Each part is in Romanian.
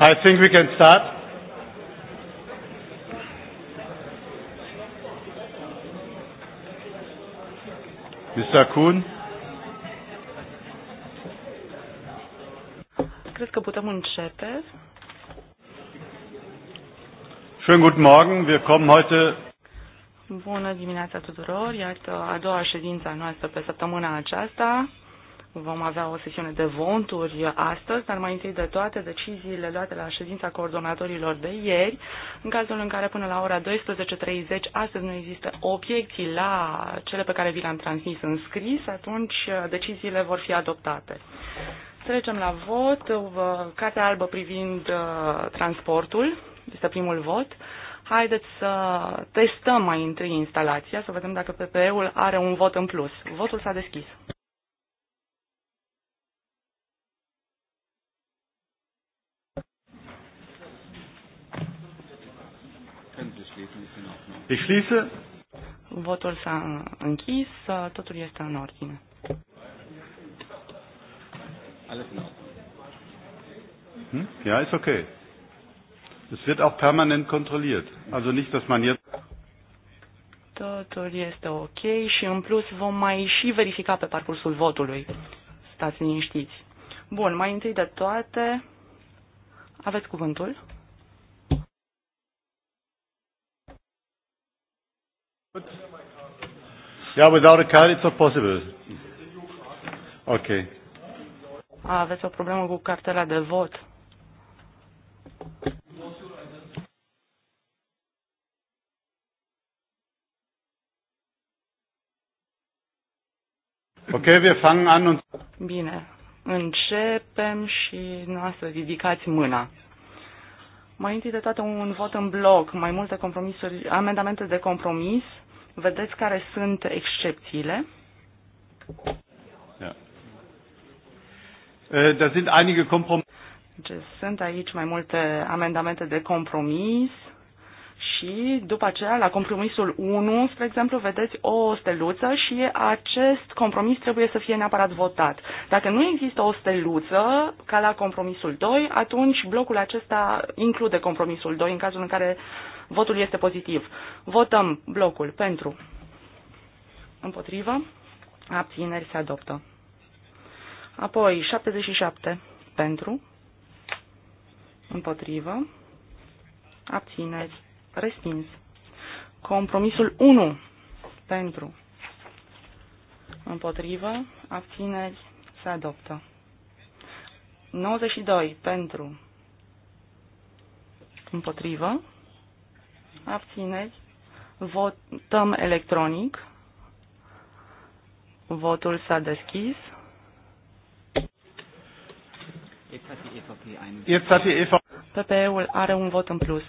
I think we can start. Mr. Kuhn. Cred că putem începe. Schönen guten Morgen, wir kommen heute Bună dimineața tuturor! Iată a doua ședință noastră pe săptămâna aceasta. Vom avea o sesiune de voturi astăzi, dar mai întâi de toate deciziile luate la ședința coordonatorilor de ieri, în cazul în care până la ora 12.30 astăzi nu există obiecții la cele pe care vi le-am transmis în scris, atunci deciziile vor fi adoptate. Trecem la vot. Cartea albă privind uh, transportul este primul vot. Haideți să testăm mai întâi instalația, să vedem dacă PPE-ul are un vot în plus. Votul s-a deschis. Ich deci, schließe. Votul s-a închis, totul este în ordine. Alles in Ordnung. Hm? Ja, ist okay. Es wird auch permanent kontrolliert. Also nicht, dass man jetzt totul este ok și în plus vom mai și verifica pe parcursul votului. Stați liniștiți. Bun, mai întâi de toate, aveți cuvântul. Yeah, without a card it's not possible. Okay. Aveți o problemă cu cartela de vot. Okay, wir fangen an und Bine, începem și noastră ridicați mâna. Mai întâi de toate un vot în bloc, mai multe compromisuri, amendamente de compromis Vedeți care sunt excepțiile. Äh, da sunt einige Kompromis deci, sunt aici mai multe amendamente de compromis și după aceea, la compromisul 1, spre exemplu, vedeți o steluță și acest compromis trebuie să fie neapărat votat. Dacă nu există o steluță, ca la compromisul 2, atunci blocul acesta include compromisul 2 în cazul în care Votul este pozitiv. Votăm blocul pentru. Împotrivă. Abțineri se adoptă. Apoi 77 pentru. Împotrivă. Abțineri. Respins. Compromisul 1 pentru. Împotrivă. Abțineri se adoptă. 92 pentru. Împotrivă abțineri, votăm electronic. Votul s-a deschis. PPE-ul are un vot în plus.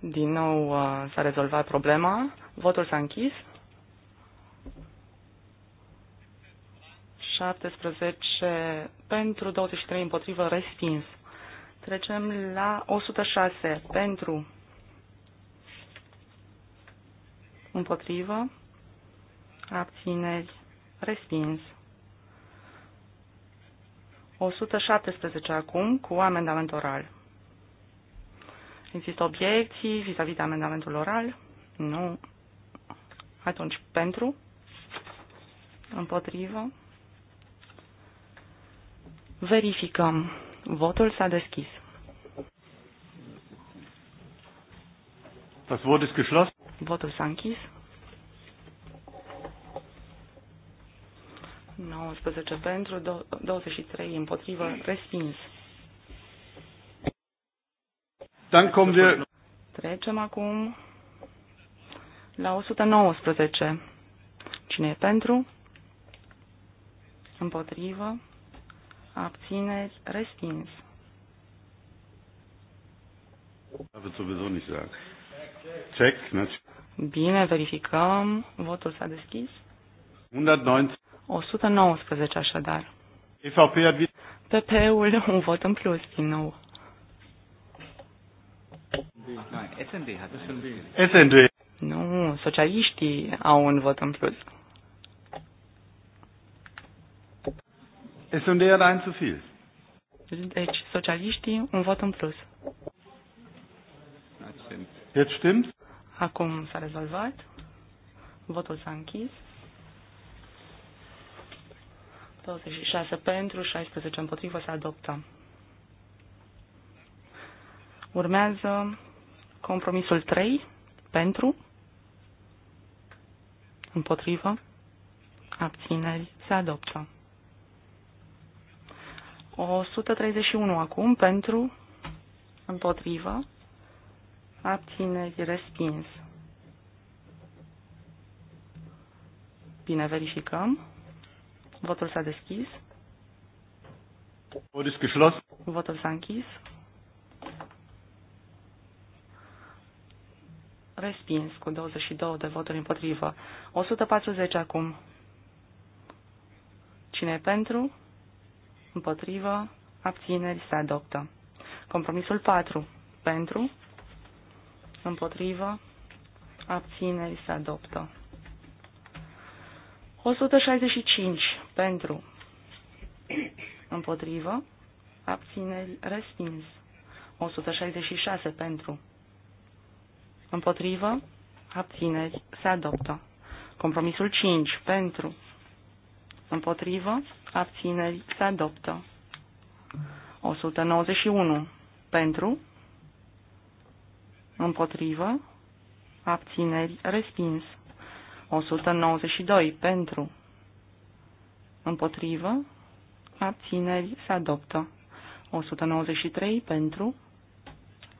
Din nou uh, s-a rezolvat problema. Votul s-a închis. 17 pentru, 23 împotrivă, respins. Trecem la 106 pentru, împotrivă, abțineri, respins. 117 acum cu amendament oral. Există obiecții vis-a-vis de amendamentul oral? Nu. Atunci, pentru? Împotrivă? Verificăm. Votul s-a deschis. Das Wort ist geschlossen. Votul s-a închis. 19 pentru, 23 împotrivă, respins. Dann kommen wir Trecem acum la 119. Cine e pentru? Împotrivă? abțineri, respins. Check, Bine, verificăm. Votul s-a deschis. 119. așadar. PP-ul un vot în plus din nou. SND. Nu, socialiștii au un vot în plus. S&D hat er ein zu viel. Deci, socialiștii, un vot în plus. Jetzt stimmt. Acum s-a rezolvat. Votul s-a închis. 26 pentru, 16 împotrivă se adoptă. Urmează compromisul 3 pentru, împotrivă, abțineri se adoptă. 131 acum pentru, împotrivă, abțineri, respins. Bine, verificăm. Votul s-a deschis. Votul s-a închis. Respins cu 22 de voturi împotrivă. 140 acum. Cine e pentru? împotrivă, abțineri se adoptă. Compromisul 4 pentru, împotrivă, abțineri se adoptă. 165 pentru, împotrivă, abțineri respins. 166 pentru, împotrivă, abțineri se adoptă. Compromisul 5 pentru, împotrivă, abțineri, se adoptă. 191 pentru, împotrivă, abțineri, respins. 192 pentru, împotrivă, abțineri, se adoptă. 193 pentru,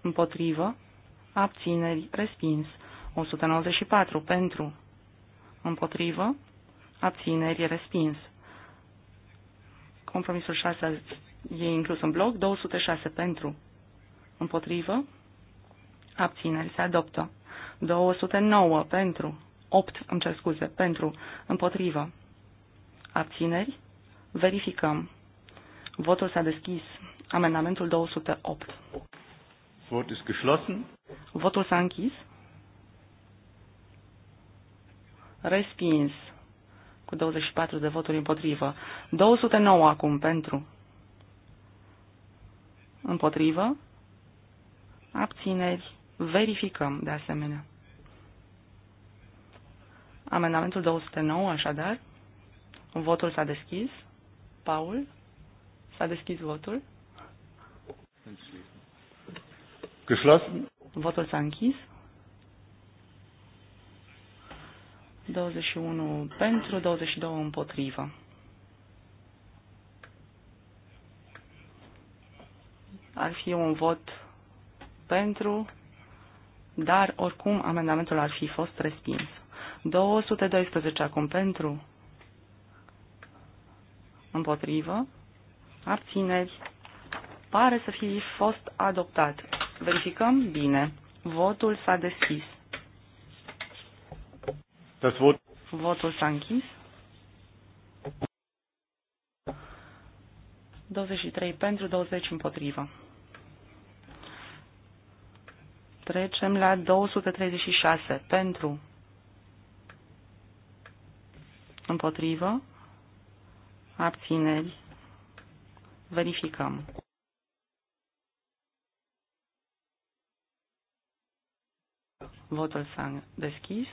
împotrivă, abțineri, respins. 194 pentru, împotrivă, abțineri, respins. Compromisul 6 e inclus în bloc. 206 pentru, împotrivă, abțineri, se adoptă. 209 pentru, 8, îmi cer scuze, pentru, împotrivă, abțineri, verificăm. Votul s-a deschis. Amendamentul 208. Vot ist geschlossen. Votul s-a închis. Respins cu 24 de voturi împotrivă. 209 acum pentru. Împotrivă. Abțineri. Verificăm de asemenea. Amendamentul 209, așadar. Votul s-a deschis. Paul, s-a deschis votul. Geschlossen. Votul s-a închis. 21 pentru, 22 împotrivă. Ar fi un vot pentru, dar oricum amendamentul ar fi fost respins. 212 acum pentru, împotrivă, abțineri, pare să fi fost adoptat. Verificăm bine. Votul s-a deschis. Das Wort. Votul s-a închis. 23 pentru, 20 împotrivă. Trecem la 236 pentru, împotrivă, abțineri, verificăm. Votul s-a deschis.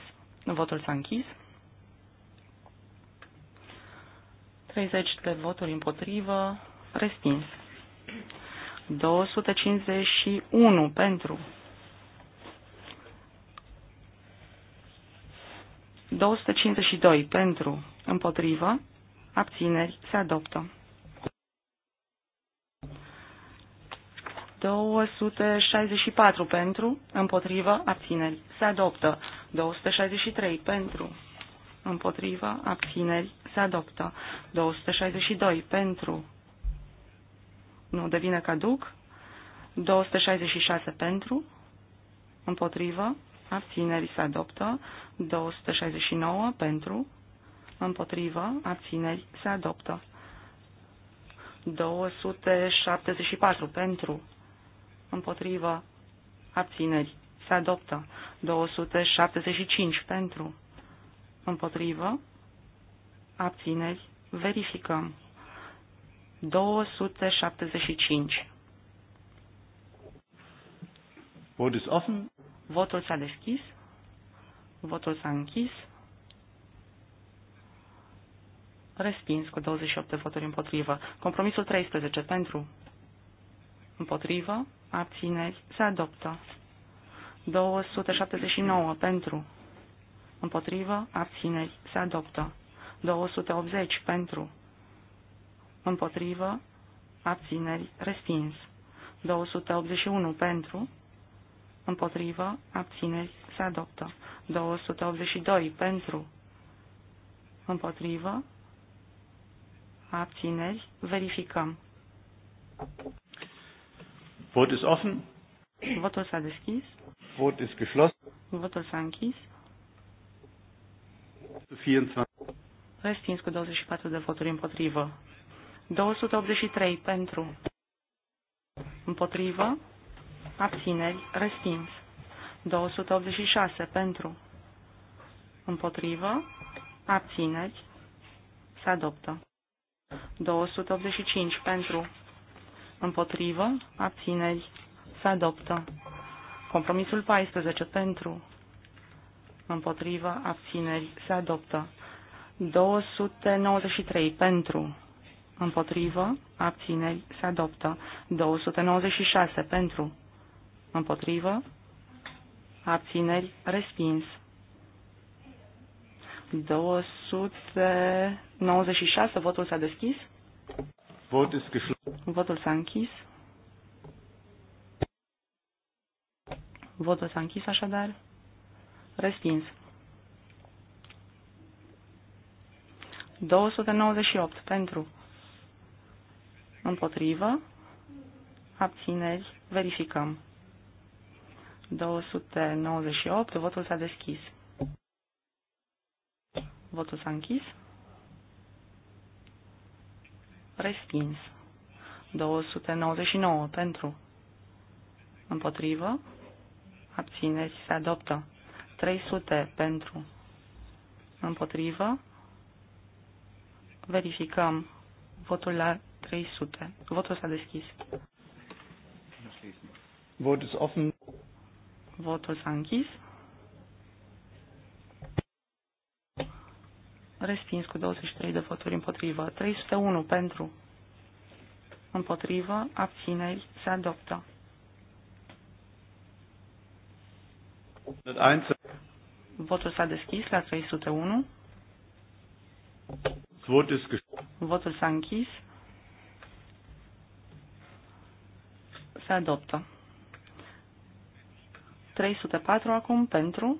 Votul s-a închis. 30 de voturi împotrivă, respins. 251 pentru. 252 pentru, împotrivă, abțineri, se adoptă. 264 pentru, împotrivă, abțineri. Se adoptă. 263 pentru, împotrivă, abțineri. Se adoptă. 262 pentru, nu devine caduc. 266 pentru, împotrivă, abțineri. Se adoptă. 269 pentru, împotrivă, abțineri. Se adoptă. 274 pentru, împotrivă, abțineri, se adoptă. 275 pentru, împotrivă, abțineri, verificăm. 275. Vot is offen. Votul s-a deschis. Votul s-a închis. Respins cu 28 voturi împotrivă. Compromisul 13 pentru. Împotrivă abțineri, se adoptă. 279 pentru, împotrivă, abțineri, se adoptă. 280 pentru, împotrivă, abțineri, respins. 281 pentru, împotrivă, abțineri, se adoptă. 282 pentru, împotrivă, abțineri, verificăm. Vot ist offen. Votul s-a deschis. Vot ist geschlossen. Votul s-a închis. 24. Respins cu 24 de voturi împotrivă. 283 pentru. Împotrivă. Abțineri. Respins. 286 pentru. Împotrivă. Abțineri. Se adoptă. 285 pentru împotrivă, abțineri, se adoptă. Compromisul 14 pentru, împotrivă, abțineri, se adoptă. 293 pentru, împotrivă, abțineri, se adoptă. 296 pentru, împotrivă, abțineri, respins. 296, votul s-a deschis. Vot ist geschlossen. Votul s-a închis. Votul s-a închis așadar. Respins. 298 pentru. Împotrivă. Abțineri. Verificăm. 298. Votul s-a deschis. Votul s-a închis. Respins. 299 pentru. Împotrivă. Abțineți, Se adoptă. 300 pentru. Împotrivă. Verificăm votul la 300. Votul s-a deschis. Votul s-a închis. Respins cu 23 de voturi împotrivă. 301 pentru. Împotrivă. Abțineri. Se adoptă. Votul s-a deschis la 301. Votul s-a închis. Se adoptă. 304 acum pentru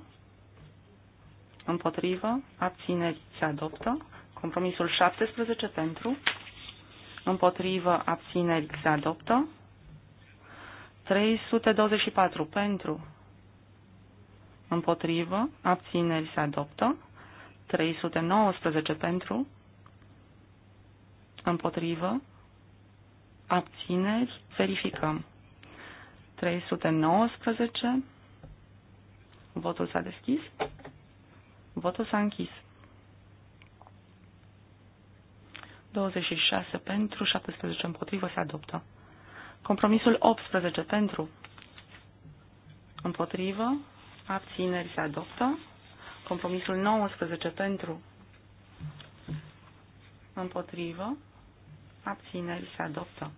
împotrivă, abțineri se adoptă. Compromisul 17 pentru, împotrivă, abțineri se adoptă. 324 pentru, împotrivă, abțineri se adoptă. 319 pentru, împotrivă, abțineri, verificăm. 319, votul s-a deschis. Votul s-a închis. 26 pentru, 17 împotrivă se adoptă. Compromisul 18 pentru, împotrivă, abțineri se adoptă. Compromisul 19 pentru, împotrivă, abțineri se adoptă.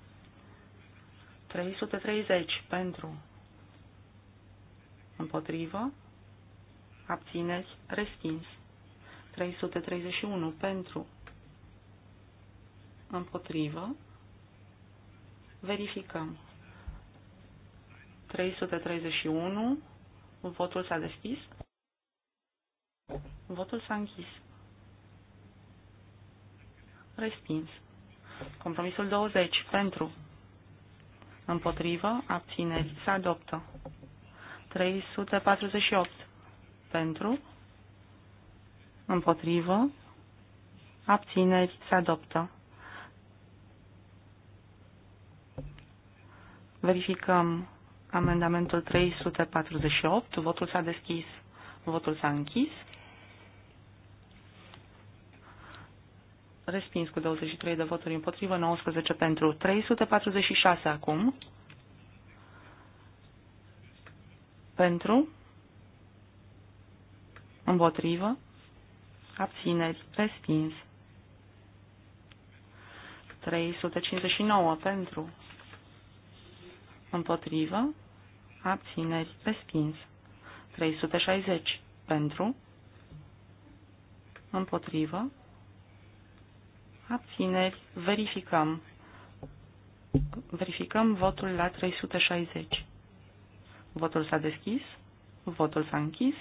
330 pentru, împotrivă, abțineri, respins. 331 pentru, împotrivă, verificăm. 331, votul s-a deschis, votul s-a închis, respins. Compromisul 20 pentru, împotrivă, abțineri, se adoptă. 348 pentru, împotrivă, abțineri, se adoptă. Verificăm amendamentul 348, votul s-a deschis, votul s-a închis. Respins cu 23 de voturi împotrivă, 19 pentru, 346 acum. Pentru, Împotrivă. Abțineri. Respins. 359 pentru. Împotrivă. Abțineri. Respins. 360 pentru. Împotrivă. Abțineri. Verificăm. Verificăm votul la 360. Votul s-a deschis. Votul s-a închis.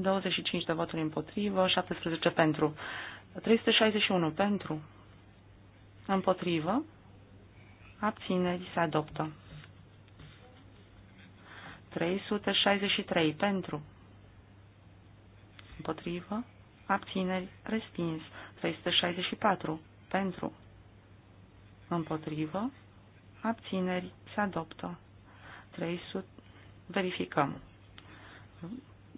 25 de voturi împotrivă, 17 pentru. 361 pentru. Împotrivă. Abțineri se adoptă. 363 pentru. Împotrivă. Abțineri respins. 364 pentru. Împotrivă. Abțineri se adoptă. 300. Verificăm.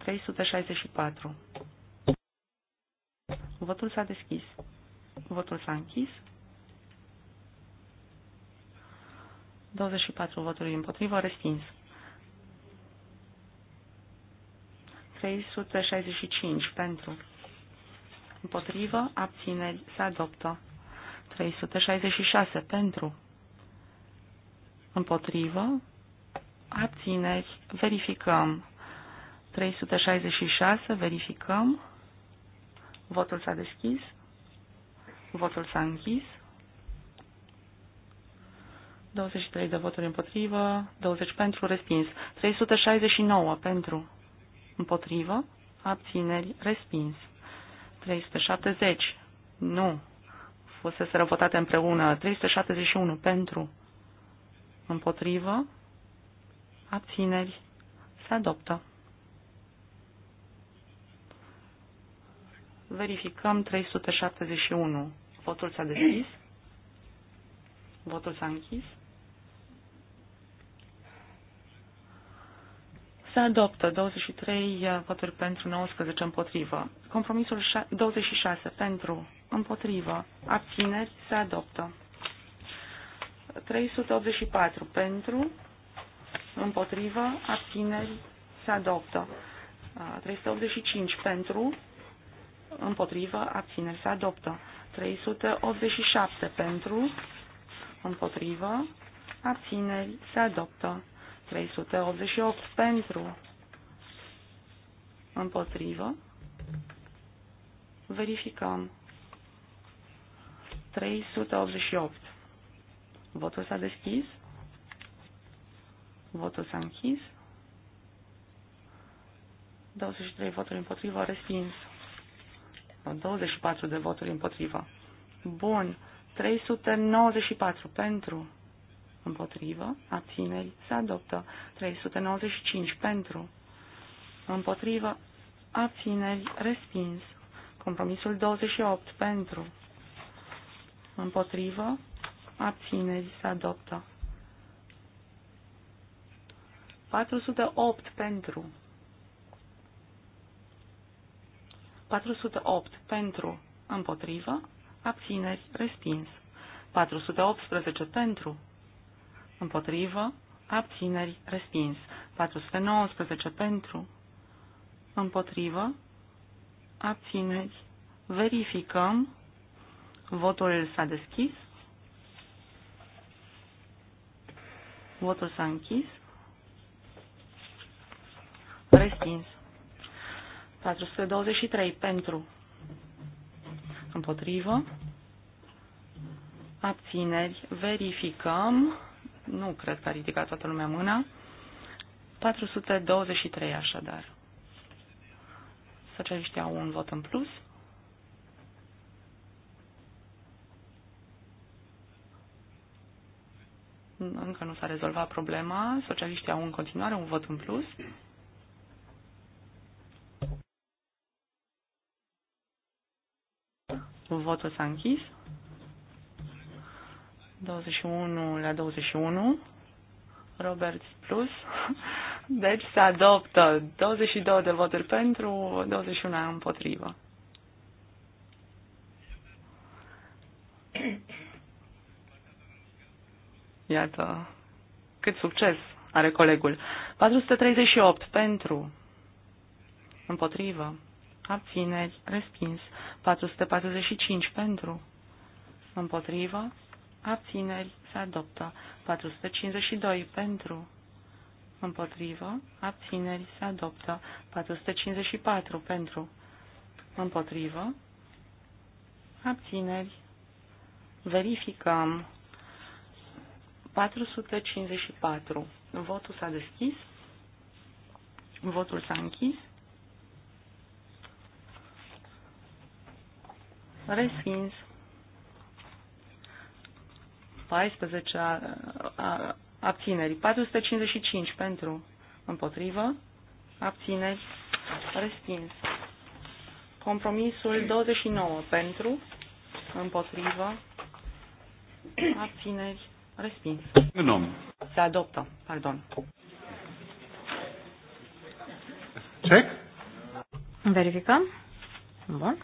364. Votul s-a deschis. Votul s-a închis. 24 voturi împotrivă, respins. 365 pentru. Împotrivă, abțineri, se adoptă. 366 pentru. Împotrivă, abțineri, verificăm. 366, verificăm. Votul s-a deschis. Votul s-a închis. 23 de voturi împotrivă, 20 pentru, respins. 369 pentru, împotrivă, abțineri, respins. 370, nu, fusese votate împreună. 371 pentru, împotrivă, abțineri, se adoptă. Verificăm 371. Votul s-a deschis. Votul s-a închis. Se adoptă 23 uh, voturi pentru, 19 împotrivă. Compromisul 26 pentru, împotrivă, abțineri, se adoptă. 384 pentru, împotrivă, abțineri, se adoptă. 385 uh, pentru, împotrivă, abțineri se adoptă. 387 pentru, împotrivă, abțineri se adoptă. 388 pentru, împotrivă, verificăm. 388. Votul s-a deschis. Votul s-a închis. 23 voturi împotrivă, respins. 24 de voturi împotrivă. Bun. 394 pentru, împotrivă, abțineri, se adoptă. 395 pentru, împotrivă, abțineri, respins. Compromisul 28 pentru, împotrivă, abțineri, se adoptă. 408 pentru, 408 pentru, împotrivă, abțineri, respins. 418 pentru, împotrivă, abțineri, respins. 419 pentru, împotrivă, abțineri. Verificăm. Votul s-a deschis. Votul s-a închis. Respins. 423 pentru. Împotrivă. Abțineri. Verificăm. Nu cred că a ridicat toată lumea mâna. 423 așadar. Socialiștii au un vot în plus. Încă nu s-a rezolvat problema. Socialiștii au în continuare un vot în plus. Votul s-a închis. 21 la 21. Roberts plus. Deci se adoptă 22 de voturi pentru, 21 împotrivă. Iată cât succes are colegul. 438 pentru, împotrivă, abțineri, respins. 445 pentru, împotrivă, abțineri, se adoptă. 452 pentru, împotrivă, abțineri, se adoptă. 454 pentru, împotrivă, abțineri, verificăm. 454. Votul s-a deschis. Votul s-a închis. Respins. 14 a, a, abțineri. 455 pentru. Împotrivă. Abțineri. Respins. Compromisul 29 pentru. Împotrivă. Abțineri. Respins. Genom. Se adoptă. Pardon. Check. Verificăm. Bun.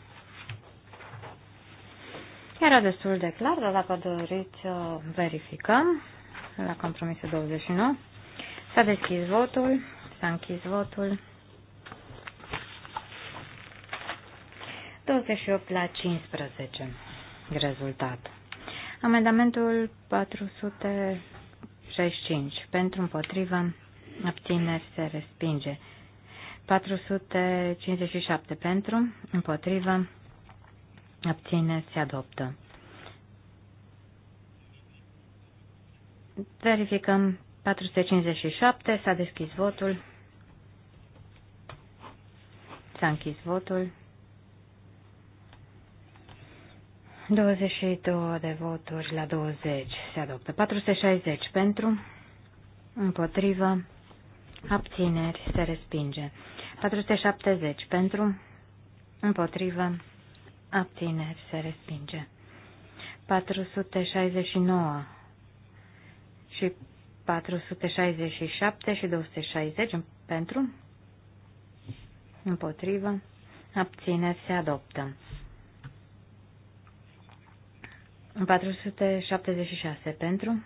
Era destul de clar, dar dacă doriți, verificăm la compromisul 29. S-a deschis votul, s-a închis votul. 28 la 15 rezultat. Amendamentul 465 pentru împotrivă abțineri se respinge. 457 pentru împotrivă abține, se adoptă. Verificăm 457, s-a deschis votul, s-a închis votul. 22 de voturi la 20 se adoptă. 460 pentru, împotrivă, abțineri, se respinge. 470 pentru, împotrivă, abțineri se respinge. 469 și 467 și 260 pentru, împotrivă, abțineri se adoptă. 476 pentru,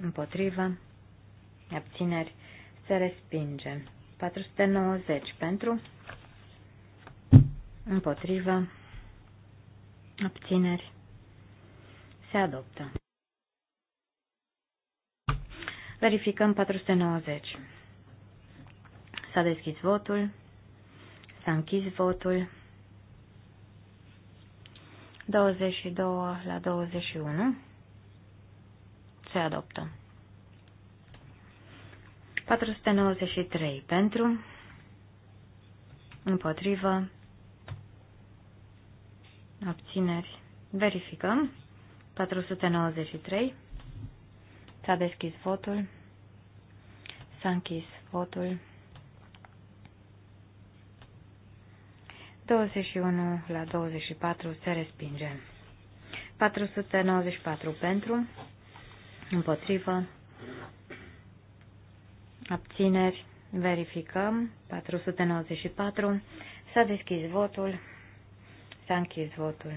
împotrivă, abțineri se respinge. 490 pentru, împotrivă, Abțineri. Se adoptă. Verificăm 490. S-a deschis votul. S-a închis votul. 22 la 21. Se adoptă. 493 pentru, împotrivă, abțineri. Verificăm. 493. S-a deschis votul. S-a închis votul. 21 la 24 se respinge. 494 pentru, împotrivă, abțineri, verificăm, 494, s-a deschis votul. S-a închis votul.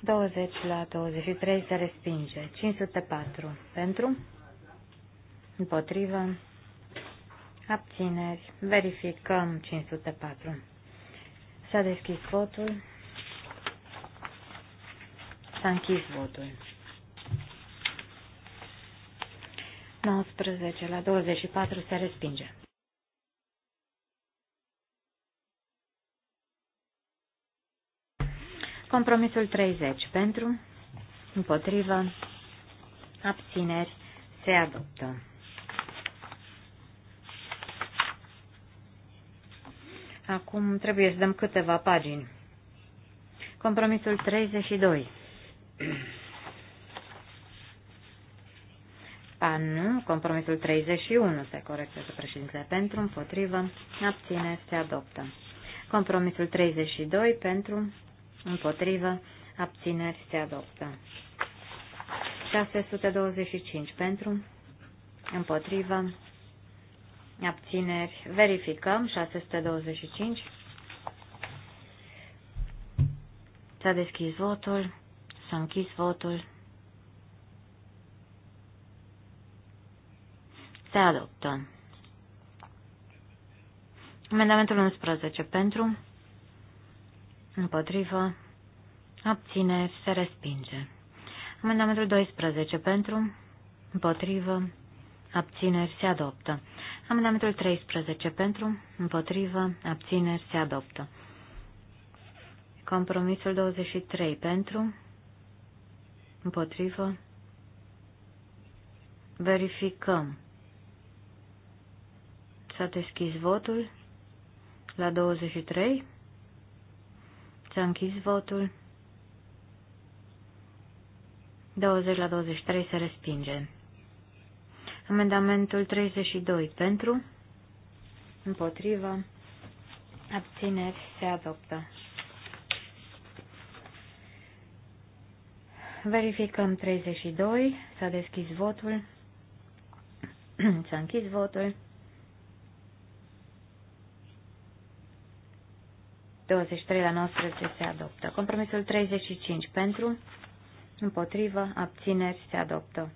20 la 23 se respinge. 504 pentru, împotrivă, abțineri. Verificăm 504. S-a deschis votul. S-a închis votul. 19 la 24 se respinge. Compromisul 30 pentru, împotrivă, abțineri, se adoptă. Acum trebuie să dăm câteva pagini. Compromisul 32. A, nu, compromisul 31 se corectează președintele pentru, împotrivă, abține, se adoptă. Compromisul 32 pentru, împotrivă, abțineri se adoptă. 625 pentru, împotrivă, abțineri, verificăm, 625. S-a deschis votul, s-a închis votul. Se adoptă. Amendamentul 11 pentru, împotrivă, abțineri, se respinge. Amendamentul 12 pentru, împotrivă, abțineri, se adoptă. Amendamentul 13 pentru, împotrivă, abțineri, se adoptă. Compromisul 23 pentru, împotrivă, verificăm. S-a deschis votul la 23 să închizi votul. 20 la 23 se respinge. Amendamentul 32 pentru, împotriva, abțineri se adoptă. Verificăm 32, s-a deschis votul, s-a închis votul. 23 la 19 se adoptă. Compromisul 35 pentru, împotrivă, abțineri se adoptă.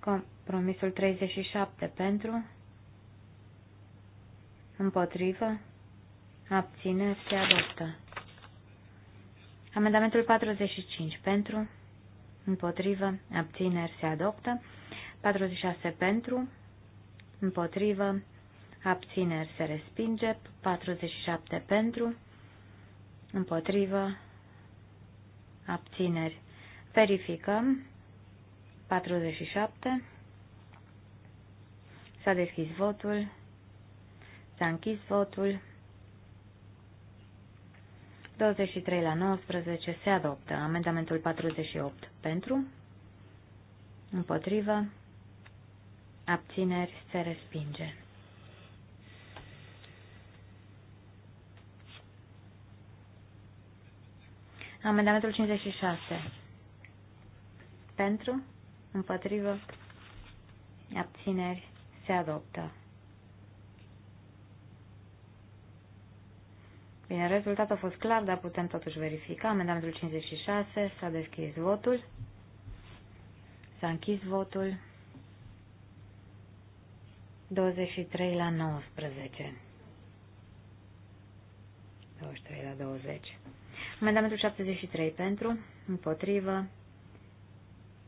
Compromisul 37 pentru, împotrivă, abțineri se adoptă. Amendamentul 45 pentru, împotrivă, abțineri se adoptă. 46 pentru, împotrivă, abțineri se respinge, 47 pentru, împotrivă, abțineri. Verificăm, 47, s-a deschis votul, s-a închis votul, 23 la 19 se adoptă. Amendamentul 48 pentru, împotrivă, abțineri se respinge. Amendamentul 56. Pentru, împotrivă, abțineri, se adoptă. Bine, rezultatul a fost clar, dar putem totuși verifica. Amendamentul 56 s-a deschis votul. S-a închis votul. 23 la 19. 23 la 20. Amendamentul 73 pentru, împotrivă,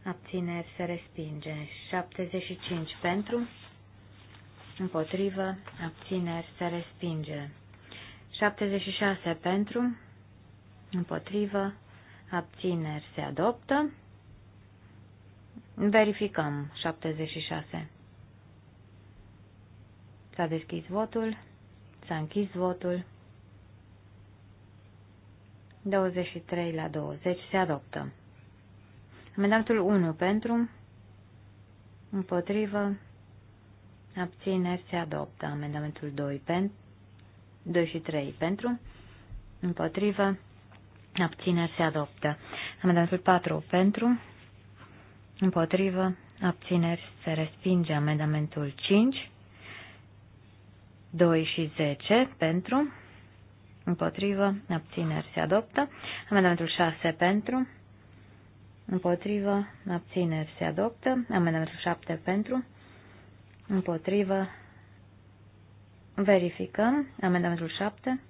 abțineri se respinge. 75 pentru, împotrivă, abțineri se respinge. 76 pentru, împotrivă, abțineri se adoptă. Verificăm 76. S-a deschis votul, s-a închis votul. 23 la 20 se adoptă. Amendamentul 1 pentru, împotrivă, abțineri se adoptă. Amendamentul 2 pentru, 2 și 3 pentru, împotrivă, abțineri se adoptă. Amendamentul 4 pentru, împotrivă, abțineri se respinge. Amendamentul 5, 2 și 10 pentru, împotrivă, abțineri se adoptă. Amendamentul 6 pentru, împotrivă, abțineri se adoptă. Amendamentul 7 pentru, împotrivă, verificăm. Amendamentul 7.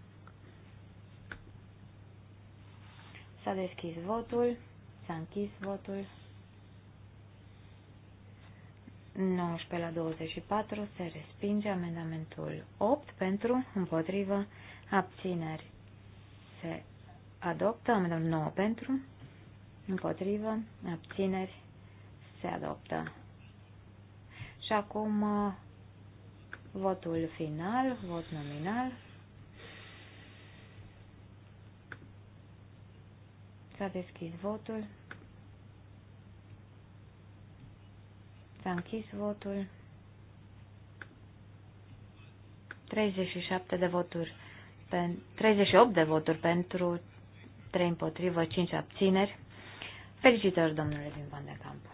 S-a deschis votul, s-a închis votul. 19 la 24 se respinge amendamentul 8 pentru, împotrivă, abțineri se adoptă, amendamentul 9 pentru, împotrivă, abțineri se adoptă. Și acum uh, votul final, vot nominal. S-a deschis votul. S-a închis votul. 37 de voturi pen, 38 de voturi pentru, 3 împotrivă, 5 abțineri. Felicitări, domnule din Van de Camp.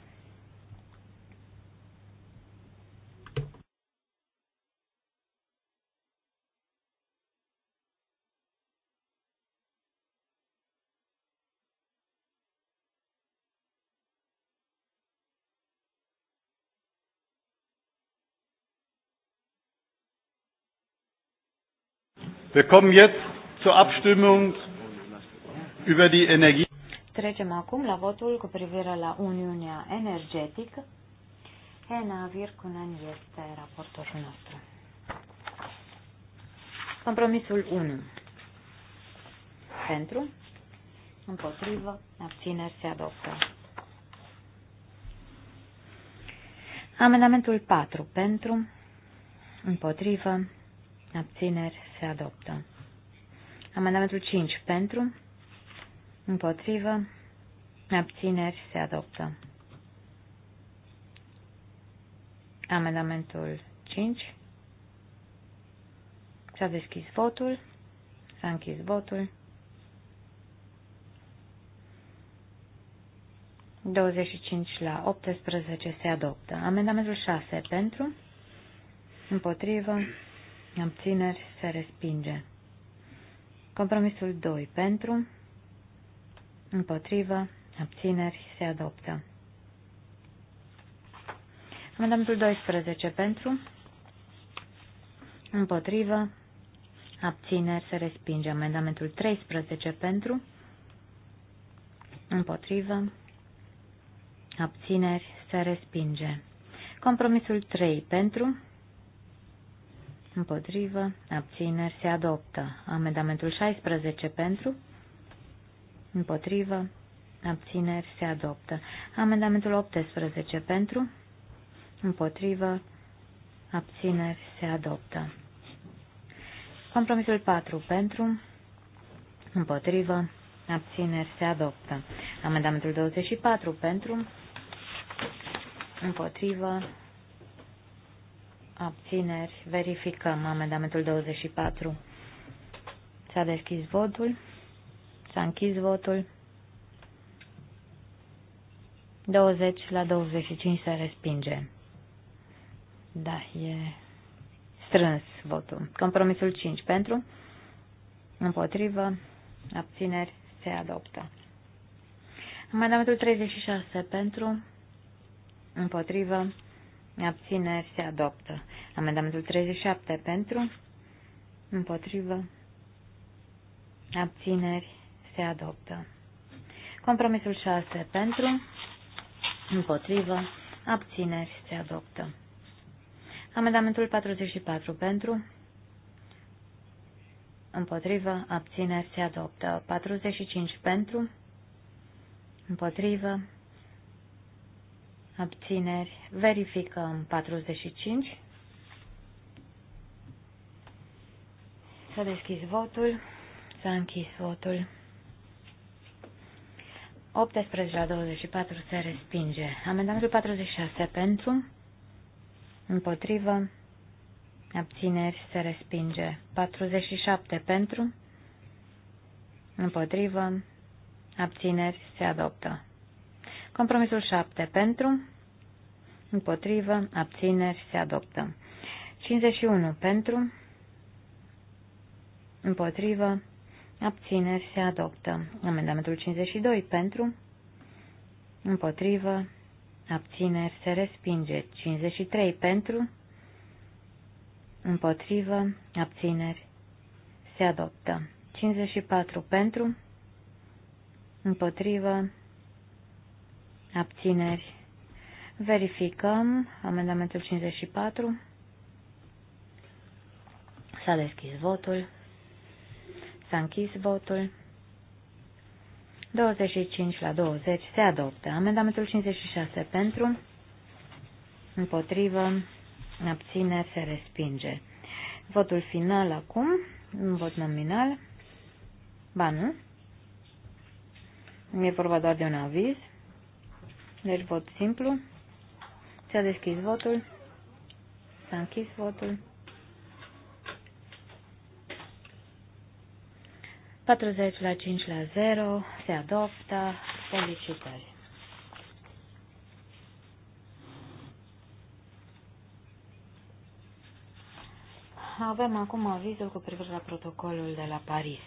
Wir kommen jetzt zur Abstimmung über die Energie. Trecem acum la votul cu privire la Uniunea Energetică. Hena Virkunen este raportorul nostru. Compromisul 1. Pentru, împotrivă, abțineri se adoptă. Amendamentul 4. Pentru, împotrivă, abțineri, se adoptă. Amendamentul 5 pentru, împotrivă, abțineri, se adoptă. Amendamentul 5. S-a deschis votul. S-a închis votul. 25 la 18 se adoptă. Amendamentul 6 pentru, împotrivă, abțineri, se respinge. Compromisul 2 pentru, împotrivă, abțineri, se adoptă. Amendamentul 12 pentru, împotrivă, abțineri, se respinge. Amendamentul 13 pentru, împotrivă, abțineri, se respinge. Compromisul 3 pentru, Împotrivă. Abțineri. Se adoptă. Amendamentul 16 pentru. Împotrivă. Abțineri. Se adoptă. Amendamentul 18 pentru. Împotrivă. Abțineri. Se adoptă. Compromisul 4 pentru. Împotrivă. Abțineri. Se adoptă. Amendamentul 24 pentru. Împotrivă abțineri, verificăm amendamentul 24. S-a deschis votul, s-a închis votul, 20 la 25 se respinge. Da, e strâns votul. Compromisul 5 pentru, împotrivă, abțineri, se adoptă. Amendamentul 36 pentru, împotrivă, Abțineri se adoptă. Amendamentul 37 pentru. Împotrivă. Abțineri se adoptă. Compromisul 6 pentru. Împotrivă. Abțineri se adoptă. Amendamentul 44 pentru. Împotrivă. Abțineri se adoptă. 45 pentru. Împotrivă abțineri, verificăm 45. S-a deschis votul, s-a închis votul. 18 la 24 se respinge. Amendamentul 46 pentru, împotrivă, abțineri se respinge. 47 pentru, împotrivă, abțineri se adoptă. Compromisul 7 pentru, împotrivă, abțineri, se adoptă. 51 pentru, împotrivă, abțineri, se adoptă. Amendamentul 52 pentru, împotrivă, abțineri, se respinge. 53 pentru, împotrivă, abțineri, se adoptă. 54 pentru, împotrivă, abțineri, Verificăm amendamentul 54. S-a deschis votul. S-a închis votul. 25 la 20 se adoptă. Amendamentul 56 pentru, împotrivă, abține, se respinge. Votul final acum, un vot nominal. Ba nu. E vorba doar de un aviz. Deci vot simplu. S-a deschis votul. S-a închis votul. 40 la 5 la 0. Se adoptă. Felicitări. Avem acum avizul cu privire la protocolul de la Paris.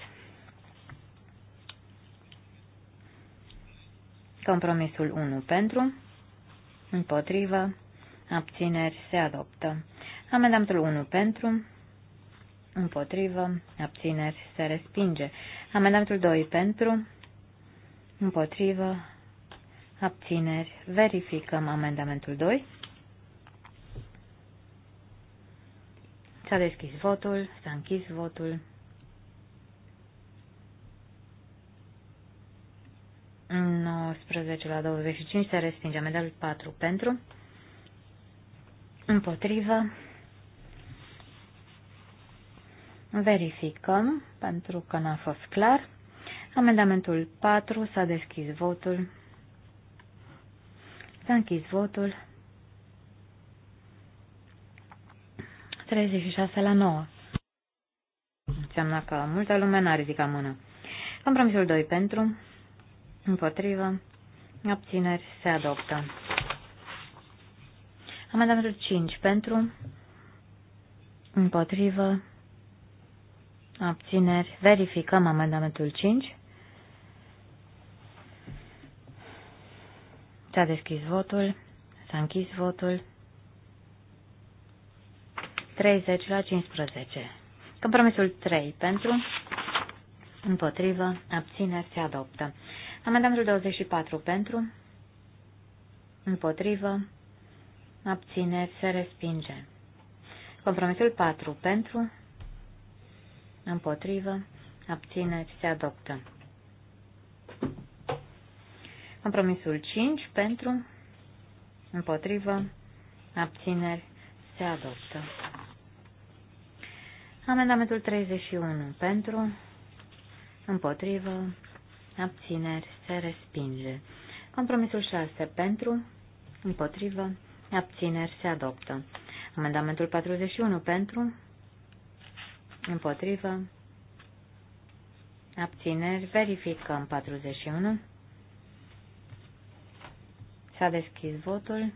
Compromisul 1 pentru împotrivă, abțineri se adoptă. Amendamentul 1 pentru, împotrivă, abțineri se respinge. Amendamentul 2 pentru, împotrivă, abțineri. Verificăm amendamentul 2. S-a deschis votul, s-a închis votul. 19 la 25 se respinge. medalul 4 pentru. Împotrivă. Verificăm, pentru că n-a fost clar. Amendamentul 4 s-a deschis votul. S-a închis votul. 36 la 9. Înseamnă că multă lume n-a ridicat mână. Compromisul 2 pentru, Împotrivă. Abțineri. Se adoptă. Amendamentul 5. Pentru. Împotrivă. Abțineri. Verificăm amendamentul 5. S-a deschis votul. S-a închis votul. 30 la 15. Compromisul 3 pentru, împotrivă, abțineri se adoptă. Amendamentul 24 pentru, împotrivă, abține, se respinge. Compromisul 4 pentru, împotrivă, abține, se adoptă. Compromisul 5 pentru, împotrivă, abțineri, se adoptă. Amendamentul 31 pentru, împotrivă, abțineri, se respinge. Compromisul 6 pentru, împotrivă, abțineri, se adoptă. Amendamentul 41 pentru, împotrivă, abțineri, verificăm 41. S-a deschis votul,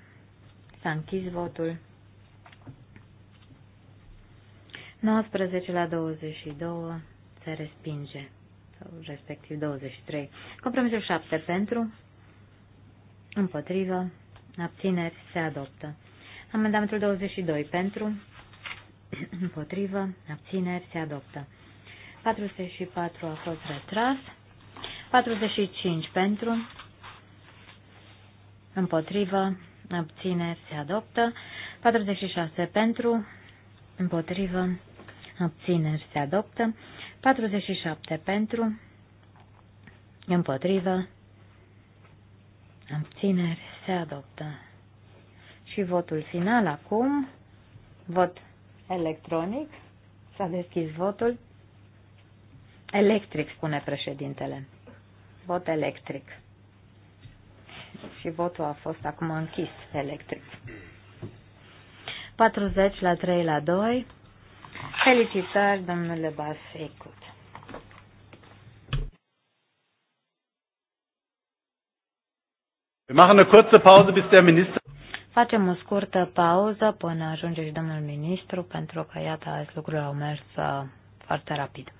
s-a închis votul. 19 la 22 se respinge respectiv 23. Compromisul 7 pentru, împotrivă, abțineri, se adoptă. Amendamentul 22 pentru, împotrivă, abțineri, se adoptă. 44 a fost retras. 45 pentru, împotrivă, abțineri, se adoptă. 46 pentru, împotrivă, abțineri se adoptă, 47 pentru, împotrivă, abțineri se adoptă. Și votul final acum, vot electronic, s-a deschis votul, electric spune președintele, vot electric. Și votul a fost acum închis electric. 40 la 3 la 2. Felicitări, domnule Bas Facem o scurtă pauză până ajunge și domnul ministru, pentru că, iată, lucrurile au mers uh, foarte rapid.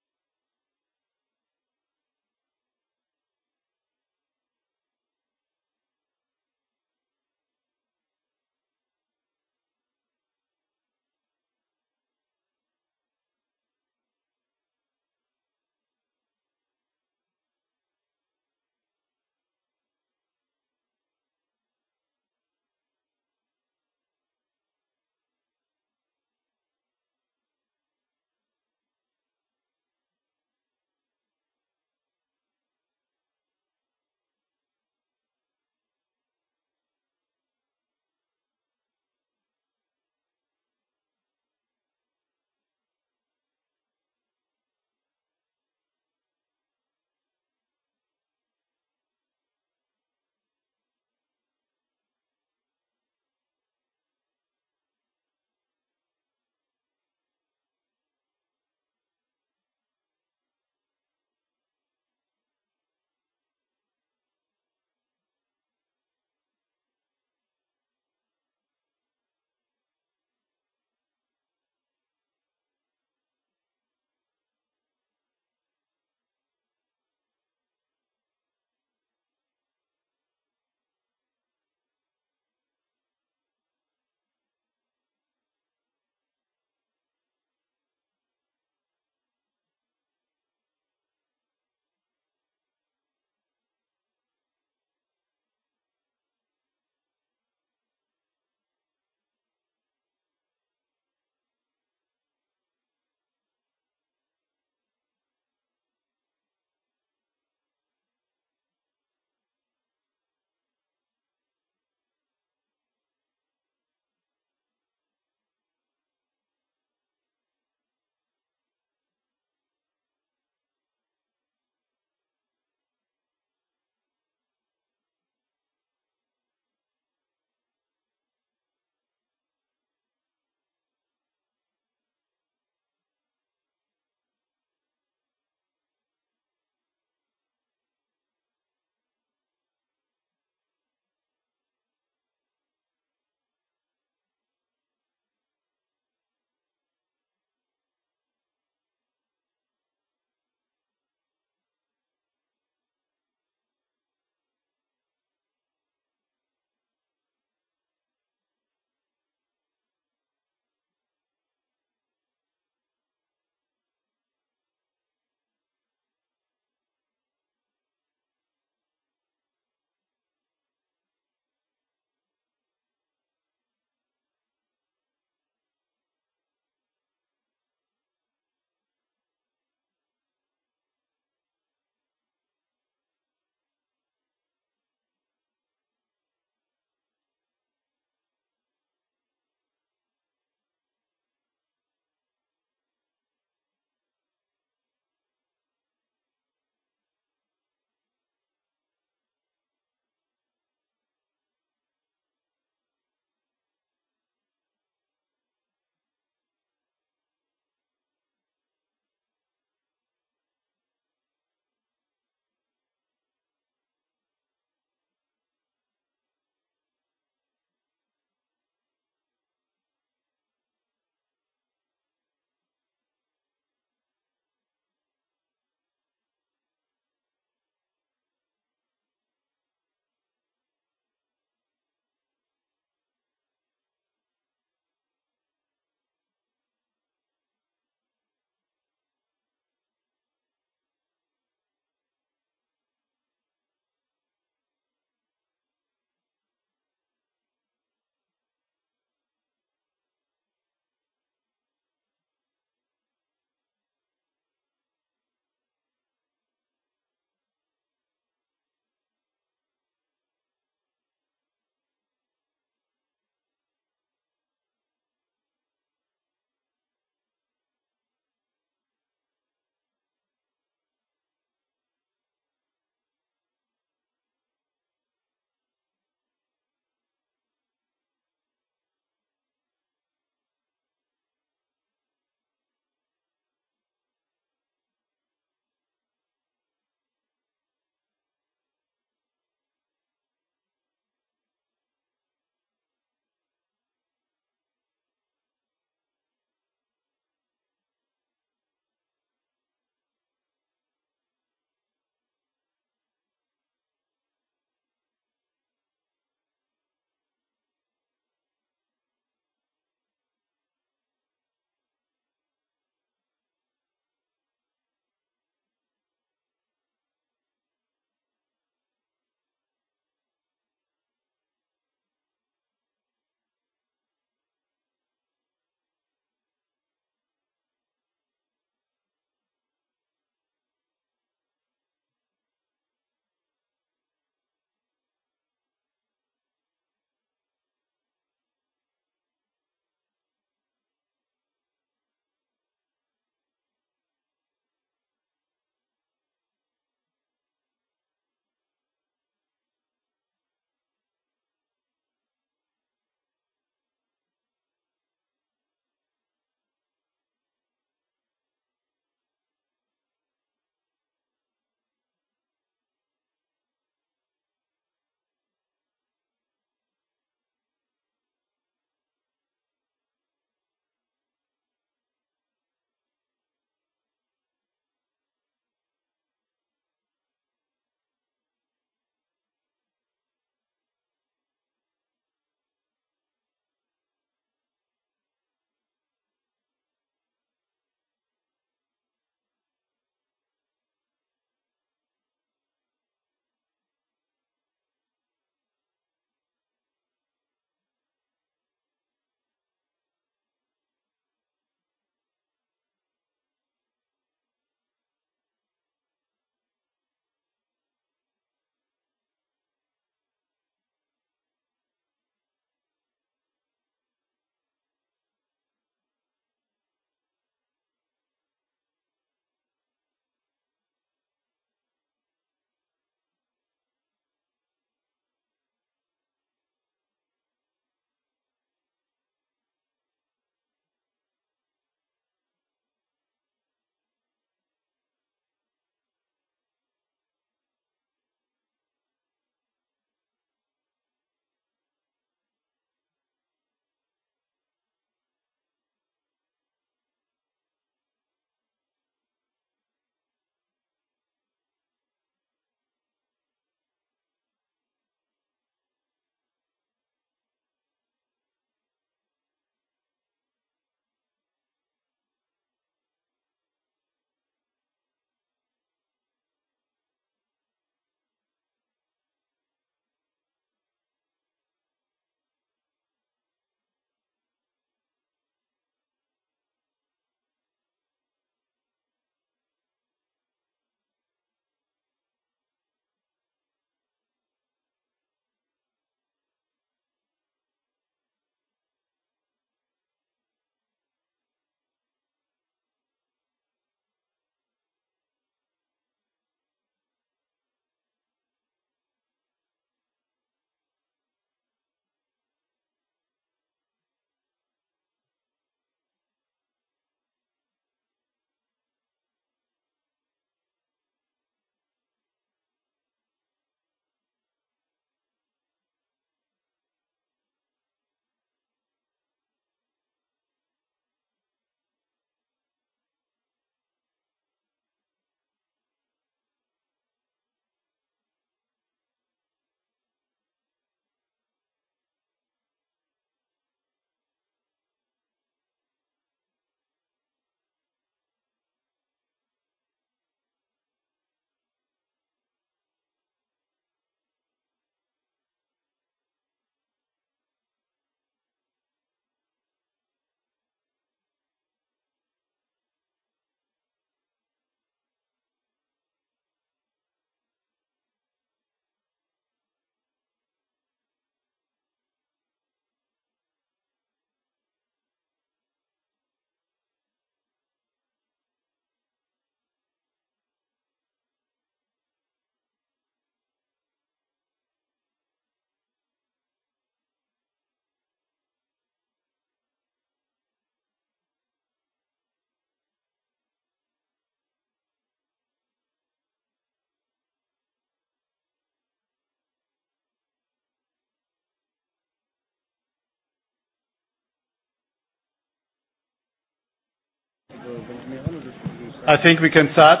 I think we can start.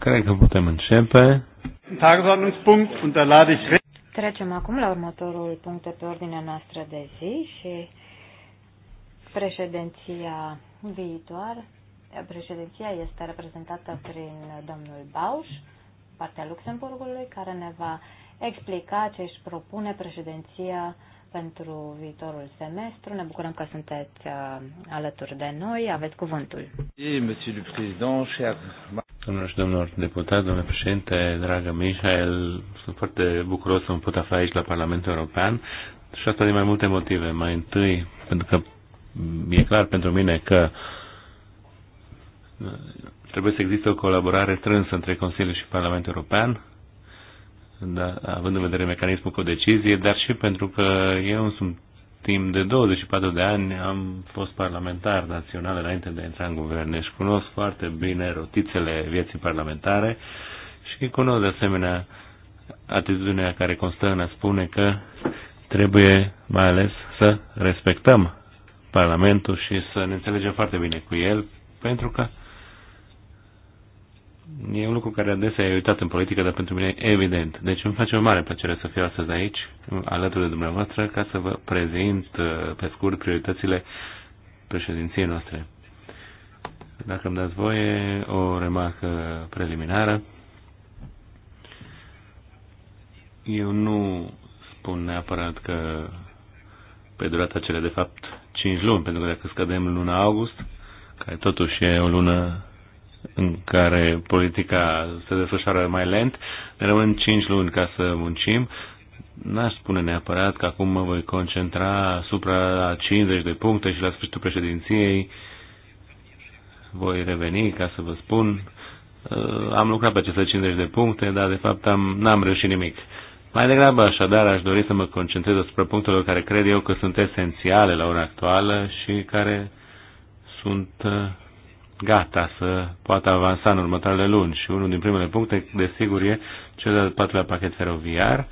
Cred că putem începe. Tagesordnungspunkt und da lade ich Trecem acum la următorul punct de pe ordinea noastră de zi și președinția viitoare. Președinția este reprezentată prin domnul Bauș, partea Luxemburgului, care ne va explica ce își propune președinția uh, pentru viitorul semestru. Ne bucurăm că sunteți uh, alături de noi. Aveți cuvântul. domnule și domnilor deputat, domnule președinte, dragă Mihail, sunt foarte bucuros să mă pot afla aici la Parlamentul European și asta din mai multe motive. Mai întâi, pentru că e clar pentru mine că uh, trebuie să existe o colaborare strânsă între Consiliul și Parlamentul European da, având în vedere mecanismul cu decizie, dar și pentru că eu sunt timp de 24 de ani am fost parlamentar național înainte de a intra în guvern. și deci cunosc foarte bine rotițele vieții parlamentare și cunosc de asemenea atitudinea care constă în a spune că trebuie mai ales să respectăm Parlamentul și să ne înțelegem foarte bine cu el, pentru că E un lucru care adesea e uitat în politică, dar pentru mine e evident. Deci îmi face o mare plăcere să fiu astăzi aici, alături de dumneavoastră, ca să vă prezint uh, pe scurt prioritățile președinției noastre. Dacă îmi dați voie, o remarcă preliminară. Eu nu spun neapărat că pe durata cele de fapt 5 luni, pentru că dacă scădem luna august, care totuși e o lună în care politica se desfășoară mai lent, ne rămân 5 luni ca să muncim. N-aș spune neapărat că acum mă voi concentra asupra 50 de puncte și la sfârșitul președinției voi reveni ca să vă spun. Am lucrat pe aceste 50 de puncte, dar de fapt am, n-am reușit nimic. Mai degrabă, așadar, aș dori să mă concentrez asupra punctelor care cred eu că sunt esențiale la ora actuală și care sunt uh, gata să poată avansa în următoarele luni. Și unul din primele puncte, desigur, e cel de-al patrulea pachet feroviar.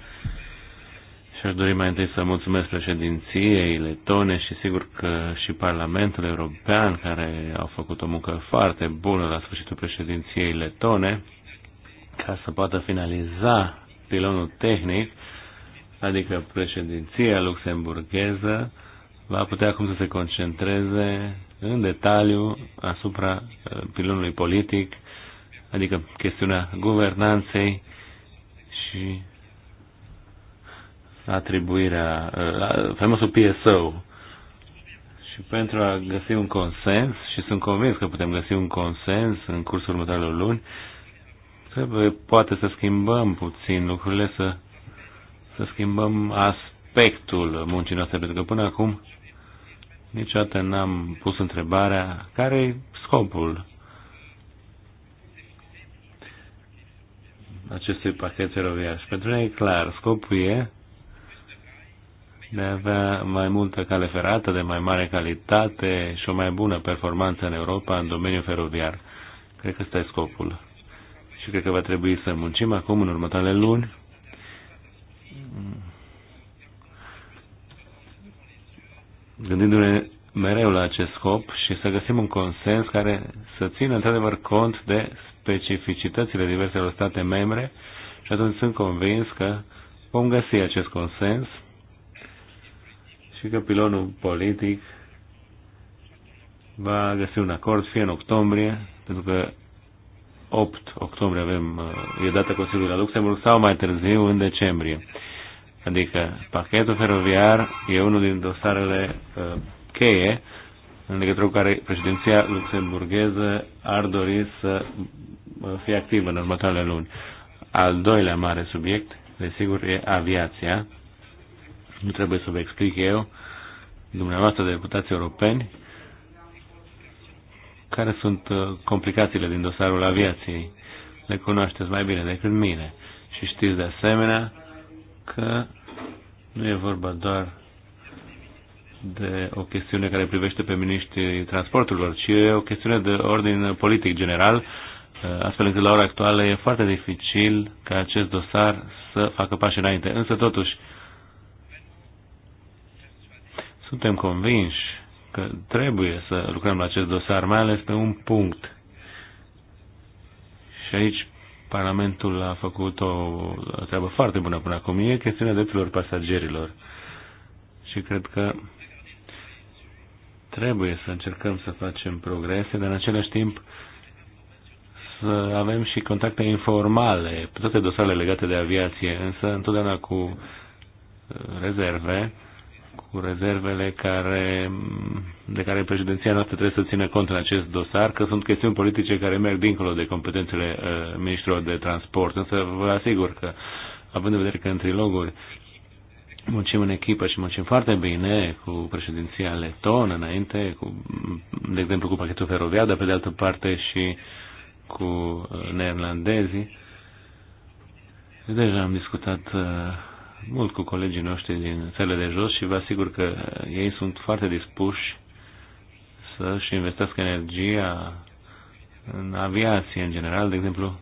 Și aș dori mai întâi să mulțumesc președinției letone și sigur că și Parlamentul European, care au făcut o muncă foarte bună la sfârșitul președinției letone, ca să poată finaliza pilonul tehnic, adică președinția luxemburgheză, va putea acum să se concentreze în detaliu asupra uh, pilonului politic, adică chestiunea guvernanței și atribuirea, uh, famosul PSO. Și pentru a găsi un consens, și sunt convins că putem găsi un consens în cursul următoarelor luni, trebuie poate să schimbăm puțin lucrurile, să, să schimbăm aspectul muncii noastre, pentru că până acum niciodată n-am pus întrebarea care e scopul acestui pachet feroviar. Și pentru noi e clar, scopul e de a avea mai multă cale ferată, de mai mare calitate și o mai bună performanță în Europa în domeniul feroviar. Cred că ăsta e scopul. Și cred că va trebui să muncim acum în următoarele luni gândindu-ne mereu la acest scop și să găsim un consens care să țină într-adevăr cont de specificitățile diverselor state membre și atunci sunt convins că vom găsi acest consens și că pilonul politic va găsi un acord fie în octombrie, pentru că 8 octombrie avem, e data Consiliului la Luxemburg, sau mai târziu în decembrie. Adică pachetul feroviar e unul din dosarele uh, cheie în legătură cu care președinția luxemburgheză ar dori să uh, fie activă în următoarele luni. Al doilea mare subiect, desigur, e aviația. Nu trebuie să vă explic eu, dumneavoastră deputați europeni, care sunt uh, complicațiile din dosarul aviației. Le cunoașteți mai bine decât mine și știți de asemenea că nu e vorba doar de o chestiune care privește pe miniștrii transporturilor, ci e o chestiune de ordin politic general, astfel încât la ora actuală e foarte dificil ca acest dosar să facă pași înainte. Însă, totuși, suntem convinși că trebuie să lucrăm la acest dosar, mai ales pe un punct. Și aici Parlamentul a făcut o treabă foarte bună până acum. E chestiunea drepturilor pasagerilor. Și cred că trebuie să încercăm să facem progrese, dar în același timp să avem și contacte informale, toate dosarele legate de aviație, însă întotdeauna cu rezerve cu rezervele care, de care președinția noastră trebuie să țină cont în acest dosar, că sunt chestiuni politice care merg dincolo de competențele uh, ministrilor de transport. Însă vă asigur că, având în vedere că în triloguri muncim în echipă și muncim foarte bine cu președinția Leton înainte, cu, de exemplu cu pachetul feroviar, dar pe de altă parte și cu uh, neerlandezii. Deja am discutat uh, mult cu colegii noștri din țările de jos și vă asigur că ei sunt foarte dispuși să-și investească energia în aviație în general, de exemplu,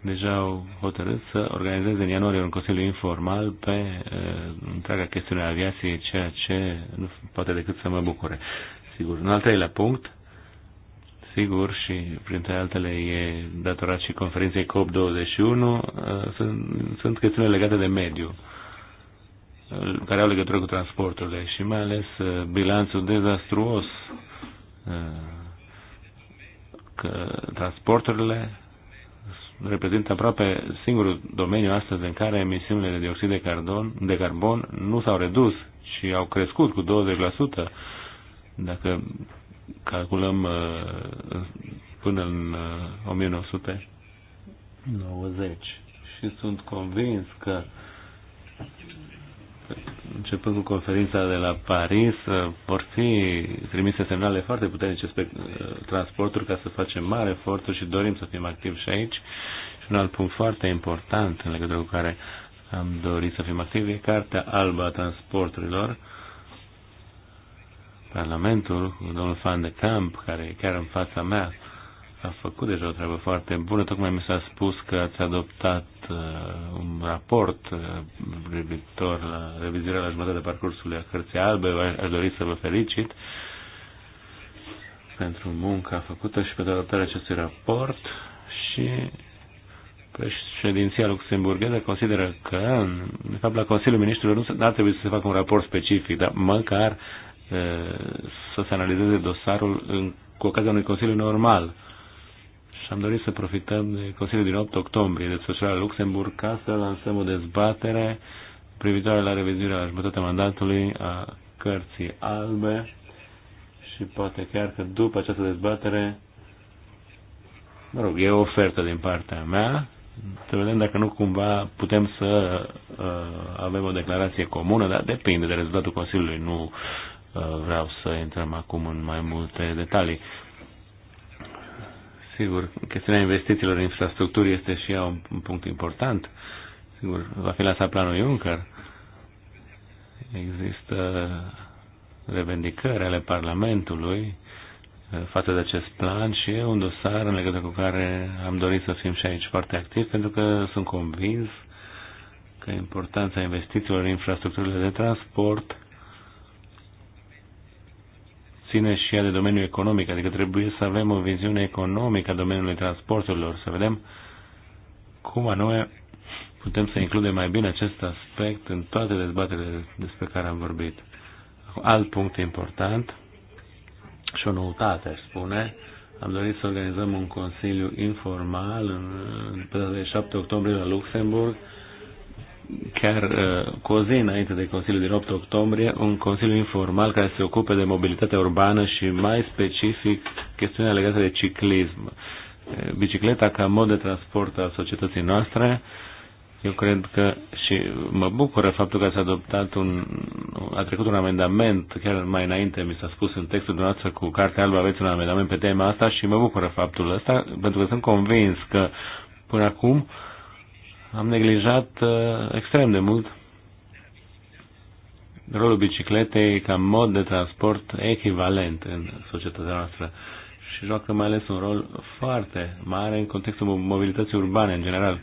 deja au hotărât să organizeze în ianuarie un consiliu informal pe uh, întreaga chestiune a aviației, ceea ce nu poate decât să mă bucure. Sigur, un al treilea punct, sigur, și printre altele e datorat și conferinței COP21, uh, eh, sunt, sunt chestiune legate de mediu. Uh, care au legătură cu transporturile și mai ales uh, bilanțul dezastruos uh, că transporturile reprezintă aproape singurul domeniu astăzi în care emisiunile de dioxid de carbon, de carbon nu s-au redus, ci au crescut cu 20%. Dacă calculăm uh, până în 1990. Și sunt convins că uh, începând cu conferința de la Paris, uh, vor fi trimise semnale foarte puternice spre uh, transporturi ca să facem mari eforturi și dorim să fim activi și aici. Și un alt punct foarte important în legătură cu care am dorit să fim activi e Cartea Albă a Transporturilor. Parlamentul, domnul Fan de Camp, care e chiar în fața mea, a făcut deja o treabă foarte bună. Tocmai mi s-a spus că ați adoptat uh, un raport uh, la revizirea la jumătate de parcursului a Cărții Albe. Aș dori să vă felicit pentru munca făcută și pentru adoptarea acestui raport și președinția luxemburgheză consideră că, de fapt, la Consiliul Ministrilor nu ar trebui să se facă un raport specific, dar măcar uh, să se analizeze dosarul în, cu ocazia unui Consiliu normal și am dorit să profităm de Consiliul din 8 octombrie de la Luxemburg ca să lansăm o dezbatere privitoare la revizuirea la jumătatea mandatului a cărții albe și poate chiar că după această dezbatere, mă rog, e o ofertă din partea mea, să vedem dacă nu cumva putem să uh, avem o declarație comună, dar depinde de rezultatul Consiliului, nu uh, vreau să intrăm acum în mai multe detalii. Sigur, chestiunea investițiilor în infrastructuri este și ea un punct important. Sigur, va fi lansat planul Juncker. Există revendicări ale Parlamentului eh, față de acest plan și e un dosar în legătură cu care am dorit să fim și aici foarte activi pentru că sunt convins că importanța investițiilor în infrastructurile de transport ține și ea de domeniul economic, adică trebuie să avem o viziune economică a domeniului transporturilor, să vedem cum anume putem să includem mai bine acest aspect în toate dezbaterile despre care am vorbit. Alt punct important și o noutate, aș spune, am dorit să organizăm un consiliu informal în, pe 7 octombrie la Luxemburg chiar uh, cu o zi înainte de Consiliul din 8 octombrie, un consiliu informal care se ocupe de mobilitatea urbană și mai specific chestiunea legată de ciclism. Uh, bicicleta ca mod de transport al societății noastre, eu cred că și mă bucură faptul că s-a adoptat un, a trecut un amendament, chiar mai înainte mi s-a spus în textul dumneavoastră cu Cartea Albă aveți un amendament pe tema asta și mă bucură faptul ăsta, pentru că sunt convins că până acum uh, am neglijat uh, extrem de mult rolul bicicletei ca mod de transport echivalent în societatea noastră și joacă mai ales un rol foarte mare în contextul mobilității urbane în general,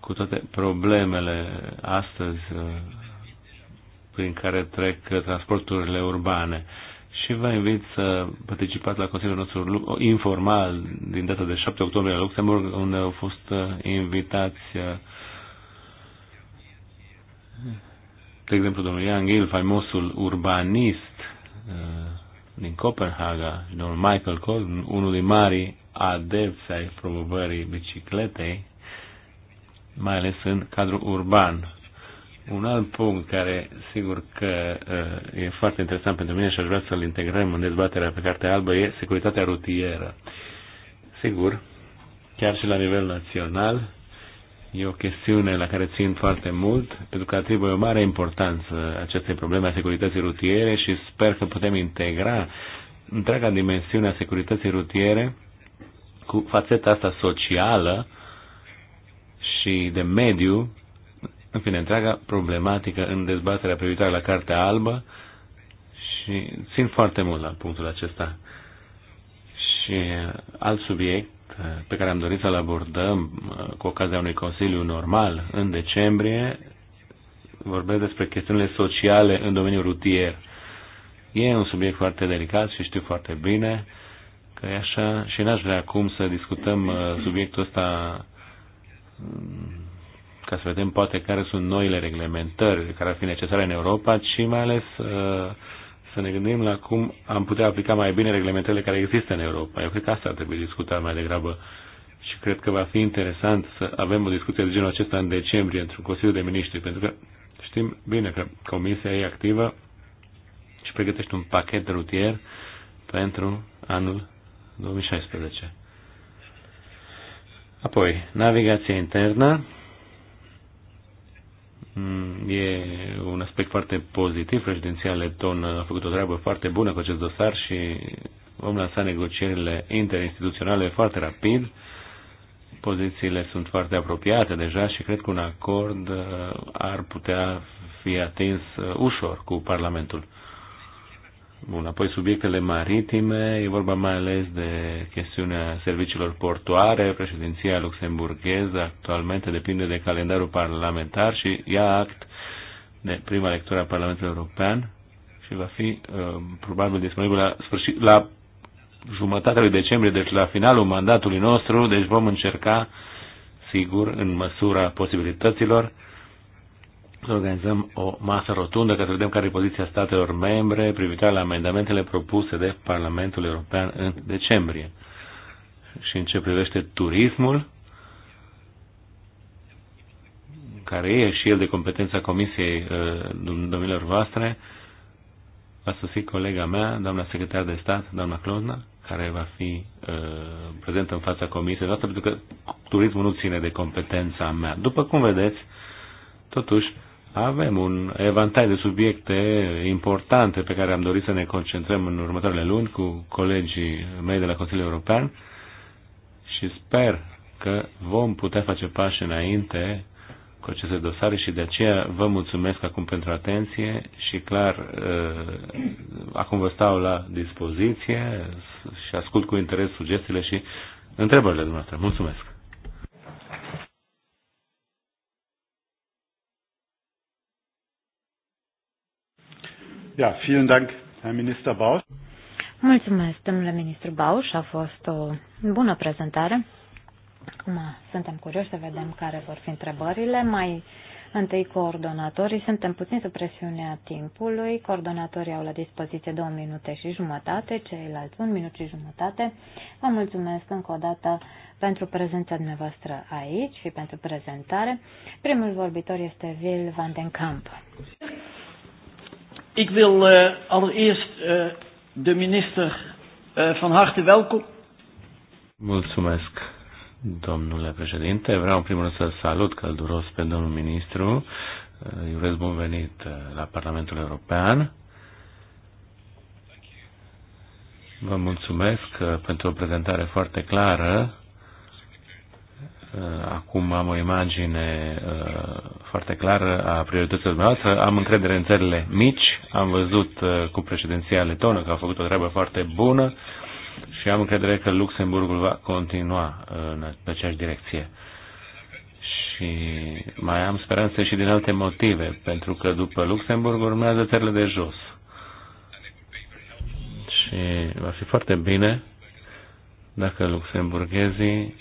cu toate problemele astăzi uh, prin care trec uh, transporturile urbane și vă invit să participați la Consiliul nostru informal din data de 7 octombrie la Luxemburg, unde au fost uh, invitați, uh, de exemplu, domnul Jan Gil, faimosul urbanist uh, din Copenhaga, și domnul Michael Cole, unul din marii adepți ai promovării bicicletei, mai ales în cadrul urban un alt punct care sigur că uh, e foarte interesant pentru mine și aș vrea să-l integrăm în dezbaterea pe Cartea Albă e securitatea rutieră. Sigur, chiar și la nivel național, e o chestiune la care țin foarte mult, pentru că atribuie o mare importanță acestei probleme a securității rutiere și sper că putem integra întreaga dimensiune a securității rutiere cu fațeta asta socială și de mediu în fine, întreaga problematică în dezbaterea privitoare la Cartea Albă și țin foarte mult la punctul acesta. Și uh, alt subiect uh, pe care am dorit să-l abordăm uh, cu ocazia unui Consiliu normal în decembrie, vorbesc despre chestiunile sociale în domeniul rutier. E un subiect foarte delicat și știu foarte bine că e așa și n-aș vrea acum să discutăm subiectul ăsta mm, ca să vedem poate care sunt noile reglementări care ar fi necesare în Europa, ci mai ales uh, să ne gândim la cum am putea aplica mai bine reglementările care există în Europa. Eu cred că asta ar trebui discutat mai degrabă și cred că va fi interesant să avem o discuție de genul acesta în decembrie într-un Consiliu de Miniștri, pentru că știm bine că Comisia e activă și pregătește un pachet rutier pentru anul 2016. Apoi, navigația internă. Mm, e un aspect foarte pozitiv. Președinția Leton a făcut o treabă foarte bună cu acest dosar și vom lansa negocierile interinstituționale foarte rapid. Pozițiile sunt foarte apropiate deja și cred că un acord uh, ar putea fi atins uh, ușor cu Parlamentul. Bun, apoi subiectele maritime, e vorba mai ales de chestiunea serviciilor portoare, președinția luxemburgheză actualmente depinde de calendarul parlamentar și ia act de prima lectură a Parlamentului European și va fi uh, probabil disponibil la, sfârșit, la jumătatea lui decembrie, deci la finalul mandatului nostru, deci vom încerca, sigur, în măsura posibilităților, să organizăm o masă rotundă ca să vedem care e poziția statelor membre privitoare la amendamentele propuse de Parlamentul European în decembrie. Și în ce privește turismul, care e și el de competența Comisiei uh, domnilor voastre, va sosi colega mea, doamna secretar de stat, doamna Clozna, care va fi uh, prezentă în fața comisiei noastre, pentru că turismul nu ține de competența mea. După cum vedeți, totuși, avem un evantai de subiecte importante pe care am dorit să ne concentrăm în următoarele luni cu colegii mei de la Consiliul European și sper că vom putea face pași înainte cu aceste dosare și de aceea vă mulțumesc acum pentru atenție și clar uh, acum vă stau la dispoziție și ascult cu interes sugestiile și întrebările dumneavoastră. Mulțumesc! Ja, vielen Dank, Herr Minister Bausch. Mulțumesc, domnule ministru Bauș, a fost o bună prezentare. Acum suntem curioși să vedem care vor fi întrebările. Mai întâi coordonatorii, suntem puțin sub presiunea timpului. Coordonatorii au la dispoziție două minute și jumătate, ceilalți un minut și jumătate. Vă mulțumesc încă o dată pentru prezența dumneavoastră aici și pentru prezentare. Primul vorbitor este Vil van den Kamp. Ik wil uh, allereerst uh, de minister uh, van harte welkom. Mulțumesc, domnule președinte. Vreau în primul rând să salut călduros pe domnul ministru. Îi urez bun venit la Parlamentul European. Vă mulțumesc pentru o prezentare foarte clară Uh, acum am o imagine uh, foarte clară a priorităților dumneavoastră. Am încredere în țările mici. Am văzut uh, cu președinția letonă că a făcut o treabă foarte bună și am încredere că Luxemburgul va continua în aceeași direcție. Și mai am speranțe și din alte motive, pentru că după Luxemburg urmează țările de jos. Și va fi foarte bine dacă luxemburghezii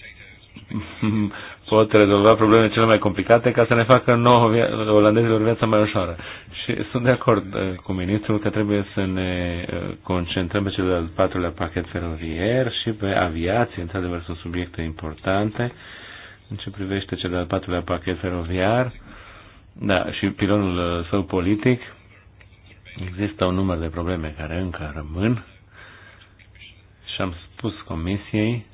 pot rezolva probleme cele mai complicate ca să ne facă nouă via- olandezilor viața mai ușoară. Și sunt de acord eh, cu ministrul că trebuie să ne eh, concentrăm pe cel de-al patrulea pachet feroviar și pe aviație. Într-adevăr, sunt subiecte importante în ce privește cel de-al patrulea pachet feroviar da, și pilonul eh, său politic. Există un număr de probleme care încă rămân și am spus Comisiei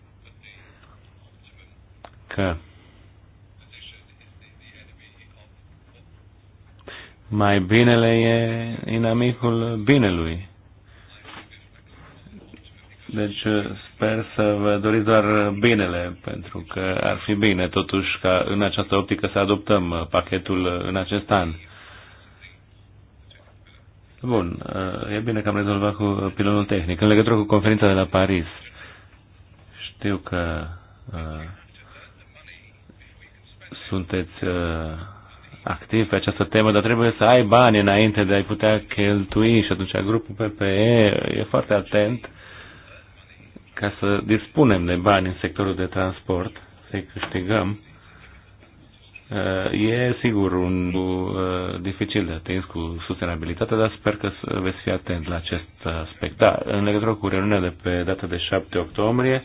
că mai binele e inamicul binelui. Deci uh, sper să vă doriți doar binele, pentru că ar fi bine totuși ca în această optică să adoptăm uh, pachetul uh, în acest an. Bun, e bine că am rezolvat cu pilonul tehnic. În legătură cu conferința de la Paris, știu că sunteți uh, activ pe această temă, dar trebuie să ai bani înainte de a-i putea cheltui și atunci grupul PPE e foarte atent ca să dispunem de bani în sectorul de transport, să-i câștigăm. Uh, e sigur un uh, dificil de atins cu sustenabilitatea, dar sper că veți fi atent la acest aspect. Da, în legătură cu reuniunea de pe data de 7 octombrie,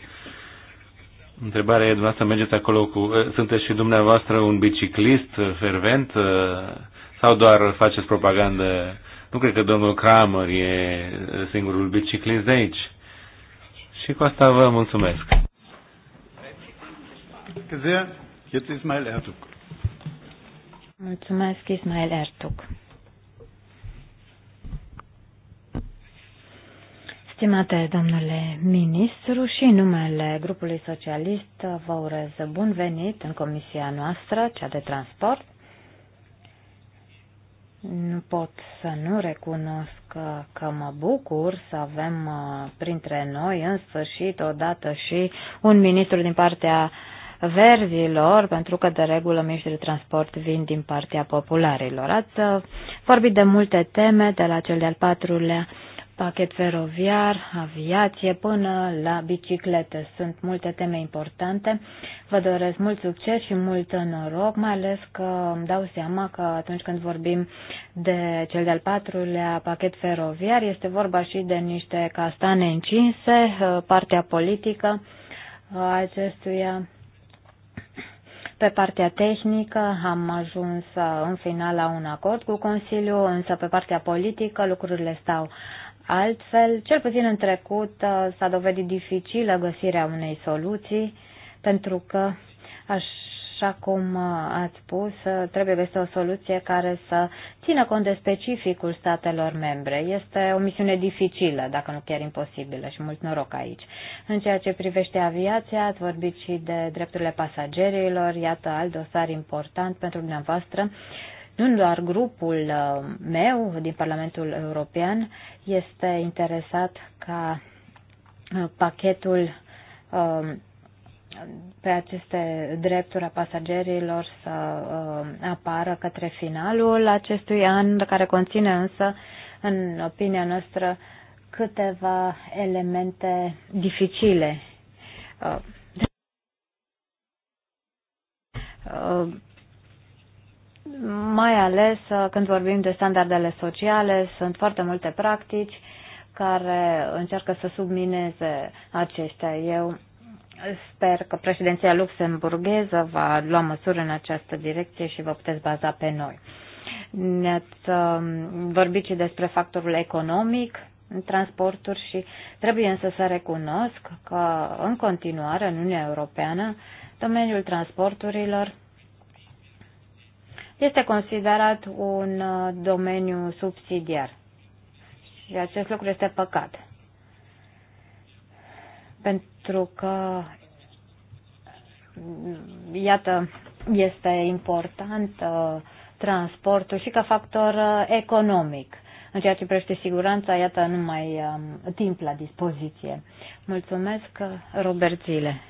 Întrebarea e, dumneavoastră mergeți acolo cu... Eh, sunteți și dumneavoastră un biciclist fervent eh, sau doar faceți propagandă? Nu cred că domnul Kramer e eh, singurul biciclist de aici. Și cu asta vă mulțumesc. Mulțumesc, Ismail Ertug. Stimate domnule ministru și în numele grupului socialist vă urez bun venit în comisia noastră, cea de transport. Nu pot să nu recunosc că, că mă bucur să avem uh, printre noi în sfârșit odată și un ministru din partea verzilor, pentru că de regulă miniștrii de transport vin din partea popularilor. Ați uh, vorbit de multe teme, de la cel de-al patrulea pachet feroviar, aviație, până la biciclete. Sunt multe teme importante. Vă doresc mult succes și mult noroc, mai ales că îmi dau seama că atunci când vorbim de cel de-al patrulea pachet feroviar, este vorba și de niște castane încinse, partea politică a acestuia. Pe partea tehnică am ajuns uh, în final la un acord cu Consiliul, însă pe partea politică lucrurile stau Altfel, cel puțin în trecut, uh, s-a dovedit dificilă găsirea unei soluții, pentru că, așa cum uh, ați spus, uh, trebuie găsită o soluție care să țină cont de specificul statelor membre. Este o misiune dificilă, dacă nu chiar imposibilă, și mult noroc aici. În ceea ce privește aviația, ați vorbit și de drepturile pasagerilor, iată alt dosar important pentru dumneavoastră. Nu doar grupul uh, meu din Parlamentul European este interesat ca uh, pachetul um, pe aceste drepturi a pasagerilor să uh, apară către finalul acestui an, care conține însă, în opinia noastră, câteva elemente dificile mai ales uh, când vorbim de standardele sociale, sunt foarte multe practici care încearcă să submineze acestea. Eu sper că președinția luxemburgheză va lua măsuri în această direcție și vă puteți baza pe noi. Ne-ați um, vorbit și despre factorul economic în transporturi și trebuie însă să recunosc că în continuare în Uniunea Europeană domeniul transporturilor este considerat un uh, domeniu subsidiar. Și acest lucru este păcat. Pentru că, mm, iată, este important transportul și ca factor uh, economic. În ceea ce privește siguranța, iată, nu mai am um, timp la dispoziție. Mulțumesc, Robert Zile.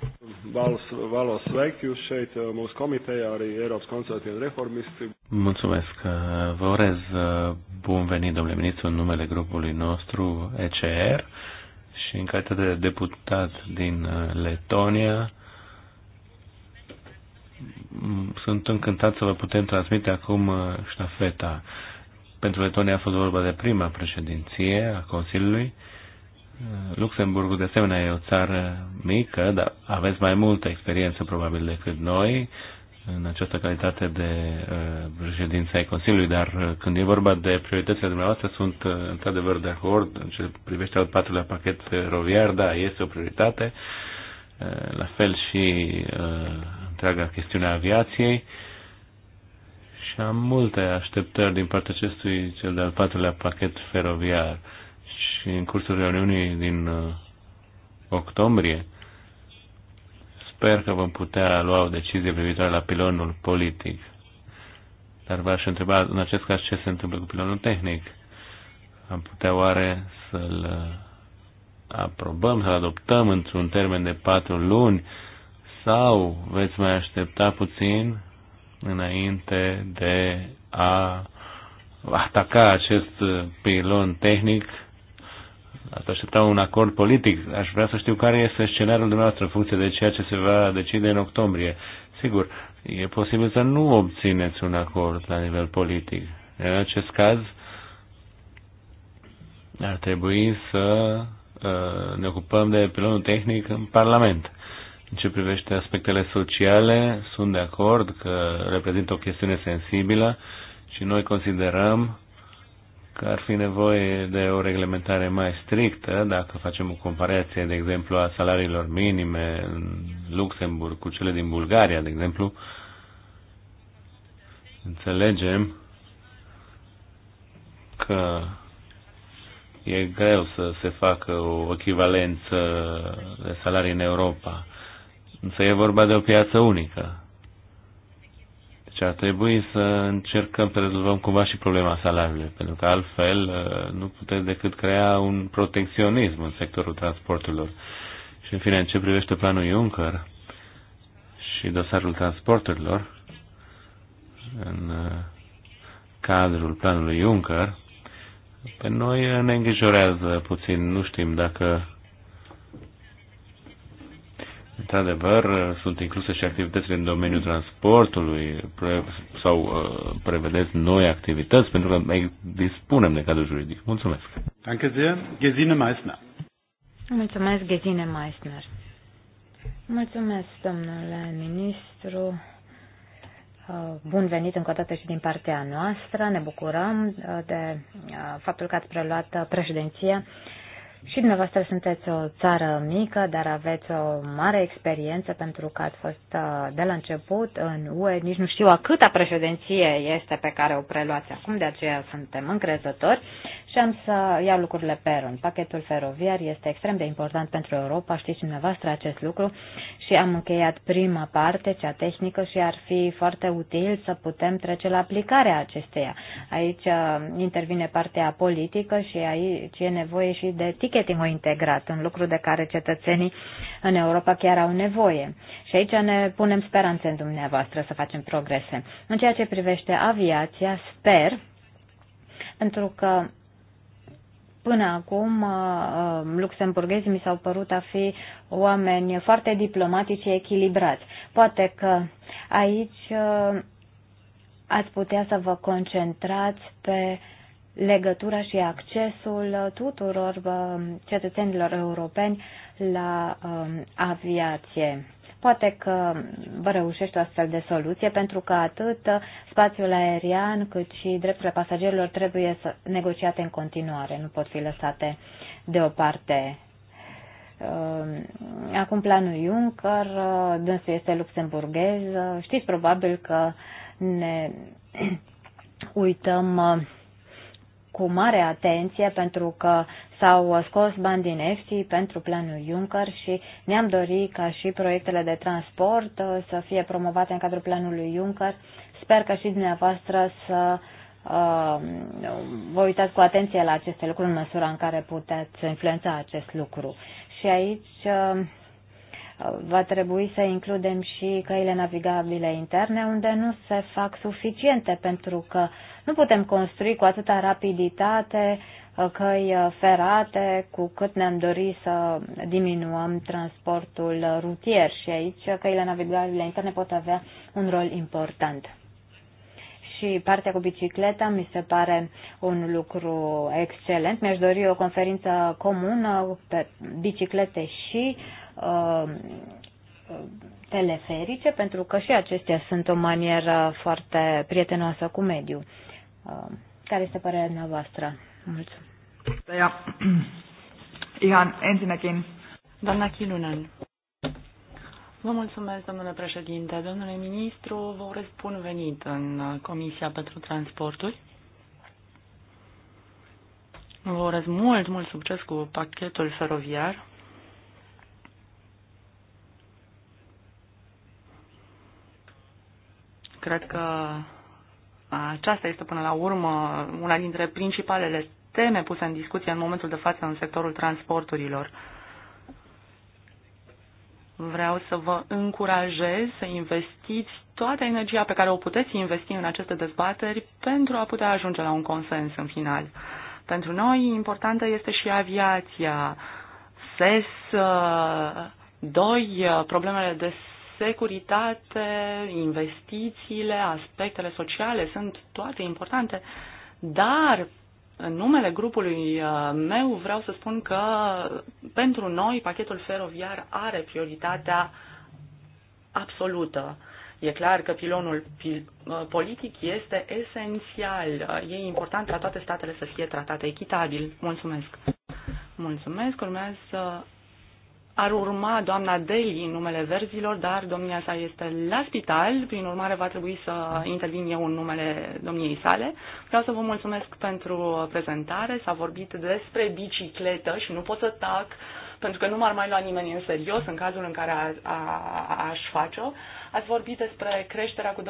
Valos Vechiu, šeit uh, mūsu komiteja, arī Eiropas konservatīvi reformisti. Mulțumesc. Vă urez uh, bun venit, domnule ministru, în numele grupului nostru ECR și în calitate de deputat din uh, Letonia sunt încântat să vă putem transmite acum ștafeta pentru Letonia a fost vorba de prima președinție a Consiliului. Luxemburgul, de asemenea, e o țară mică, dar aveți mai multă experiență probabil decât noi în această calitate de uh, președință ai Consiliului, dar uh, când e vorba de prioritățile dumneavoastră, sunt uh, într-adevăr de acord în ce privește al patrulea pachet feroviar, da, este o prioritate, la fel și întreaga chestiune a aviației și am multe așteptări din partea acestui cel de-al patrulea pachet feroviar. Și în cursul reuniunii din uh, octombrie sper că vom putea lua o decizie privitoare la pilonul politic. Dar v-aș întreba în acest caz ce se întâmplă cu pilonul tehnic. Am putea oare să-l uh, aprobăm, să-l adoptăm într-un termen de patru luni sau veți mai aștepta puțin înainte de a ataca acest pilon tehnic. Asta aștepta un acord politic. Aș vrea să știu care este scenariul dumneavoastră în funcție de ceea ce se va decide în octombrie. Sigur, e posibil să nu obțineți un acord la nivel politic. În acest caz, ar trebui să uh, ne ocupăm de pilonul tehnic în Parlament. În ce privește aspectele sociale, sunt de acord că reprezintă o chestiune sensibilă și noi considerăm că ar fi nevoie de o reglementare mai strictă, dacă facem o comparație, de exemplu, a salariilor minime în Luxemburg cu cele din Bulgaria, de exemplu, înțelegem că e greu să se facă o echivalență de salarii în Europa. Însă e vorba de o piață unică. Deci ar trebui să încercăm să rezolvăm cumva și problema salariului, pentru că altfel uh, nu puteți decât crea un protecționism în sectorul transporturilor. Și în fine, în ce privește planul Juncker și dosarul transporturilor, în uh, cadrul planului Juncker, pe noi ne îngrijorează puțin, nu știm dacă Într-adevăr, sunt incluse și activitățile în domeniul transportului pre, sau uh, prevedeți noi activități pentru că mai dispunem de cadrul juridic. Mulțumesc. Danke sehr. Gesine Meissner. Mulțumesc, Gesine Meissner. Mulțumesc, domnule ministru. Uh, bun venit încă o dată și din partea noastră. Ne bucurăm uh, de uh, faptul că ați preluat președinția și dumneavoastră sunteți o țară mică, dar aveți o mare experiență pentru că ați fost uh, de la început în UE. Nici nu știu a câta președinție este pe care o preluați acum, de aceea suntem încrezători și să iau lucrurile pe rând. Pachetul feroviar este extrem de important pentru Europa, știți dumneavoastră acest lucru și am încheiat prima parte, cea tehnică, și ar fi foarte util să putem trece la aplicarea acesteia. Aici uh, intervine partea politică și aici e nevoie și de ticketing integrat, un lucru de care cetățenii în Europa chiar au nevoie. Și aici ne punem speranțe în dumneavoastră să facem progrese. În ceea ce privește aviația, sper, pentru că Până acum, uh, uh, luxemburghezii mi s-au părut a fi oameni foarte diplomatici și echilibrați. Poate că aici uh, ați putea să vă concentrați pe legătura și accesul tuturor cetățenilor europeni la aviație. Poate că vă reușește o astfel de soluție, pentru că atât spațiul aerian cât și drepturile pasagerilor trebuie să negociate în continuare, nu pot fi lăsate deoparte. Ehm, acum planul Juncker, dânsul este luxemburghez, știți probabil că ne uităm cu mare atenție pentru că s-au scos bani din EFSI pentru planul Juncker și ne-am dorit ca și proiectele de transport uh, să fie promovate în cadrul planului Juncker. Sper că și dumneavoastră să uh, vă uitați cu atenție la aceste lucruri în măsura în care puteți influența acest lucru. Și aici uh, va trebui să includem și căile navigabile interne, unde nu se fac suficiente, pentru că nu putem construi cu atâta rapiditate uh, căi uh, ferate, cu cât ne-am dorit să diminuăm transportul rutier și aici uh, căile navigabile interne pot avea un rol important. Și partea cu bicicleta mi se pare un lucru excelent. Mi-aș dori o conferință comună pe biciclete și uh, Um, teleferice, pentru că și acestea sunt o manieră foarte prietenoasă cu mediul. Um, care este părerea dumneavoastră? Mulțumesc. Ja, ihan ensinnäkin. Doamna Chilunen. Vă mulțumesc, domnule președinte. Domnule ministru, vă urez bun venit în Comisia pentru Transporturi. Vă urez mult, mult succes cu pachetul feroviar. Cred că aceasta este până la urmă una dintre principalele teme puse în discuție în momentul de față în sectorul transporturilor. Vreau să vă încurajez să investiți toată energia pe care o puteți investi în aceste dezbateri pentru a putea ajunge la un consens în final. Pentru noi importantă este și aviația, SES, uh, doi uh, problemele de securitate, investițiile, aspectele sociale sunt toate importante, dar în numele grupului uh, meu vreau să spun că pentru noi pachetul feroviar are prioritatea absolută. E clar că pilonul uh, politic este esențial. Uh, e important ca toate statele să fie tratate echitabil. Mulțumesc! Mulțumesc! Urmează ar urma doamna Deli în numele verzilor, dar domnia sa este la spital, prin urmare va trebui să intervin eu în numele domniei sale. Vreau să vă mulțumesc pentru prezentare, s-a vorbit despre bicicletă și nu pot să tac, pentru că nu m-ar mai lua nimeni în serios în cazul în care a, a, aș face-o. Ați vorbit despre creșterea cu 20%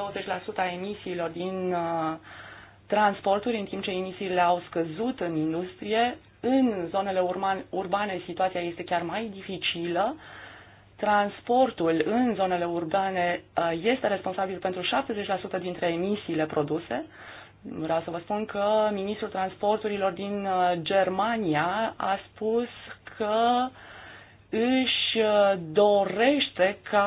a emisiilor din uh, transporturi, în timp ce emisiile au scăzut în industrie, în zonele urbane situația este chiar mai dificilă. Transportul în zonele urbane uh, este responsabil pentru 70% dintre emisiile produse. Vreau să vă spun că ministrul transporturilor din uh, Germania a spus că își uh, dorește ca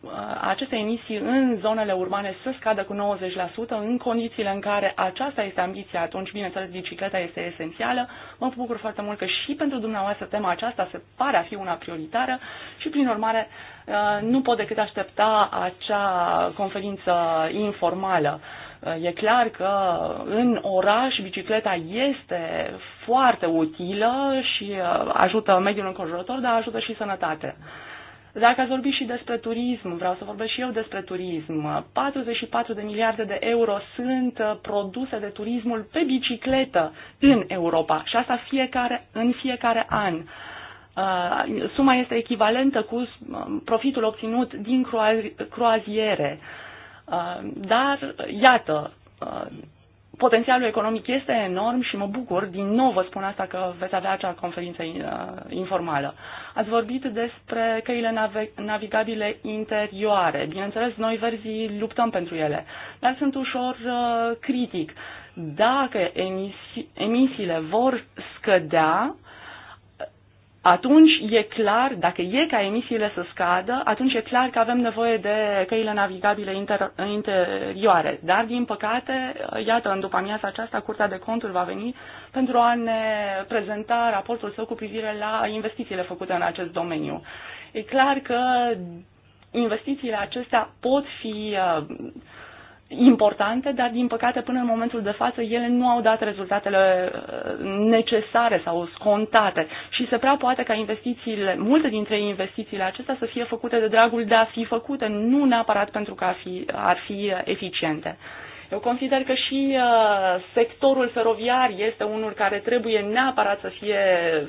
uh, aceste emisii în zonele urbane să scadă cu 90% în condițiile în care aceasta este ambiția, atunci, bineînțeles, bicicleta este esențială. Mă bucur foarte mult că și pentru dumneavoastră tema aceasta se pare a fi una prioritară și, prin urmare, uh, nu pot decât aștepta acea conferință informală Uh, e clar că în oraș bicicleta este foarte utilă și uh, ajută mediul înconjurător, dar ajută și sănătatea. Dacă ați vorbit și despre turism, vreau să vorbesc și eu despre turism. 44 de miliarde de euro sunt uh, produse de turismul pe bicicletă în Europa și asta fiecare, în fiecare an. Suma este echivalentă cu profitul obținut din croaziere. Uh, dar, iată, uh, potențialul economic este enorm și mă bucur, din nou vă spun asta că veți avea acea conferință uh, informală. Ați vorbit despre căile navigabile interioare. Bineînțeles, noi verzii luptăm pentru ele, dar sunt ușor critic. Dacă emisi- emisiile vor scădea, atunci e clar, dacă e ca emisiile să scadă, atunci e clar că avem nevoie de căile navigabile inter, interioare. Dar, din păcate, iată, în după amiaza aceasta, Curtea de Conturi va veni pentru a ne prezenta raportul său cu privire la investițiile făcute în acest domeniu. E clar că investițiile acestea pot fi uh, importante, dar din păcate până în momentul de față ele nu au dat rezultatele uh, necesare sau scontate și se prea poate ca investițiile, multe dintre investițiile acestea să fie făcute de dragul de a fi făcute, nu neapărat pentru că ar fi, ar fi eficiente. Eu consider că și uh, sectorul feroviar este unul care trebuie neapărat să fie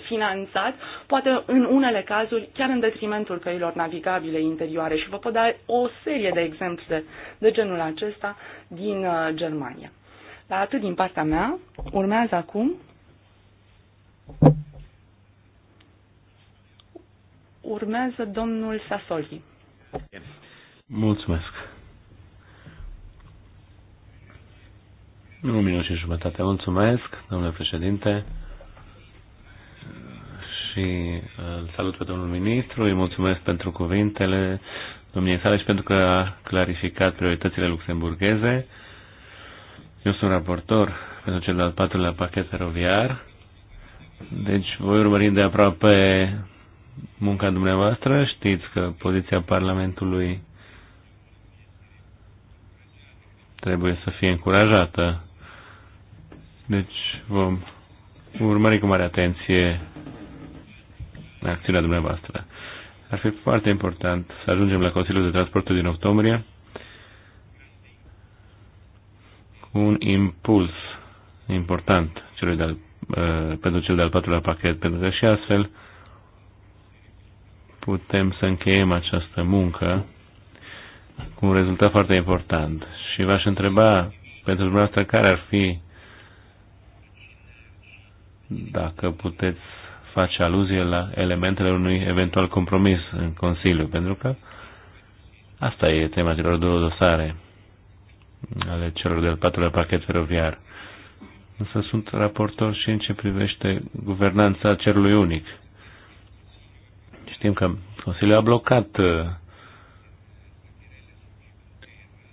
finanțat, poate în unele cazuri chiar în detrimentul căilor navigabile interioare și vă pot da o serie de exemple de genul acesta din uh, Germania. La atât din partea mea, urmează acum urmează domnul Sasoli. Mulțumesc. Un minut și jumătate. Mulțumesc, domnule președinte. Și îl uh, salut pe domnul ministru, îi mulțumesc pentru cuvintele domniei sale și pentru că a clarificat prioritățile luxemburgheze. Eu sunt raportor pentru cel de-al patrulea pachet feroviar, deci voi urmări de aproape munca dumneavoastră. Știți că poziția Parlamentului trebuie să fie încurajată. Deci vom urmări cu mare atenție acțiunea dumneavoastră. Ar fi foarte important să ajungem la Consiliul de Transport din octombrie cu un impuls important celui de-al, uh, pentru cel de-al patrulea pachet, pentru că și astfel putem să încheiem această muncă cu un rezultat foarte important. Și v-aș întreba pentru dumneavoastră care ar fi dacă puteți face aluzie la elementele unui eventual compromis în Consiliu, pentru că asta e tema celor două dosare ale celor de-al patrulea pachet feroviar. Însă sunt raportor și în ce privește guvernanța cerului unic. Știm că Consiliul a blocat uh,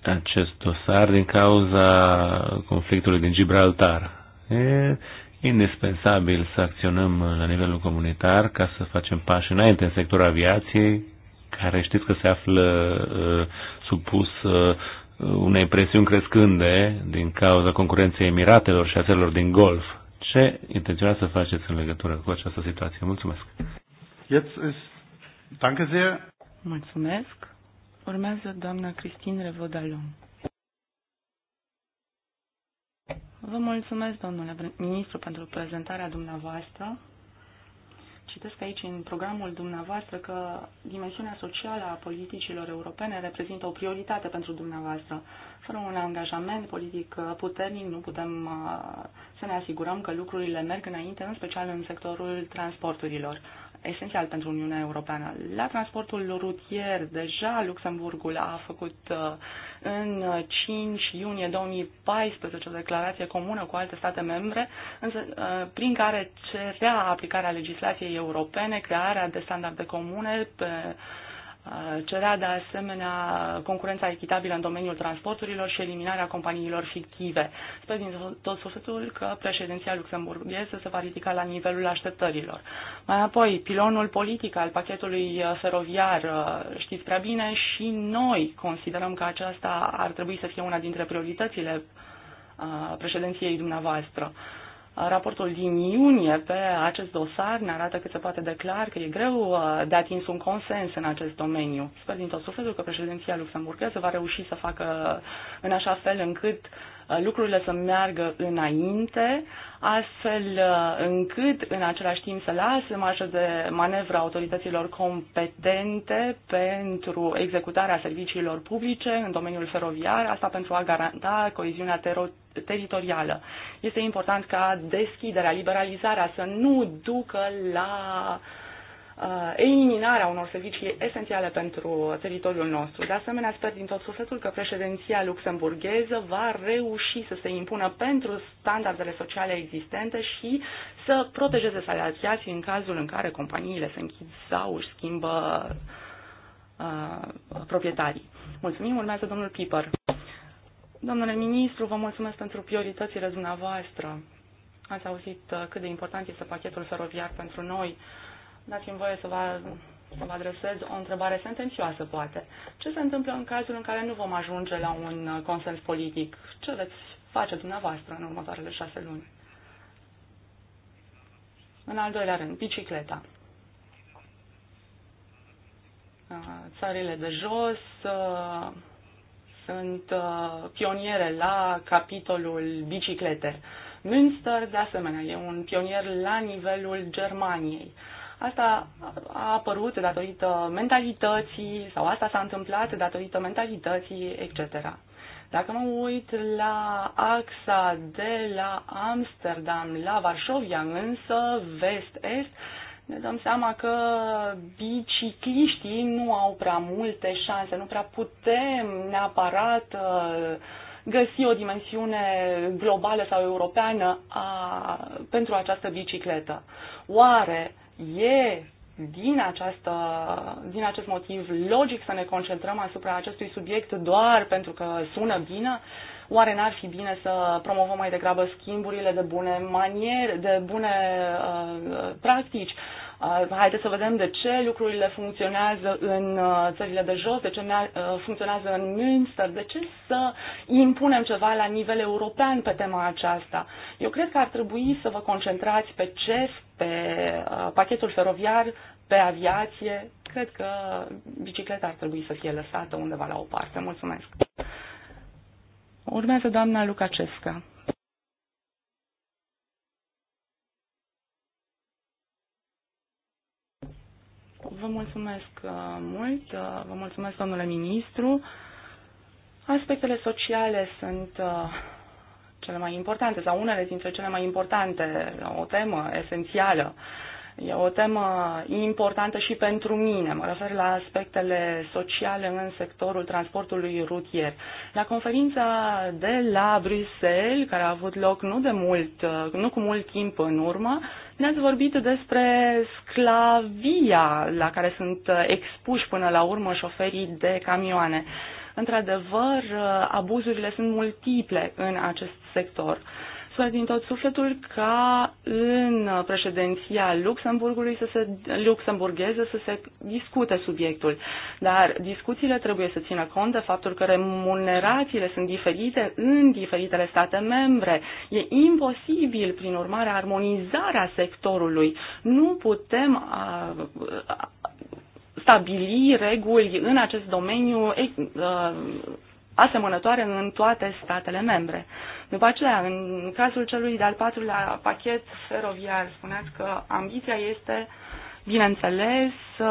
acest dosar din cauza conflictului din Gibraltar. E indispensabil să acționăm la nivelul comunitar ca să facem pași înainte în sectorul aviației, care știți că se află uh, supus uh, unei presiuni crescânde din cauza concurenței Emiratelor și a țărilor din Golf. Ce intenționați să faceți în legătură cu această situație? Mulțumesc! Danke sehr! Mulțumesc! Urmează doamna Cristin Revodalon. Vă mulțumesc, domnule ministru, pentru prezentarea dumneavoastră. Citesc aici în programul dumneavoastră că dimensiunea socială a politicilor europene reprezintă o prioritate pentru dumneavoastră. Fără un angajament politic puternic nu putem uh, să ne asigurăm că lucrurile merg înainte, în special în sectorul transporturilor esențial pentru Uniunea Europeană. La transportul rutier, deja Luxemburgul a făcut uh, în 5 iunie 2014 o declarație comună cu alte state membre, însă, uh, prin care cerea aplicarea legislației europene, crearea de standarde comune pe Uh, cerea de asemenea concurența echitabilă în domeniul transporturilor și eliminarea companiilor fictive. Sper din tot sufletul că președinția luxemburgheză se va ridica la nivelul așteptărilor. Mai apoi, pilonul politic al pachetului uh, feroviar, uh, știți prea bine, și noi considerăm că aceasta ar trebui să fie una dintre prioritățile președinției dumneavoastră. Raportul din iunie pe acest dosar ne arată cât se poate de clar că e greu uh, de atins un consens în acest domeniu. Sper din tot sufletul că președinția luxemburgheză va reuși să facă uh, în așa fel încât uh, lucrurile să meargă înainte, astfel încât în același timp să lase marjă de manevră autorităților competente pentru executarea serviciilor publice în domeniul feroviar, asta pentru a garanta coeziunea teritorială teritorială. Este important ca deschiderea, liberalizarea să nu ducă la uh, eliminarea unor servicii esențiale pentru teritoriul nostru. De asemenea, sper din tot sufletul că președinția luxemburgheză va reuși să se impună pentru standardele sociale existente și să protejeze salariații în cazul în care companiile se închid sau își schimbă uh, proprietarii. Mulțumim, urmează domnul Piper. Domnule ministru, vă mulțumesc pentru prioritățile dumneavoastră. Ați auzit uh, cât de important este pachetul feroviar pentru noi. Dați-mi voie să vă, să vă adresez o întrebare sentențioasă, poate. Ce se întâmplă în cazul în care nu vom ajunge la un uh, consens politic? Ce veți face dumneavoastră în următoarele șase luni? În al doilea rând, bicicleta. Uh, țările de jos, sunt uh, pioniere la capitolul biciclete. Münster, de asemenea, e un pionier la nivelul Germaniei. Asta a apărut datorită mentalității sau asta s-a întâmplat datorită mentalității, etc. Dacă mă uit la axa de la Amsterdam la Varșovia, însă, vest-est, ne dăm seama că bicicliștii nu au prea multe șanse, nu prea putem neapărat uh, găsi o dimensiune globală sau europeană a, pentru această bicicletă. Oare e din, această, din acest motiv logic să ne concentrăm asupra acestui subiect doar pentru că sună bine? Uh, Oare n-ar fi bine să promovăm mai degrabă schimburile de bune maniere, de bune uh, practici? Uh, haideți să vedem de ce lucrurile funcționează în uh, țările de jos, de ce uh, funcționează în Münster, de ce să impunem ceva la nivel european pe tema aceasta. Eu cred că ar trebui să vă concentrați pe ce? pe pachetul feroviar, pe aviație. Cred că bicicleta ar trebui să fie lăsată undeva la o parte. Mulțumesc! Urmează doamna Lucacesca. Vă mulțumesc uh, mult, uh, vă mulțumesc, domnule ministru. Aspectele sociale sunt uh, cele mai importante sau unele dintre cele mai importante, o temă esențială E o temă importantă și pentru mine. Mă refer la aspectele sociale în sectorul transportului rutier. La conferința de la Bruxelles, care a avut loc nu de mult, nu cu mult timp în urmă, ne-ați vorbit despre sclavia la care sunt expuși până la urmă șoferii de camioane. Într-adevăr, abuzurile sunt multiple în acest sector sper din tot sufletul ca în președinția Luxemburgului să se, luxemburgheză să se discute subiectul. Dar discuțiile trebuie să țină cont de faptul că remunerațiile sunt diferite în diferitele state membre. E imposibil, prin urmare, armonizarea sectorului. Nu putem a, a, stabili reguli în acest domeniu a, asemănătoare în toate statele membre. După aceea, în cazul celui de-al patrulea pachet feroviar, spuneați că ambiția este bineînțeles, uh,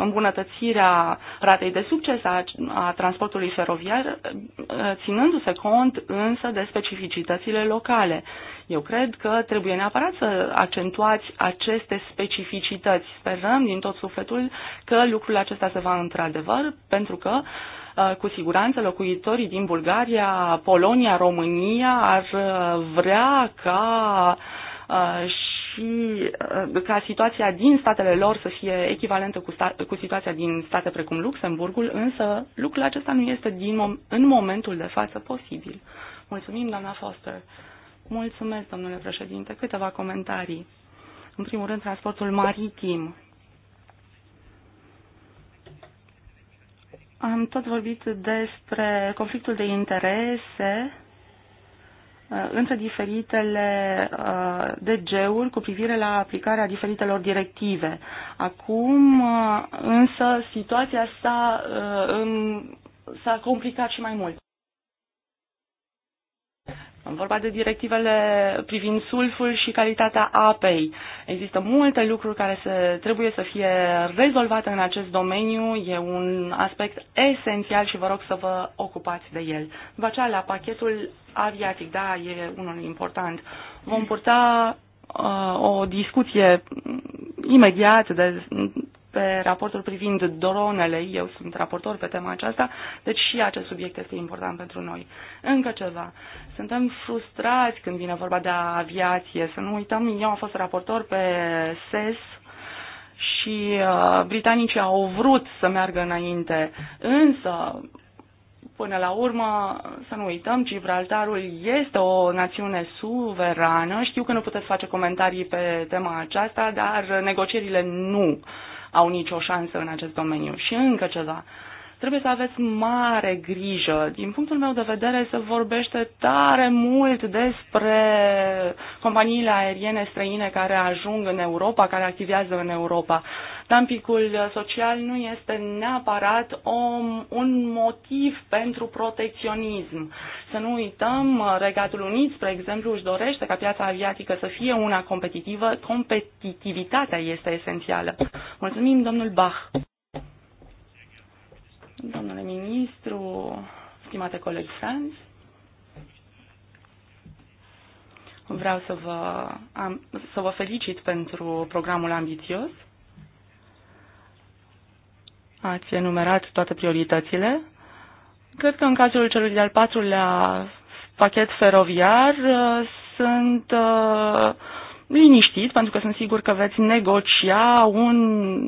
îmbunătățirea ratei de succes a, a transportului feroviar, uh, ținându-se cont însă de specificitățile locale. Eu cred că trebuie neapărat să accentuați aceste specificități. Sperăm din tot sufletul că lucrul acesta se va într-adevăr, pentru că uh, Uh, cu siguranță locuitorii din Bulgaria, Polonia, România ar uh, vrea ca uh, și ca situația din statele lor să fie echivalentă cu, sta- cu situația din state precum Luxemburgul, însă lucrul acesta nu este din mom- în momentul de față posibil. Mulțumim, doamna Foster. Mulțumesc, domnule președinte. Câteva comentarii. În primul rând, transportul maritim. Am tot vorbit despre conflictul de interese uh, între diferitele uh, DG-uri cu privire la aplicarea diferitelor directive. Acum, uh, însă, situația s-a, s-a complicat și mai mult. Am vorbat de directivele privind sulful și calitatea apei. Există multe lucruri care se, trebuie să fie rezolvate în acest domeniu. E un aspect esențial și vă rog să vă ocupați de el. După aceea, la pachetul aviatic, da, e unul important. Vom purta uh, o discuție imediat de, pe raportul privind dronele, eu sunt raportor pe tema aceasta, deci și acest subiect este important pentru noi. Încă ceva, suntem frustrați când vine vorba de aviație, să nu uităm, eu am fost raportor pe SES și uh, britanicii au vrut să meargă înainte, însă până la urmă, să nu uităm, Gibraltarul este o națiune suverană. Știu că nu puteți face comentarii pe tema aceasta, dar negocierile nu au nicio șansă în acest domeniu. Și încă ceva. Trebuie să aveți mare grijă. Din punctul meu de vedere, se vorbește tare mult despre companiile aeriene străine care ajung în Europa, care activează în Europa. Dampicul social nu este neapărat o, un motiv pentru protecționism. Să nu uităm, Regatul Unit, spre exemplu, își dorește ca piața aviatică să fie una competitivă. Competitivitatea este esențială. Mulțumim, domnul Bach domnule ministru, stimate colegi Franz, vreau să vă, am, să vă felicit pentru programul ambițios. Ați enumerat toate prioritățile. Cred că în cazul celui de-al patrulea pachet feroviar uh, sunt uh, liniștit, pentru că sunt sigur că veți negocia un,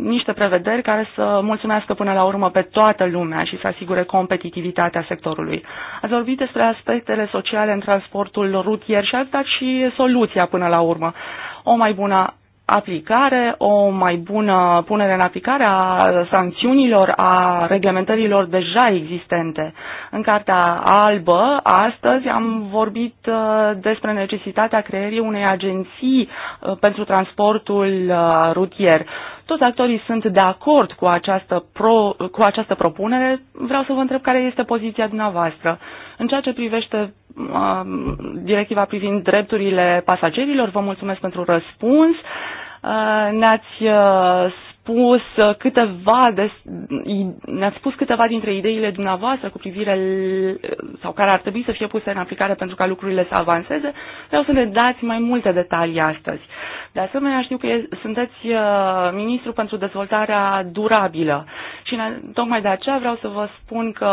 niște prevederi care să mulțumească până la urmă pe toată lumea și să asigure competitivitatea sectorului. Ați vorbit despre aspectele sociale în transportul rutier și ați dat și soluția până la urmă. O mai bună aplicare, o mai bună punere în aplicare a sancțiunilor, a reglementărilor deja existente. În Cartea Albă, astăzi, am vorbit uh, despre necesitatea creierii unei agenții uh, pentru transportul uh, rutier. Toți actorii sunt de acord cu această, pro, cu această propunere. Vreau să vă întreb care este poziția dumneavoastră. În ceea ce privește uh, directiva privind drepturile pasagerilor, vă mulțumesc pentru răspuns. Uh, Ne-ați uh, spus câteva de, ne-ați spus câteva dintre ideile dumneavoastră cu privire sau care ar trebui să fie puse în aplicare pentru ca lucrurile să avanseze, vreau să ne dați mai multe detalii astăzi. De asemenea, știu că sunteți uh, ministru pentru dezvoltarea durabilă și tocmai de aceea vreau să vă spun că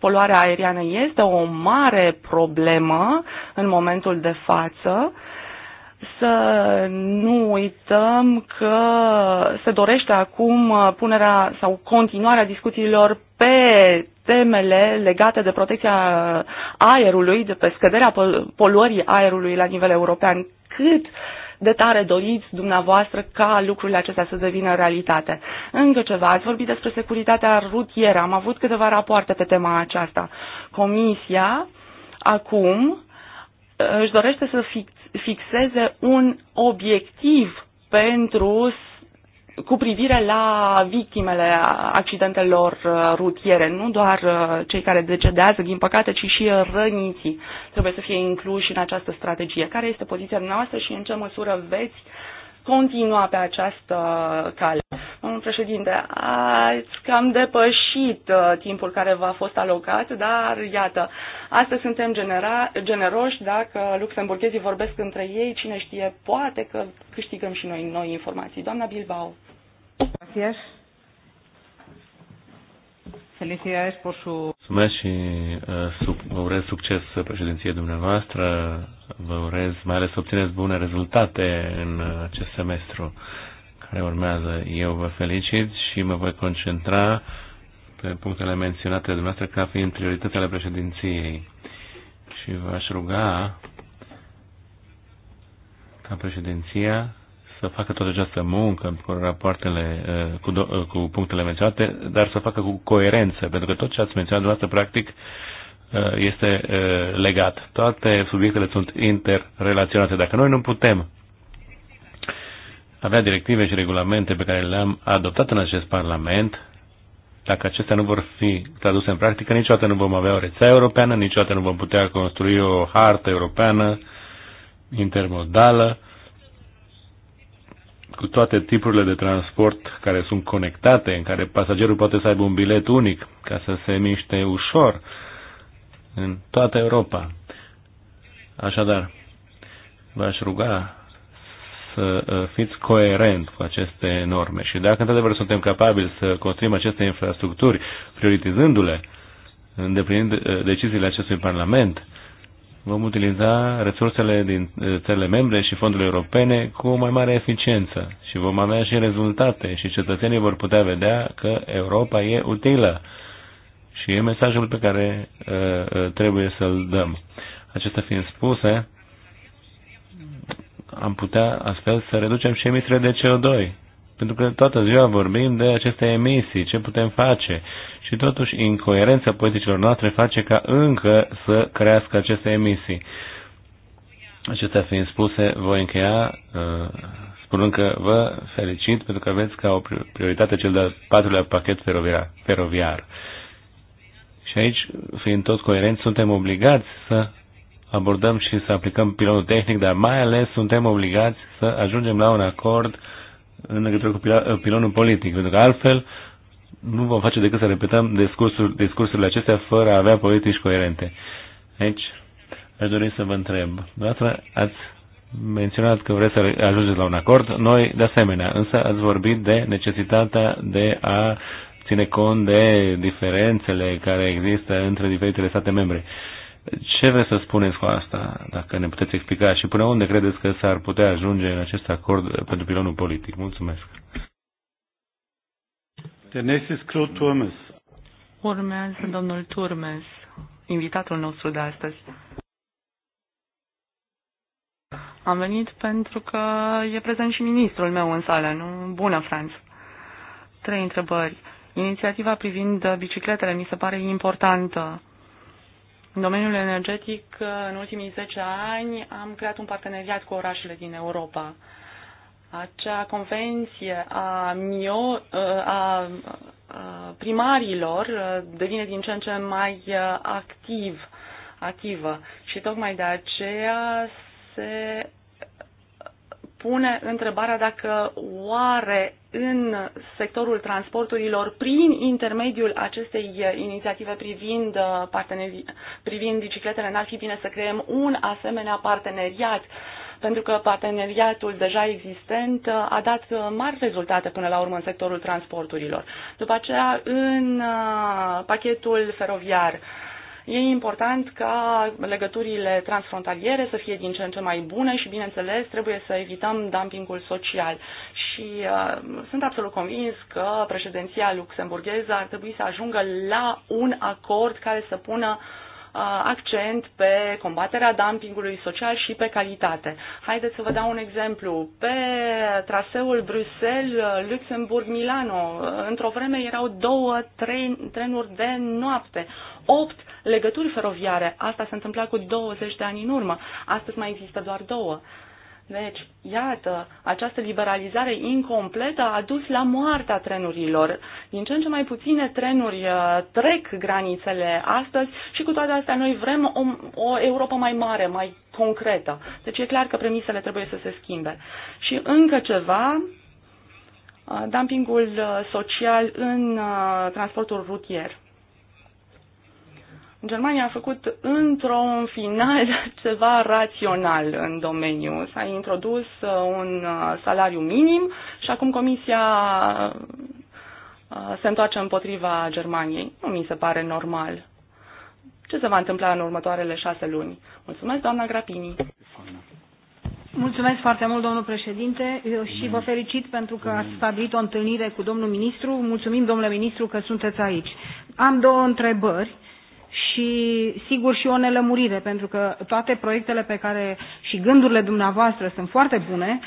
poluarea aeriană este o mare problemă în momentul de față. Uh, să nu uităm că se dorește acum punerea sau continuarea discuțiilor pe temele legate de protecția aerului, de pe scăderea poluării aerului la nivel european. Cât de tare doriți dumneavoastră ca lucrurile acestea să devină realitate. Încă ceva, ați vorbit despre securitatea rutieră, am avut câteva rapoarte pe tema aceasta. Comisia acum își dorește să fie fixeze un obiectiv pentru cu privire la victimele accidentelor uh, rutiere, nu doar uh, cei care decedează, din păcate, ci și uh, răniții trebuie să fie incluși în această strategie. Care este poziția noastră și în ce măsură veți continua pe această cale. Domnul președinte, ați cam depășit uh, timpul care v-a fost alocat, dar iată, astăzi suntem genera- generoși, dacă luxemburghezii vorbesc între ei, cine știe, poate că câștigăm și noi noi informații. Doamna Bilbao. Gracias. Felicitări pentru. Mulțumesc și uh, sub, urez succes președinției dumneavoastră vă urez mai ales să obțineți bune rezultate în acest semestru care urmează. Eu vă felicit și mă voi concentra pe punctele menționate de dumneavoastră ca fiind prioritățile președinției. Și v-aș ruga ca președinția să facă toată această muncă cu rapoartele, eh, cu, eh, cu punctele menționate, dar să facă cu coerență, pentru că tot ce ați menționat dumneavoastră, practic, Uh, este uh, legat. Toate subiectele sunt interrelaționate. Dacă noi nu putem avea directive și regulamente pe care le-am adoptat în acest Parlament, dacă acestea nu vor fi traduse în practică, niciodată nu vom avea o rețea europeană, niciodată nu vom putea construi o hartă europeană intermodală cu toate tipurile de transport care sunt conectate, în care pasagerul poate să aibă un bilet unic ca să se miște ușor în toată Europa. Așadar, v-aș ruga să uh, fiți coerent cu aceste norme și dacă într-adevăr suntem capabili să construim aceste infrastructuri, prioritizându-le, îndeplinind uh, deciziile acestui Parlament, vom utiliza resursele din uh, țările membre și fondurile europene cu o mai mare eficiență și vom avea și rezultate și cetățenii vor putea vedea că Europa e utilă și e mesajul pe care uh, uh, trebuie să-l dăm. Acestea fiind spuse, am putea astfel să reducem și emisiile de CO2. Pentru că toată ziua vorbim de aceste emisii, ce putem face. Și totuși incoerența politicilor noastre face ca încă să crească aceste emisii. Acestea fiind spuse, voi încheia uh, spunând că vă felicit pentru că aveți ca o prioritate cel de-al patrulea pachet feroviar. feroviar. Și aici, fiind tot coerenți, suntem obligați să abordăm și să aplicăm pilonul tehnic, dar mai ales suntem obligați să ajungem la un acord în legătură cu pilonul politic, pentru că altfel nu vom face decât să repetăm discursuri, discursurile acestea fără a avea politici coerente. Aici aș dori să vă întreb. Dumneavoastră ați menționat că vreți să ajungeți la un acord, noi de asemenea, însă ați vorbit de necesitatea de a ține cont de diferențele care există între diferitele state membre. Ce vreți să spuneți cu asta, dacă ne puteți explica și până unde credeți că s-ar putea ajunge în acest acord pentru pilonul politic? Mulțumesc. Urmează domnul Turmes, invitatul nostru de astăzi. Am venit pentru că e prezent și ministrul meu în sală, nu? Bună, Franț! Trei întrebări. Inițiativa privind bicicletele mi se pare importantă. În domeniul energetic, în ultimii 10 ani, am creat un parteneriat cu orașele din Europa. Acea convenție a, mio, a primarilor devine din ce în ce mai activ, activă și tocmai de aceea se pune întrebarea dacă oare în sectorul transporturilor prin intermediul acestei uh, inițiative privind, uh, privind bicicletele, n-ar fi bine să creăm un asemenea parteneriat, pentru că parteneriatul deja existent uh, a dat mari rezultate până la urmă în sectorul transporturilor. După aceea, în pachetul feroviar, E important ca legăturile transfrontaliere să fie din ce în ce mai bune și, bineînțeles, trebuie să evităm dumpingul social. Și uh, sunt absolut convins că președinția luxemburgheză ar trebui să ajungă la un acord care să pună uh, Uh, accent pe combaterea dumpingului social și pe calitate. Haideți să vă dau un exemplu. Pe traseul Bruxelles, Luxemburg, Milano, într-o vreme erau două tren, trenuri de noapte, opt legături feroviare. Asta se întâmpla cu 20 de ani în urmă. Astăzi mai există doar două. Deci, iată, această liberalizare incompletă a dus la moartea trenurilor. Din ce în ce mai puține trenuri uh, trec granițele astăzi și cu toate astea noi vrem o, o Europa mai mare, mai concretă. Deci e clar că premisele trebuie să se schimbe. Și încă ceva, uh, dumpingul uh, social în transportul rutier. Germania a făcut într-un final ceva rațional în domeniu. S-a introdus uh, un uh, salariu minim și acum Comisia uh, se întoarce împotriva Germaniei. Nu mi se pare normal. Ce se va întâmpla în următoarele șase luni? Mulțumesc, doamna Grapini. Mulțumesc foarte mult, domnul președinte, și vă felicit pentru că ați stabilit o întâlnire cu domnul ministru. Mulțumim, domnule ministru, că sunteți aici. Am două întrebări și sigur și o nelămurire, pentru că toate proiectele pe care și gândurile dumneavoastră sunt foarte bune,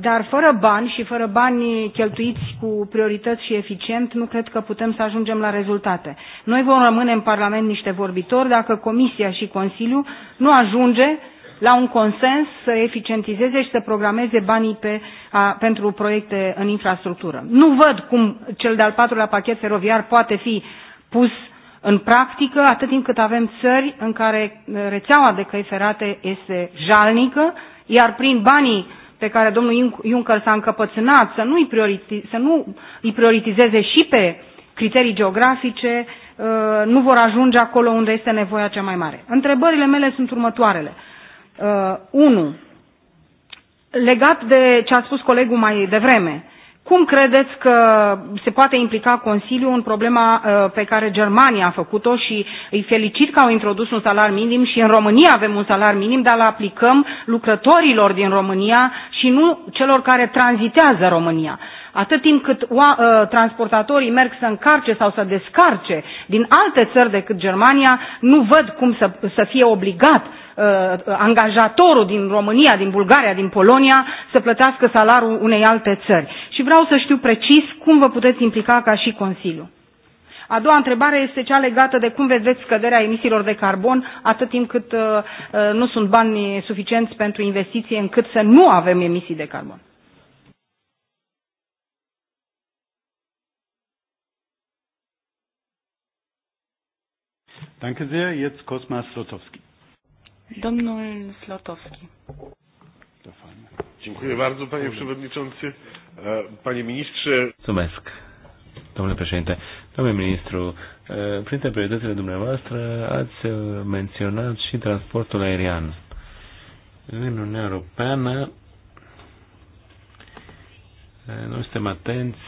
dar fără bani și fără bani cheltuiți cu priorități și eficient, nu cred că putem să ajungem la rezultate. Noi vom rămâne în Parlament niște vorbitori dacă Comisia și Consiliul nu ajunge la un consens să eficientizeze și să programeze banii pe, a, pentru proiecte în infrastructură. Nu văd cum cel de-al patrulea pachet feroviar poate fi pus uh, în practică, atât timp cât avem țări în care uh, rețeaua de căi ferate este jalnică, iar prin banii pe care domnul Juncker s-a încăpățânat să nu, i prioritize, să nu îi prioritizeze și pe criterii geografice, uh, nu vor ajunge acolo unde este nevoia cea mai mare. Întrebările mele sunt următoarele. 1. Uh, legat de ce a spus colegul mai devreme, cum credeți că se poate implica Consiliul în problema uh, pe care Germania a făcut-o și îi felicit că au introdus un salar minim și în România avem un salar minim, dar îl aplicăm lucrătorilor din România și nu celor care tranzitează România atât timp cât ă, transportatorii merg să încarce sau să descarce din alte țări decât Germania, nu văd cum să, să fie obligat ă, angajatorul din România, din Bulgaria, din Polonia să plătească salarul unei alte țări. Și vreau să știu precis cum vă puteți implica ca și Consiliu. A doua întrebare este cea legată de cum vedeți scăderea emisiilor de carbon atât timp cât uh, nu sunt bani suficienți pentru investiție încât să nu avem emisii de carbon. Danke sehr. Jetzt Kosma Slotowski. Domnul Slotowski. Dziękuję bardzo, panie przewodniczący. Panie ministrze. Mulțumesc, domnule președinte. Domnule ministru, printre prioritățile dumneavoastră ați menționat și transportul aerian. În Uniunea Europeană noi suntem atenți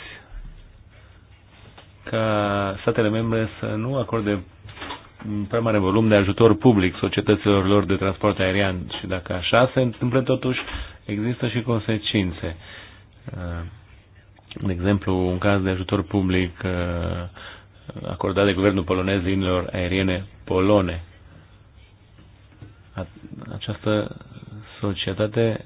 ca statele membre să nu acorde un prea mare volum de ajutor public societăților lor de transport aerian și dacă așa se întâmplă totuși, există și consecințe. Uh, de exemplu, un caz de ajutor public uh, acordat de guvernul polonez liniilor aeriene polone. Această societate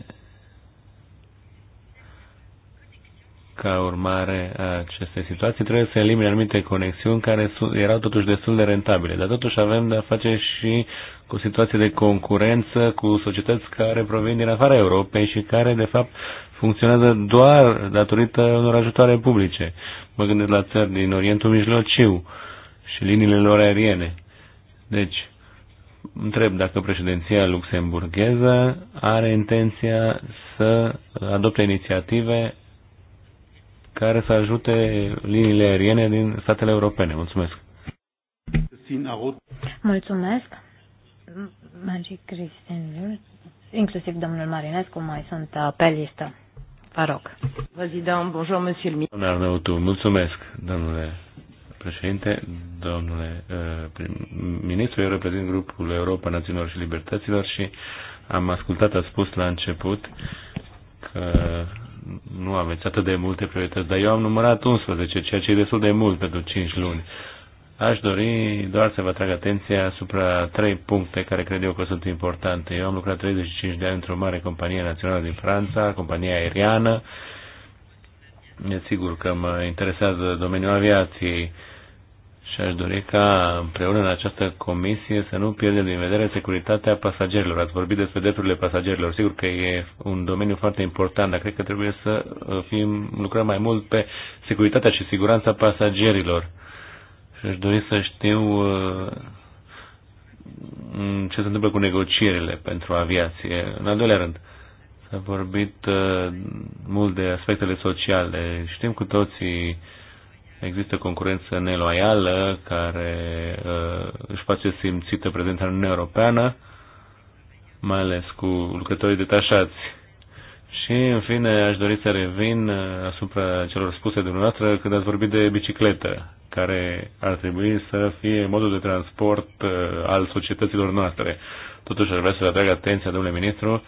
ca urmare a acestei situații, trebuie să elimine anumite conexiuni care erau totuși destul de rentabile. Dar totuși avem de-a face și cu situații de concurență cu societăți care provin din afara Europei și care, de fapt, funcționează doar datorită unor ajutoare publice. Mă gândesc la țări din Orientul Mijlociu și liniile lor aeriene. Deci, întreb dacă președinția luxemburgheză are intenția să adopte inițiative care să ajute liniile aeriene din statele europene. Mulțumesc! Mulțumesc! Magic Christian, inclusiv domnul Marinescu, mai sunt uh, pe listă. Vă rog. domn bonjour, monsieur le Domnule Arnautu, mulțumesc, domnule președinte, domnule uh, ministru eu reprezint grupul Europa Națiunilor și Libertăților și am ascultat, a spus la început că nu aveți atât de multe priorități, dar eu am numărat 11, ceea ce e destul de mult pentru 5 luni. Aș dori doar să vă atrag atenția asupra trei puncte care cred eu că sunt importante. Eu am lucrat 35 de ani într-o mare companie națională din Franța, compania aeriană. E sigur că mă interesează domeniul aviației și aș dori ca împreună în această comisie să nu pierdem din vedere securitatea pasagerilor. Ați vorbit despre drepturile pasagerilor. Sigur că e un domeniu foarte important, dar cred că trebuie să uh, fim, lucrăm mai mult pe securitatea și siguranța pasagerilor. Și aș dori să știu uh, ce se întâmplă cu negocierile pentru aviație. În al doilea rând, s-a vorbit uh, mult de aspectele sociale. Știm cu toții există concurență neloială care uh, își face simțită prezența în Uniunea Europeană, mai ales cu lucrătorii detașați. Și, în fine, aș dori să revin uh, asupra celor spuse de dumneavoastră când ați vorbit de bicicletă, care ar trebui să fie modul de transport uh, al societăților noastre. Totuși, aș vrea să vă atrag atenția, domnule ministru,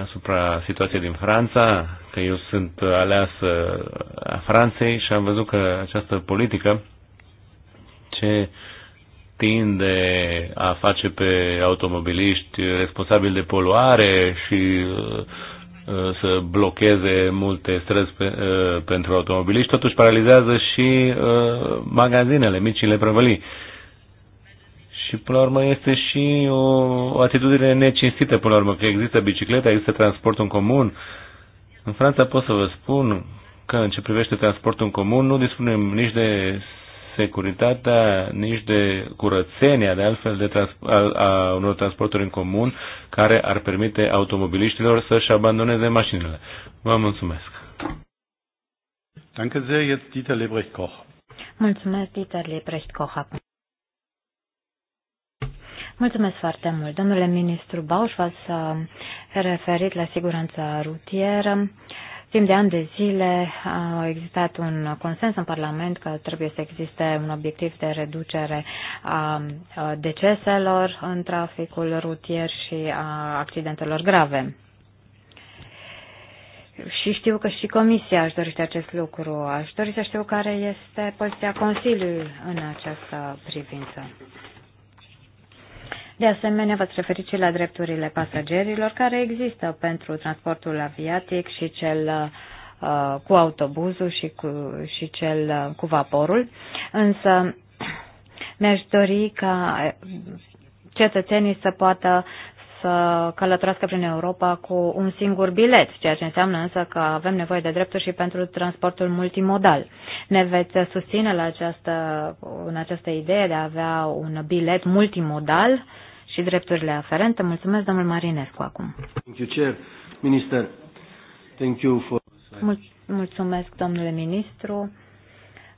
asupra situației din Franța, că eu sunt aleas a Franței și am văzut că această politică ce tinde a face pe automobiliști responsabili de poluare și uh, să blocheze multe străzi pe, uh, pentru automobiliști, totuși paralizează și uh, magazinele, micile prăvălii. Și până la urmă este și o, o atitudine necinstită, până la urmă, că există bicicleta, există transportul în comun. În Franța pot să vă spun că în ce privește transportul în comun nu dispunem nici de securitatea, nici de curățenia, de altfel, de trans- a, a unor transporturi în comun care ar permite automobiliștilor să-și abandoneze mașinile. Vă mulțumesc! Danke sehr, jetzt Dieter Lebrecht Koch. Mulțumesc, Dieter Lebrecht Koch. Mulțumesc foarte mult. Domnule ministru Bauș, v-ați uh, referit la siguranța rutieră. Timp de ani de zile uh, a existat un consens în Parlament că trebuie să existe un obiectiv de reducere a uh, deceselor în traficul rutier și a accidentelor grave. Și știu că și Comisia își dorește acest lucru. Aș dori să știu care este poziția Consiliului în această privință. De asemenea, v-ați referit și la drepturile pasagerilor care există pentru transportul aviatic și cel uh, cu autobuzul și, cu, și cel uh, cu vaporul. Însă mi-aș dori ca uh, cetățenii să poată să călătorească prin Europa cu un singur bilet, ceea ce înseamnă însă că avem nevoie de drepturi și pentru transportul multimodal. Ne veți susține la această, în această idee de a avea un bilet multimodal și drepturile aferente. Mulțumesc, domnul Marinescu, acum. Thank you, Chair. Minister, thank you for... Mulțumesc, domnule ministru.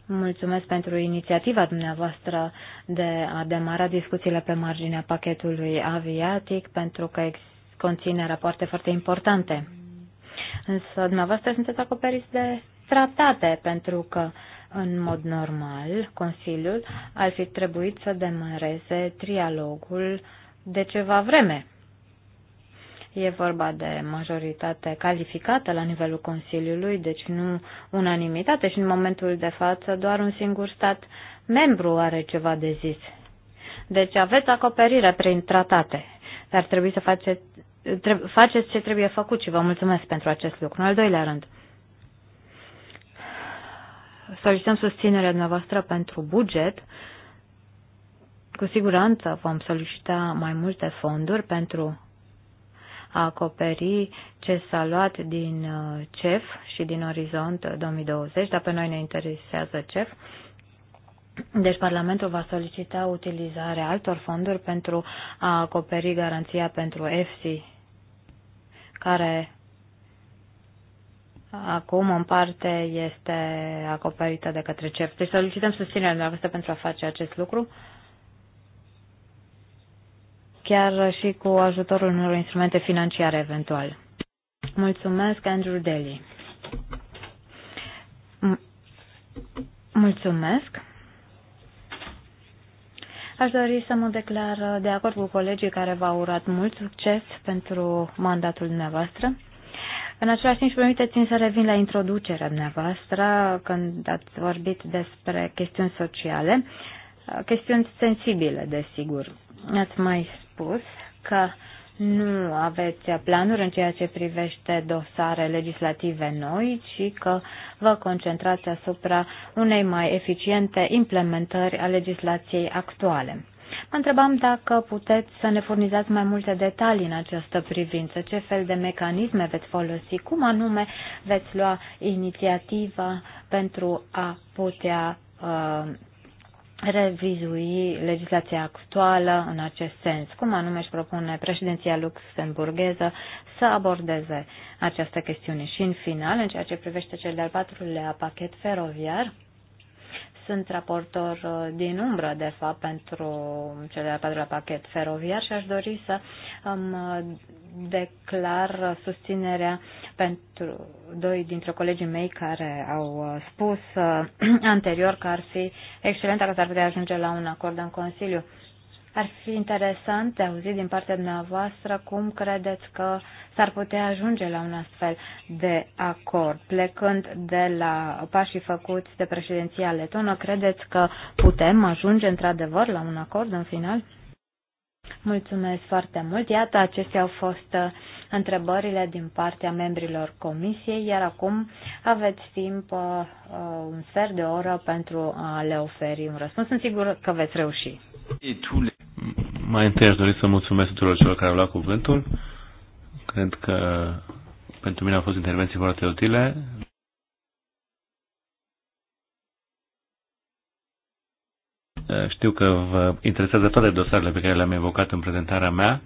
Mulțumesc pentru inițiativa dumneavoastră de a demara discuțiile pe marginea pachetului aviatic, pentru că conține rapoarte foarte importante. Însă dumneavoastră sunteți acoperiți de tratate, pentru că în mod normal, Consiliul ar fi trebuit să demareze trialogul de ceva vreme. E vorba de majoritate calificată la nivelul Consiliului, deci nu unanimitate și în momentul de față doar un singur stat membru are ceva de zis. Deci aveți acoperire prin tratate, dar trebuie să faceți, trebuie, faceți ce trebuie făcut și vă mulțumesc pentru acest lucru. În al doilea rând, solicităm susținerea dumneavoastră pentru buget. Cu siguranță vom solicita mai multe fonduri pentru a acoperi ce s-a luat din uh, CEF și din Orizont 2020, uh, dar pe noi ne interesează CEF. Deci Parlamentul va solicita utilizarea altor fonduri pentru a acoperi garanția pentru EFSI, care acum în parte este acoperită de către CEF. Deci solicităm susținerea dumneavoastră pentru a face acest lucru chiar și cu ajutorul unor instrumente financiare eventual. Mulțumesc, Andrew Daly. Mulțumesc. Aș dori să mă declar de acord cu colegii care v-au urat mult succes pentru mandatul dumneavoastră. În același timp, permiteți-mi să revin la introducerea dumneavoastră când ați vorbit despre chestiuni sociale, chestiuni sensibile, desigur. Ați mai spus că nu aveți planuri în ceea ce privește dosare legislative noi, ci că vă concentrați asupra unei mai eficiente implementări a legislației actuale. Mă întrebam dacă puteți să ne furnizați mai multe detalii în această privință, ce fel de mecanisme veți folosi, cum anume veți lua inițiativa pentru a putea uh, revizui legislația actuală în acest sens. Cum anume își propune președinția luxemburgheză să abordeze această chestiune? Și în final, în ceea ce privește cel de-al patrulea pachet feroviar, sunt raportor uh, din umbră, de fapt, pentru cel de-al patrulea pachet feroviar și aș dori să îmi uh, declar susținerea pentru doi dintre colegii mei care au uh, spus anterior că ar fi excelent dacă s-ar putea ajunge la un acord în Consiliu. Ar fi interesant de auzit din partea dumneavoastră cum credeți că s-ar putea ajunge la un astfel de acord. Plecând de la pașii făcuți de președinția letonă, credeți că putem ajunge într-adevăr la un acord în final? Mulțumesc foarte mult. Iată, acestea au fost uh, întrebările din partea membrilor comisiei, iar acum aveți timp uh, uh, un sfert de oră pentru a le oferi un răspuns. Sunt sigur că veți reuși. Mai întâi aș dori să mulțumesc tuturor celor care au luat cuvântul. Cred că pentru mine au fost intervenții foarte utile. Știu că vă interesează toate dosarele pe care le-am evocat în prezentarea mea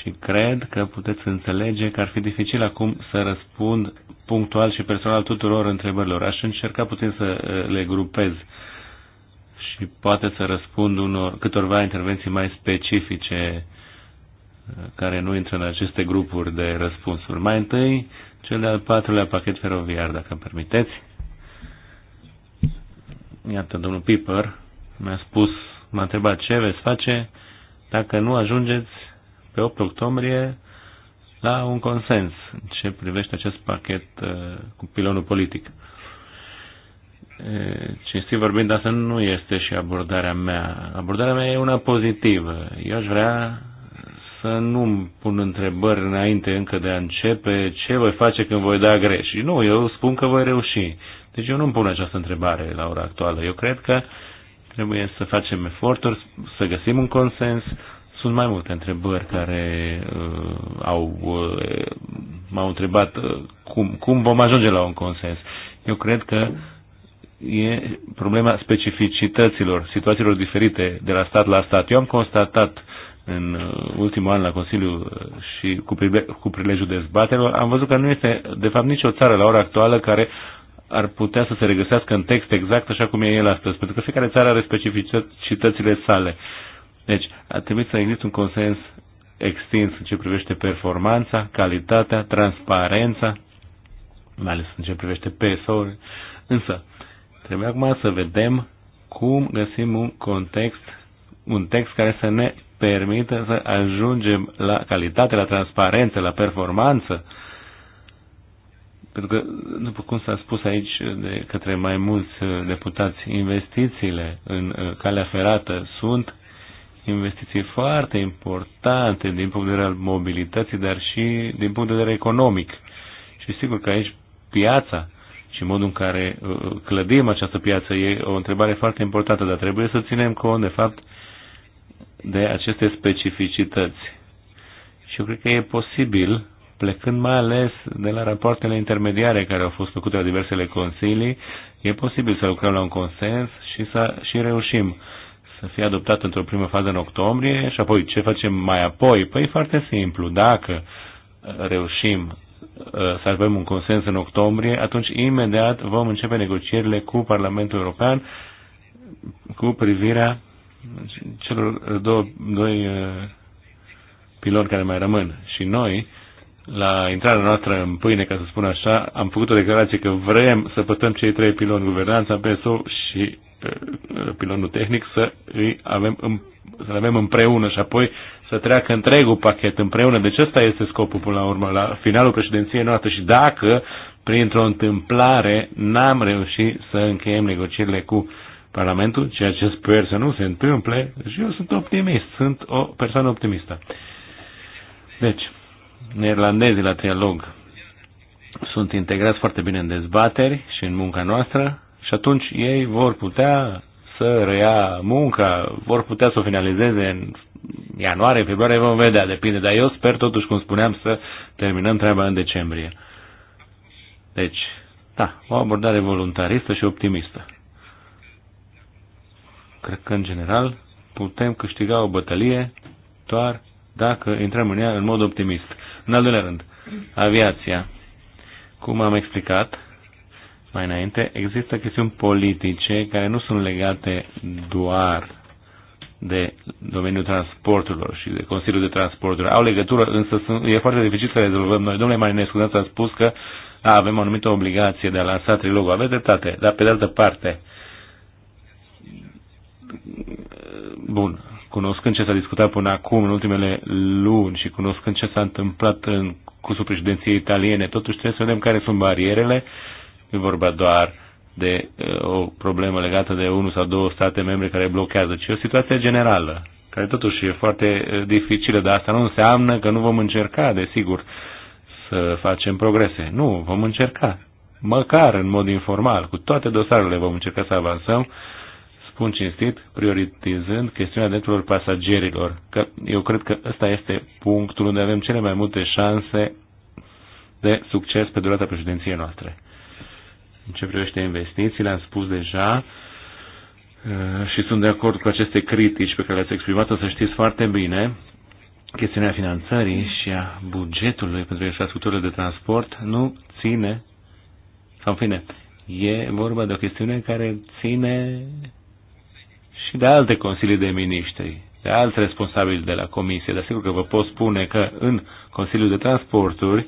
și cred că puteți înțelege că ar fi dificil acum să răspund punctual și personal tuturor întrebărilor. Aș încerca puțin să eh, le grupez și poate să răspund unor, câtorva intervenții mai specifice uh, care nu intră în aceste grupuri de răspunsuri. Mai întâi, cel de-al patrulea pachet feroviar, dacă îmi permiteți. Iată, domnul Piper mi-a spus, m-a întrebat ce veți face dacă nu ajungeți pe 8 octombrie la un consens în ce privește acest pachet uh, cu pilonul politic. Eh, cinstit vorbind, asta nu este și abordarea mea. Abordarea mea e una pozitivă. Eu aș vrea să nu pun întrebări înainte încă de a începe ce voi face când voi da greș. Și nu, eu spun că voi reuși. Deci eu nu pun această întrebare la ora actuală. Eu cred că trebuie să facem eforturi, să găsim un consens. Sunt mai multe întrebări care uh, au, uh, m-au întrebat uh, cum, cum vom ajunge la un consens. Eu cred că uh, e problema specificităților, situațiilor diferite de la stat la stat. Eu am constatat în uh, ultimul an la Consiliu uh, și cu, prime, cu prilejul dezbaterilor, am văzut că nu este, de fapt, nicio țară la ora actuală care ar putea să se regăsească în text exact așa cum e el astăzi, pentru că fiecare țară are specificitățile sale. Deci, a trebuit să există un consens extins în ce privește performanța, calitatea, transparența, mai ales în ce privește PSO-uri. Însă, Trebuie acum să vedem cum găsim un context, un text care să ne permită să ajungem la calitate, la transparență, la performanță. Pentru că, după cum s-a spus aici de către mai mulți uh, deputați, investițiile în uh, calea ferată sunt investiții foarte importante din punct de vedere al mobilității, dar și din punct de vedere economic. Și sigur că aici piața și modul în care uh, uh, clădim această piață e o întrebare foarte importantă, dar trebuie să ținem cont, de fapt, de aceste specificități. Și eu cred că e posibil, plecând mai ales de la rapoartele intermediare care au fost făcute la diversele consilii, e posibil să lucrăm la un consens și să și reușim să fie adoptat într-o primă fază în octombrie și apoi ce facem mai apoi? Păi foarte simplu, dacă reușim Uh, să avem un consens în octombrie, atunci imediat vom începe negocierile cu Parlamentul European cu privirea celor două, doi uh, piloni care mai rămân. Și noi, la intrarea noastră în pâine, ca să spun așa, am făcut o declarație că vrem să pătăm cei trei piloni, guvernanța, PSO și uh, pilonul tehnic, să îi avem, să le avem împreună și apoi să treacă întregul pachet împreună. Deci ăsta este scopul până la urmă, la finalul președinției noastre și dacă, printr-o întâmplare, n-am reușit să încheiem negocierile cu Parlamentul, ceea ce sper să nu se întâmple, și deci eu sunt optimist, sunt o persoană optimistă. Deci, neerlandezii la trialog sunt integrați foarte bine în dezbateri și în munca noastră și atunci ei vor putea să reia munca, vor putea să o finalizeze în ianuarie, februarie, vom vedea, depinde. Dar eu sper totuși, cum spuneam, să terminăm treaba în decembrie. Deci, da, o abordare voluntaristă și optimistă. Cred că, în general, putem câștiga o bătălie doar dacă intrăm în ea în mod optimist. În al doilea rând, aviația. Cum am explicat mai înainte, există chestiuni politice care nu sunt legate doar de domeniul transporturilor și de Consiliul de Transporturi. Au legătură, însă sunt, e foarte dificil să rezolvăm noi. Domnule Marinescu, dați a spus că a, avem o anumită obligație de a lansa trilogul. Aveți dreptate, dar pe de altă parte, bun, cunoscând ce s-a discutat până acum, în ultimele luni și cunoscând ce s-a întâmplat în cursul președinției italiene, totuși trebuie să vedem care sunt barierele. E vorba doar de uh, o problemă legată de unul sau două state membre care blochează, ci o situație generală, care totuși e foarte uh, dificilă, dar asta nu înseamnă că nu vom încerca, desigur, să facem progrese. Nu, vom încerca. Măcar în mod informal, cu toate dosarele vom încerca să avansăm, spun cinstit, prioritizând chestiunea drepturilor pasagerilor. Că eu cred că ăsta este punctul unde avem cele mai multe șanse de succes pe durata președinției noastre. În ce privește investițiile, am spus deja uh, și sunt de acord cu aceste critici pe care le-ați exprimat, o să știți foarte bine chestiunea finanțării și a bugetului pentru infrastructură de transport nu ține, sau în fine, e vorba de o chestiune care ține și de alte consilii de miniștri, de alți responsabili de la comisie, dar sigur că vă pot spune că în Consiliul de Transporturi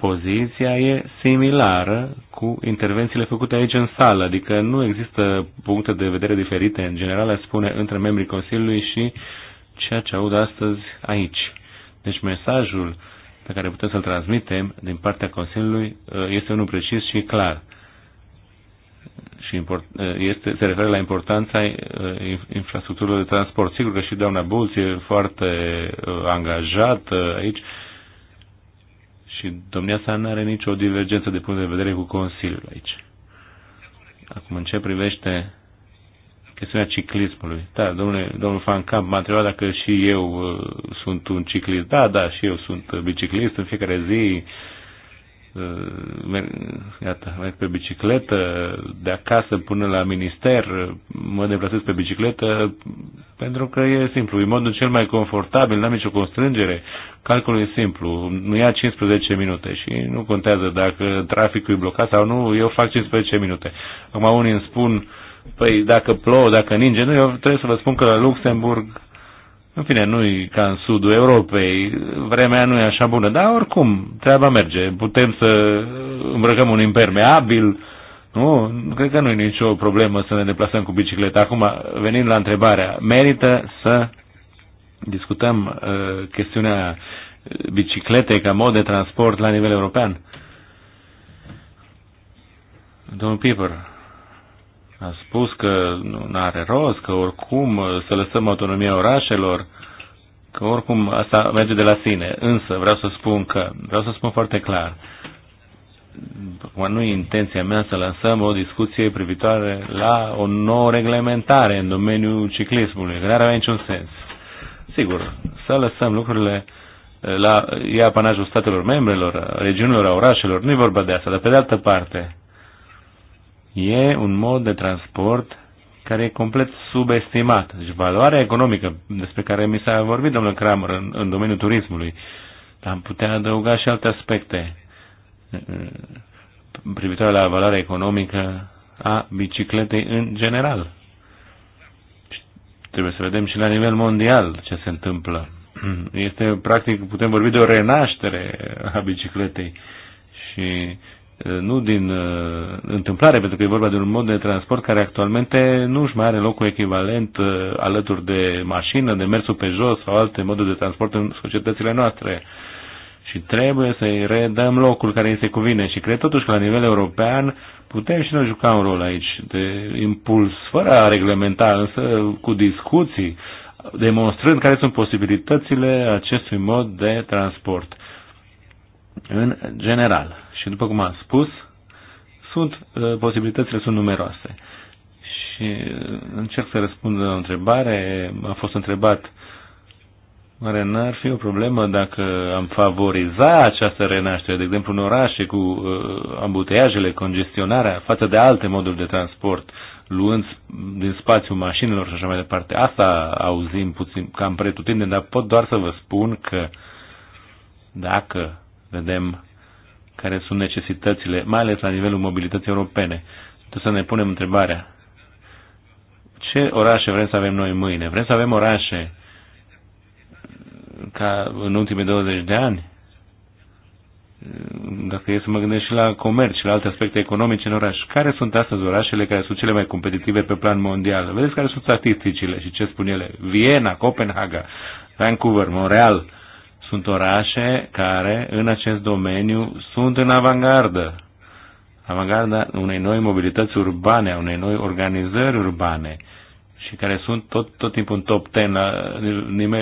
poziția e similară cu intervențiile făcute aici în sală, adică nu există puncte de vedere diferite, în general, spune, între membrii Consiliului și ceea ce aud astăzi aici. Deci mesajul pe care putem să-l transmitem din partea Consiliului uh, este unul precis și clar. Și uh, este, se referă la importanța uh, infrastructurilor de transport. Sigur că și doamna Bulț e foarte angajată aici, și domnia sa nu are nicio divergență de punct de vedere cu Consiliul aici. Acum, în ce privește chestiunea ciclismului. Da, domnule, domnul Fan Camp m-a întrebat dacă și eu uh, sunt un ciclist. Da, da, și eu sunt uh, biciclist în fiecare zi. Uh, Eh, iată, merg pe bicicletă, de acasă până la minister, mă deplasez pe bicicletă, pentru că e simplu, e modul cel mai confortabil, n-am nicio constrângere, calculul e simplu, nu ia 15 minute și nu contează dacă traficul e blocat sau nu, eu fac 15 minute. Acum unii îmi spun, păi dacă plouă, dacă ninge, nu, eu trebuie să vă spun că la Luxemburg în fine, nu ca în sudul Europei, vremea nu e așa bună, dar oricum, treaba merge. Putem să îmbrăcăm un impermeabil, nu, cred că nu e nicio problemă să ne deplasăm cu bicicleta. Acum, venind la întrebarea, merită să discutăm uh, chestiunea bicicletei ca mod de transport la nivel european? Domnul Piper, a spus că nu are rost, că oricum uh, să lăsăm autonomia orașelor, că oricum asta merge de la sine. Însă vreau să spun că, vreau să spun foarte clar, nu e intenția mea să lansăm o discuție privitoare la o nouă reglementare în domeniul ciclismului, că n-ar avea niciun sens. Sigur, să lăsăm lucrurile uh, la, e apanajul statelor membrelor, regiunilor, a orașelor, nu e vorba de asta, dar pe de altă parte, E un mod de transport care e complet subestimat. Deci valoarea economică despre care mi s-a vorbit, domnul Kramer, în, în domeniul turismului, am putea adăuga și alte aspecte privitoare la valoarea economică a bicicletei în general. Trebuie să vedem și la nivel mondial ce se întâmplă. Este, practic, putem vorbi de o renaștere a bicicletei și Eh, nu din uh, întâmplare, pentru că e vorba de un mod de transport care actualmente nu își mai are locul echivalent uh, alături de mașină, de mersul pe jos sau alte moduri de transport în societățile noastre. Și trebuie să-i redăm locul care îi se cuvine. Și cred totuși că la nivel european putem și noi juca un rol aici de impuls, fără a reglementa, însă cu discuții, demonstrând care sunt posibilitățile acestui mod de transport în general. Și după cum am spus, sunt, uh, posibilitățile sunt numeroase. Și uh, încerc să răspund la o întrebare. A fost întrebat, oare n-ar fi o problemă dacă am favoriza această renaștere, de exemplu în orașe cu uh, ambuteiajele, congestionarea față de alte moduri de transport, luând din spațiu mașinilor și așa mai departe. Asta auzim puțin cam pretutindeni, dar pot doar să vă spun că dacă vedem care sunt necesitățile, mai ales la nivelul mobilității europene. Trebuie să ne punem întrebarea, ce orașe vrem să avem noi mâine? Vrem să avem orașe ca în ultimii 20 de ani? Dacă e să mă gândesc și la comerț și la alte aspecte economice în oraș, care sunt astăzi orașele care sunt cele mai competitive pe plan mondial? Vedeți care sunt statisticile și ce spun ele? Viena, Copenhaga, Vancouver, Montreal, sunt orașe care în acest domeniu sunt în avangardă. Avangarda unei noi mobilități urbane, a unei noi organizări urbane și care sunt tot, tot timpul în top 10 la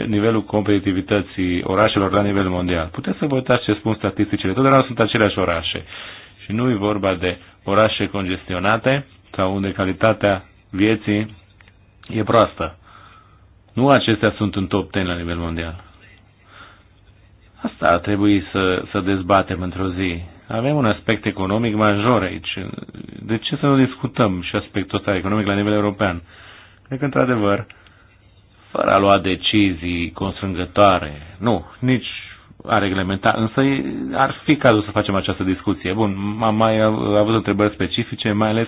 nivelul competitivității orașelor la nivel mondial. Puteți să vă uitați ce spun statisticile. Totdeauna sunt aceleași orașe. Și nu e vorba de orașe congestionate sau unde calitatea vieții e proastă. Nu acestea sunt în top 10 la nivel mondial. Asta ar trebui să, să dezbatem într-o zi. Avem un aspect economic major aici. De ce să nu discutăm și aspectul ăsta economic la nivel european? Cred că, într-adevăr, fără a lua decizii constrângătoare, nu, nici a reglementa, însă ar fi cazul să facem această discuție. Bun, am mai avut întrebări specifice, mai ales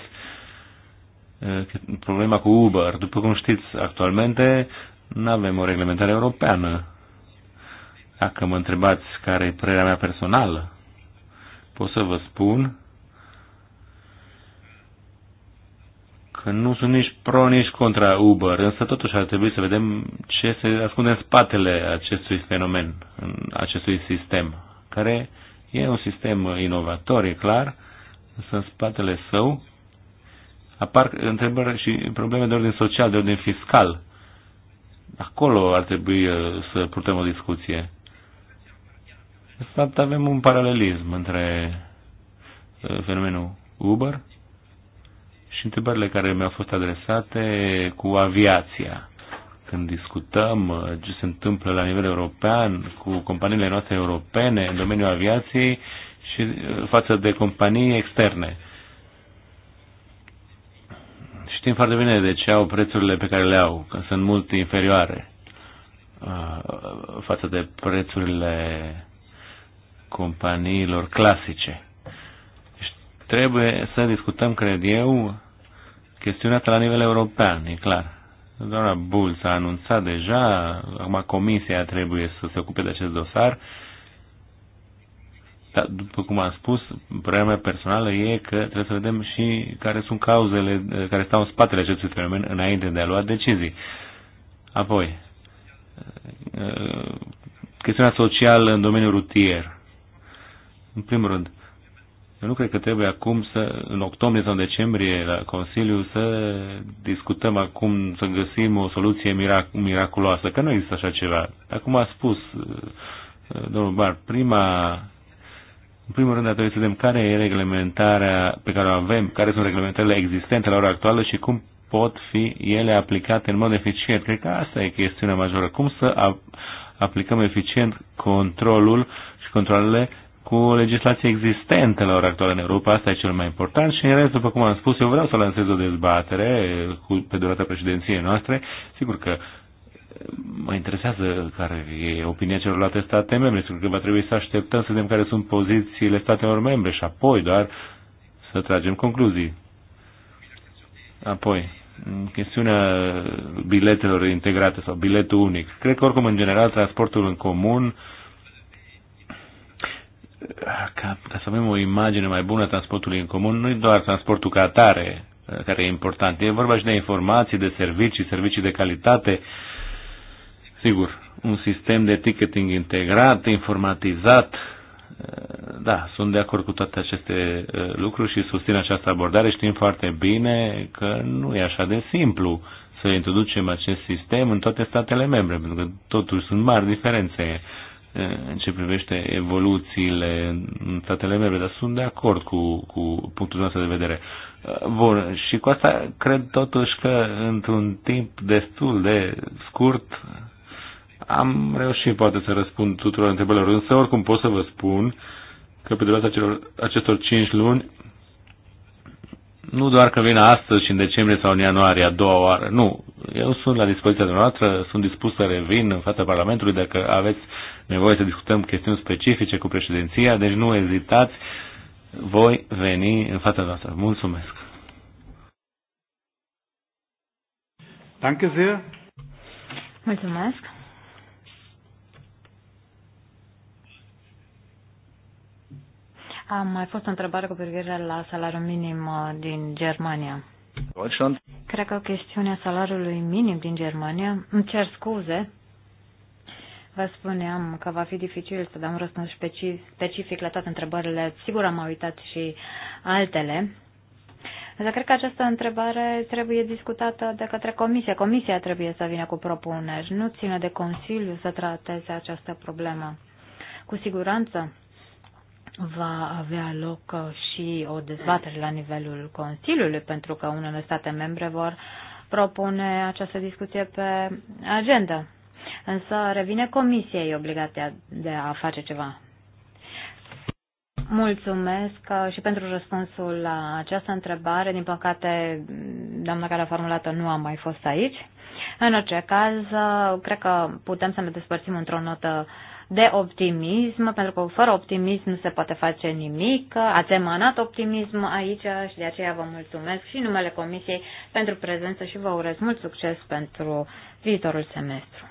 eh, problema cu Uber. După cum știți, actualmente nu avem o reglementare europeană dacă mă întrebați care e părerea mea personală, pot să vă spun că nu sunt nici pro, nici contra Uber, însă totuși ar trebui să vedem ce se ascunde în spatele acestui fenomen, în acestui sistem, care e un sistem inovator, e clar, însă în spatele său apar întrebări și probleme de ordin social, de ordin fiscal. Acolo ar trebui uh, să purtăm o discuție. De fapt, avem un paralelism între uh, fenomenul Uber și întrebările care mi-au fost adresate cu aviația. Când discutăm uh, ce se întâmplă la nivel european cu companiile noastre europene în domeniul aviației și uh, față de companii externe. Știm foarte bine de ce au prețurile pe care le au, că sunt mult inferioare față de prețurile companiilor clasice. Deci trebuie să discutăm, cred eu, chestiunea asta la nivel european, e clar. Doamna Bull s-a anunțat deja, acum comisia trebuie să se ocupe de acest dosar, dar, după cum am spus, părerea mea personală e că trebuie să vedem și care sunt cauzele care stau în spatele acestui fenomen înainte de a lua decizii. Apoi, chestiunea socială în domeniul rutier. În primul rând, eu nu cred că trebuie acum să, în octombrie sau în decembrie, la Consiliu, să discutăm acum, să găsim o soluție mirac- miraculoasă, că nu există așa ceva. Acum a spus uh, domnul Bar, prima, în primul rând, trebuie să vedem care e reglementarea pe care o avem, care sunt reglementările existente la ora actuală și cum pot fi ele aplicate în mod eficient. Cred că asta e chestiunea majoră. Cum să aplicăm eficient controlul și controlele cu legislația existentă la ora actuală în Europa, asta e cel mai important și în rest, după cum am spus, eu vreau să lansez o dezbatere cu, pe durata președinției noastre. Sigur că uh, mă interesează care e opinia celorlalte state membre, sigur că va trebui să așteptăm să vedem care sunt pozițiile statelor membre și apoi doar să tragem concluzii. Apoi, chestiunea biletelor integrate sau biletul unic. Cred că oricum, în general, transportul în comun uh, ca, ca să avem o imagine mai bună a transportului în comun, nu e doar transportul ca atare uh, care e important, e vorba și de informații, de servicii, servicii de calitate, sigur, un sistem de ticketing integrat, informatizat, uh, da, sunt de acord cu toate aceste uh, lucruri și susțin această abordare. Știm foarte bine că nu e așa de simplu să introducem acest sistem în toate statele membre, pentru că totuși sunt mari diferențe în ce privește evoluțiile în statele membre, dar sunt de acord cu, cu punctul nostru de vedere. Bun, și cu asta cred totuși că într-un timp destul de scurt am reușit poate să răspund tuturor întrebărilor, însă oricum pot să vă spun că pe durata acestor, acestor 5 luni nu doar că vin astăzi și în decembrie sau în ianuarie, a doua oară, nu. Eu sunt la dispoziția dumneavoastră, sunt dispus să revin în fața Parlamentului dacă aveți nevoie să discutăm chestiuni specifice cu președinția, deci nu ezitați, voi veni în fața noastră. Mulțumesc! Danke sehr. Mulțumesc! A mai fost o întrebare cu privire la salariul minim uh, din Germania. Deutschland? Cred că chestiunea salariului minim din Germania, îmi cer scuze, Vă spuneam că va fi dificil să dăm răspuns specific la toate întrebările. Sigur am uitat și altele. Dar cred că această întrebare trebuie discutată de către comisie. Comisia trebuie să vină cu propuneri. Nu ține de Consiliu să trateze această problemă. Cu siguranță va avea loc și o dezbatere la nivelul Consiliului, pentru că unele state membre vor propune această discuție pe agenda. Însă revine comisiei obligația de a face ceva. Mulțumesc uh, și pentru răspunsul la această întrebare. Din păcate, doamna care a formulat-o nu a mai fost aici. În orice caz, uh, cred că putem să ne despărțim într-o notă de optimism, pentru că fără optimism nu se poate face nimic. Ați emanat optimism aici și de aceea vă mulțumesc și numele Comisiei pentru prezență și vă urez mult succes pentru viitorul semestru.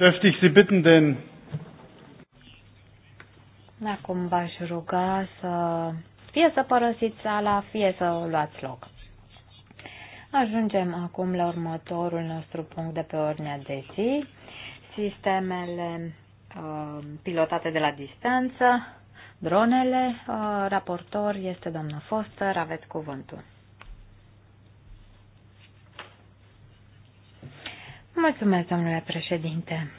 Dürfte ich Sie bitten, den da, Acum v-aș ruga să fie să părăsiți sala, fie să luați loc. Ajungem acum la următorul nostru punct de pe ordinea de zi, sistemele uh, pilotate de la distanță, dronele, uh, raportor este doamna Foster, aveți cuvântul. Mulțumesc, domnule președinte.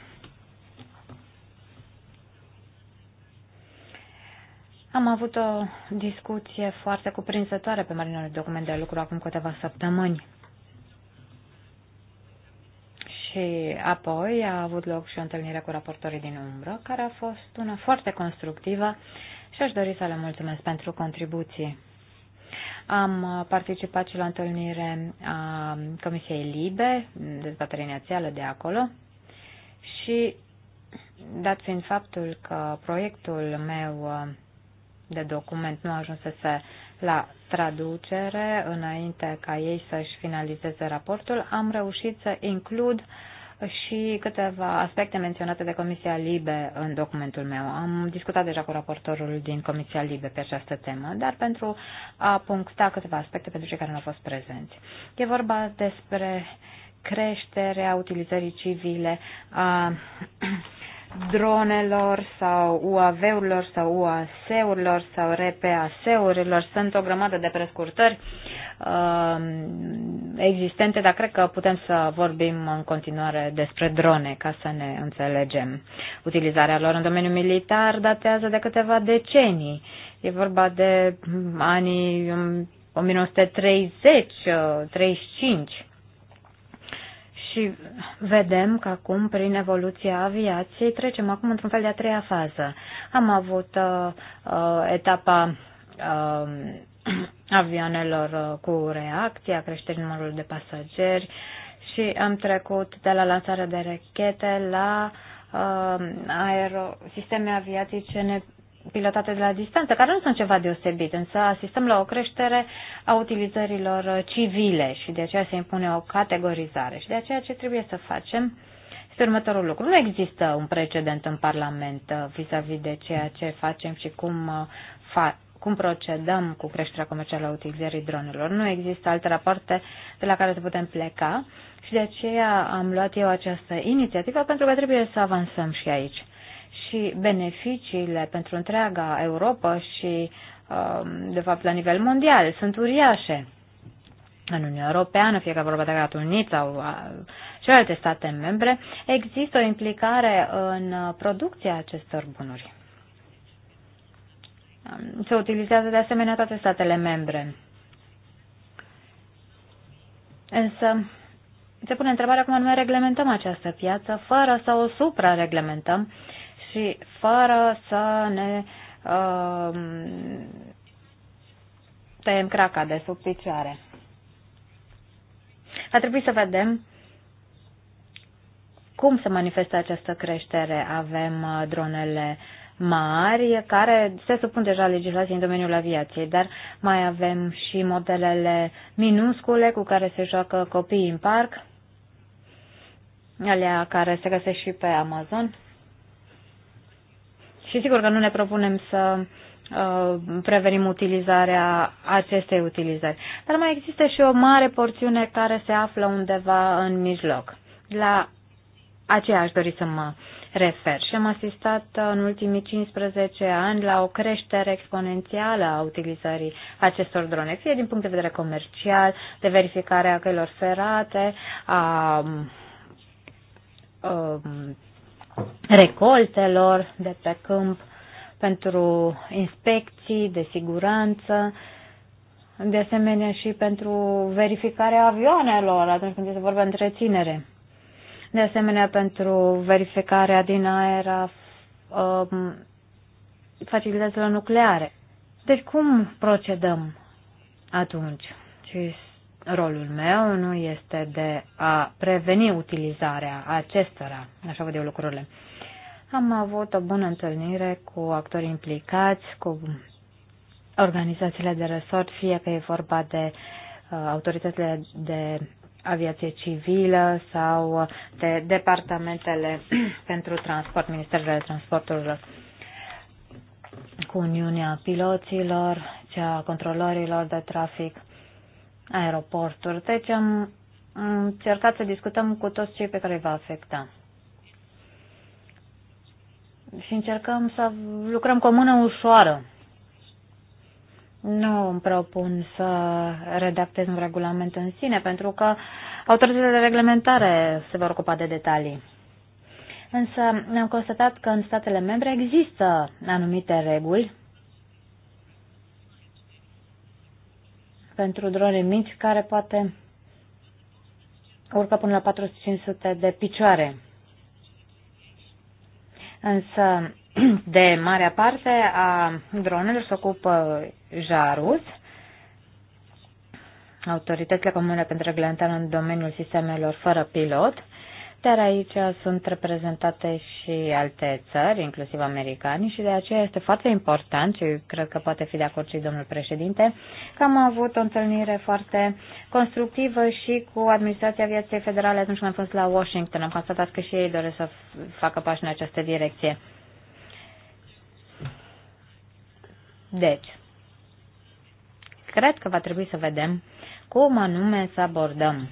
Am avut o discuție foarte cuprinzătoare pe marginea unui document de lucru acum câteva săptămâni. Și apoi a avut loc și o întâlnire cu raportorii din umbră, care a fost una foarte constructivă și aș dori să le mulțumesc pentru contribuții. Am uh, participat și la întâlnire a Comisiei Libe, dezbaterea inițială de acolo, și dat fiind faptul că proiectul meu uh, de document nu a ajuns să se la traducere înainte ca ei să-și finalizeze raportul, am reușit să includ și câteva aspecte menționate de Comisia Libe în documentul meu. Am discutat deja cu raportorul din Comisia Libe pe această temă, dar pentru a puncta câteva aspecte pentru cei care nu au fost prezenți. E vorba despre creșterea utilizării civile a dronelor sau UAV-urilor sau UAS-urilor sau RPAS-urilor. Sunt o grămadă de prescurtări uh, existente, dar cred că putem să vorbim în continuare despre drone ca să ne înțelegem. Utilizarea lor în domeniul militar datează de câteva decenii. E vorba de anii 1930-35 um, și vedem că acum, prin evoluția aviației, trecem acum într-un fel de a treia fază. Am avut uh, uh etapa uh, avioanelor uh, cu reacția, creșterii numărului de pasageri și am trecut de la lansarea de rachete la uh, aerosisteme sisteme aviatice pilotate de la distanță, care nu sunt ceva deosebit, însă asistăm la o creștere a utilizărilor civile și de aceea se impune o categorizare. Și de aceea ce trebuie să facem este următorul lucru. Nu există un precedent în Parlament uh, vis-a-vis -vis de ceea ce facem și cum, uh, fa- cum procedăm cu creșterea comercială a utilizării dronelor. Nu există alte rapoarte de la care să putem pleca și de aceea am luat eu această inițiativă pentru că trebuie să avansăm și aici și beneficiile pentru întreaga Europa și, um, de fapt, la nivel mondial sunt uriașe. În Uniunea Europeană, fie că vorba de Regatul Unit sau celelalte uh, state membre, există o implicare în uh, producția acestor bunuri. Um, se utilizează de asemenea toate statele membre. Însă, se pune întrebarea cum anume reglementăm această piață fără să o suprareglementăm și fără să ne uh, tăiem craca de sub picioare. A trebuit să vedem cum se manifestă această creștere. Avem uh, dronele mari care se supun deja legislației în domeniul aviației, dar mai avem și modelele minuscule cu care se joacă copiii în parc, alea care se găsesc și pe Amazon. Și sigur că nu ne propunem să uh, prevenim utilizarea acestei utilizări. Dar mai există și o mare porțiune care se află undeva în mijloc. La aceea aș dori să mă refer. Și am asistat uh, în ultimii 15 ani la o creștere exponențială a utilizării acestor drone, fie din punct de vedere comercial, de verificare a căilor ferate, a, a um, um, recoltelor de pe câmp, pentru inspecții de siguranță, de asemenea și pentru verificarea avioanelor atunci când se vorbește întreținere. De asemenea pentru verificarea din aer a um, facilităților nucleare. Deci cum procedăm atunci? Și rolul meu nu este de a preveni utilizarea acestora, așa văd eu lucrurile. Am avut o bună întâlnire cu actorii implicați, cu organizațiile de resort, fie că e vorba de uh, autoritățile de aviație civilă sau de departamentele pentru transport, ministerul Transporturilor, cu Uniunea Piloților, cea a controlorilor de trafic aeroporturi. Deci am încercat să discutăm cu toți cei pe care îi va afecta. Și încercăm să lucrăm cu o mână ușoară. Nu îmi propun să redactez un regulament în sine, pentru că autoritățile de reglementare se vor ocupa de detalii. Însă am constatat că în statele membre există anumite reguli pentru drone mici care poate urcă până la 4500 de picioare. Însă de marea parte a dronelor se ocupă JARUS, autoritățile comune pentru reglementare în domeniul sistemelor fără pilot, dar aici sunt reprezentate și alte țări, inclusiv americani, și de aceea este foarte important și cred că poate fi de acord și domnul președinte, că am avut o întâlnire foarte constructivă și cu Administrația Aviației Federale atunci când am fost la Washington. Am constatat că și ei doresc să facă pași în această direcție. Deci, cred că va trebui să vedem cum anume să abordăm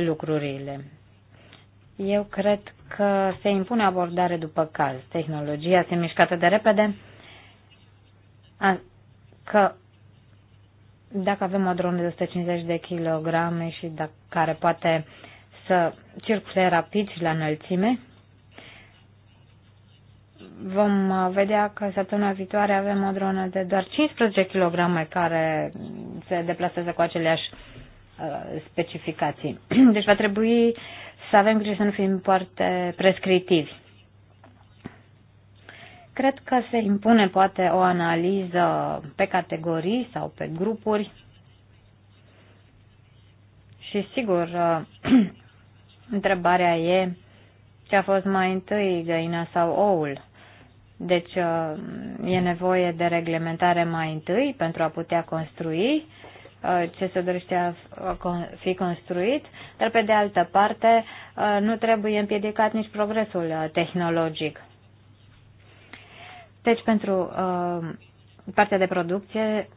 lucrurile. Eu cred că se impune abordare după caz. Tehnologia se mișcă atât de repede că dacă avem o dronă de 150 de kg și dacă, care poate să circule rapid și la înălțime, vom vedea că săptămâna viitoare avem o dronă de doar 15 kg care se deplasează cu aceleași Uh, specificații. Deci va trebui să avem grijă să nu fim foarte prescriptivi. Cred că se impune poate o analiză pe categorii sau pe grupuri și sigur uh, întrebarea e ce a fost mai întâi, găina sau oul. Deci uh, e nevoie de reglementare mai întâi pentru a putea construi Uh, ce se dorește a fi construit, dar pe de altă parte uh, nu trebuie împiedicat nici progresul uh, tehnologic. Deci pentru în partea de producție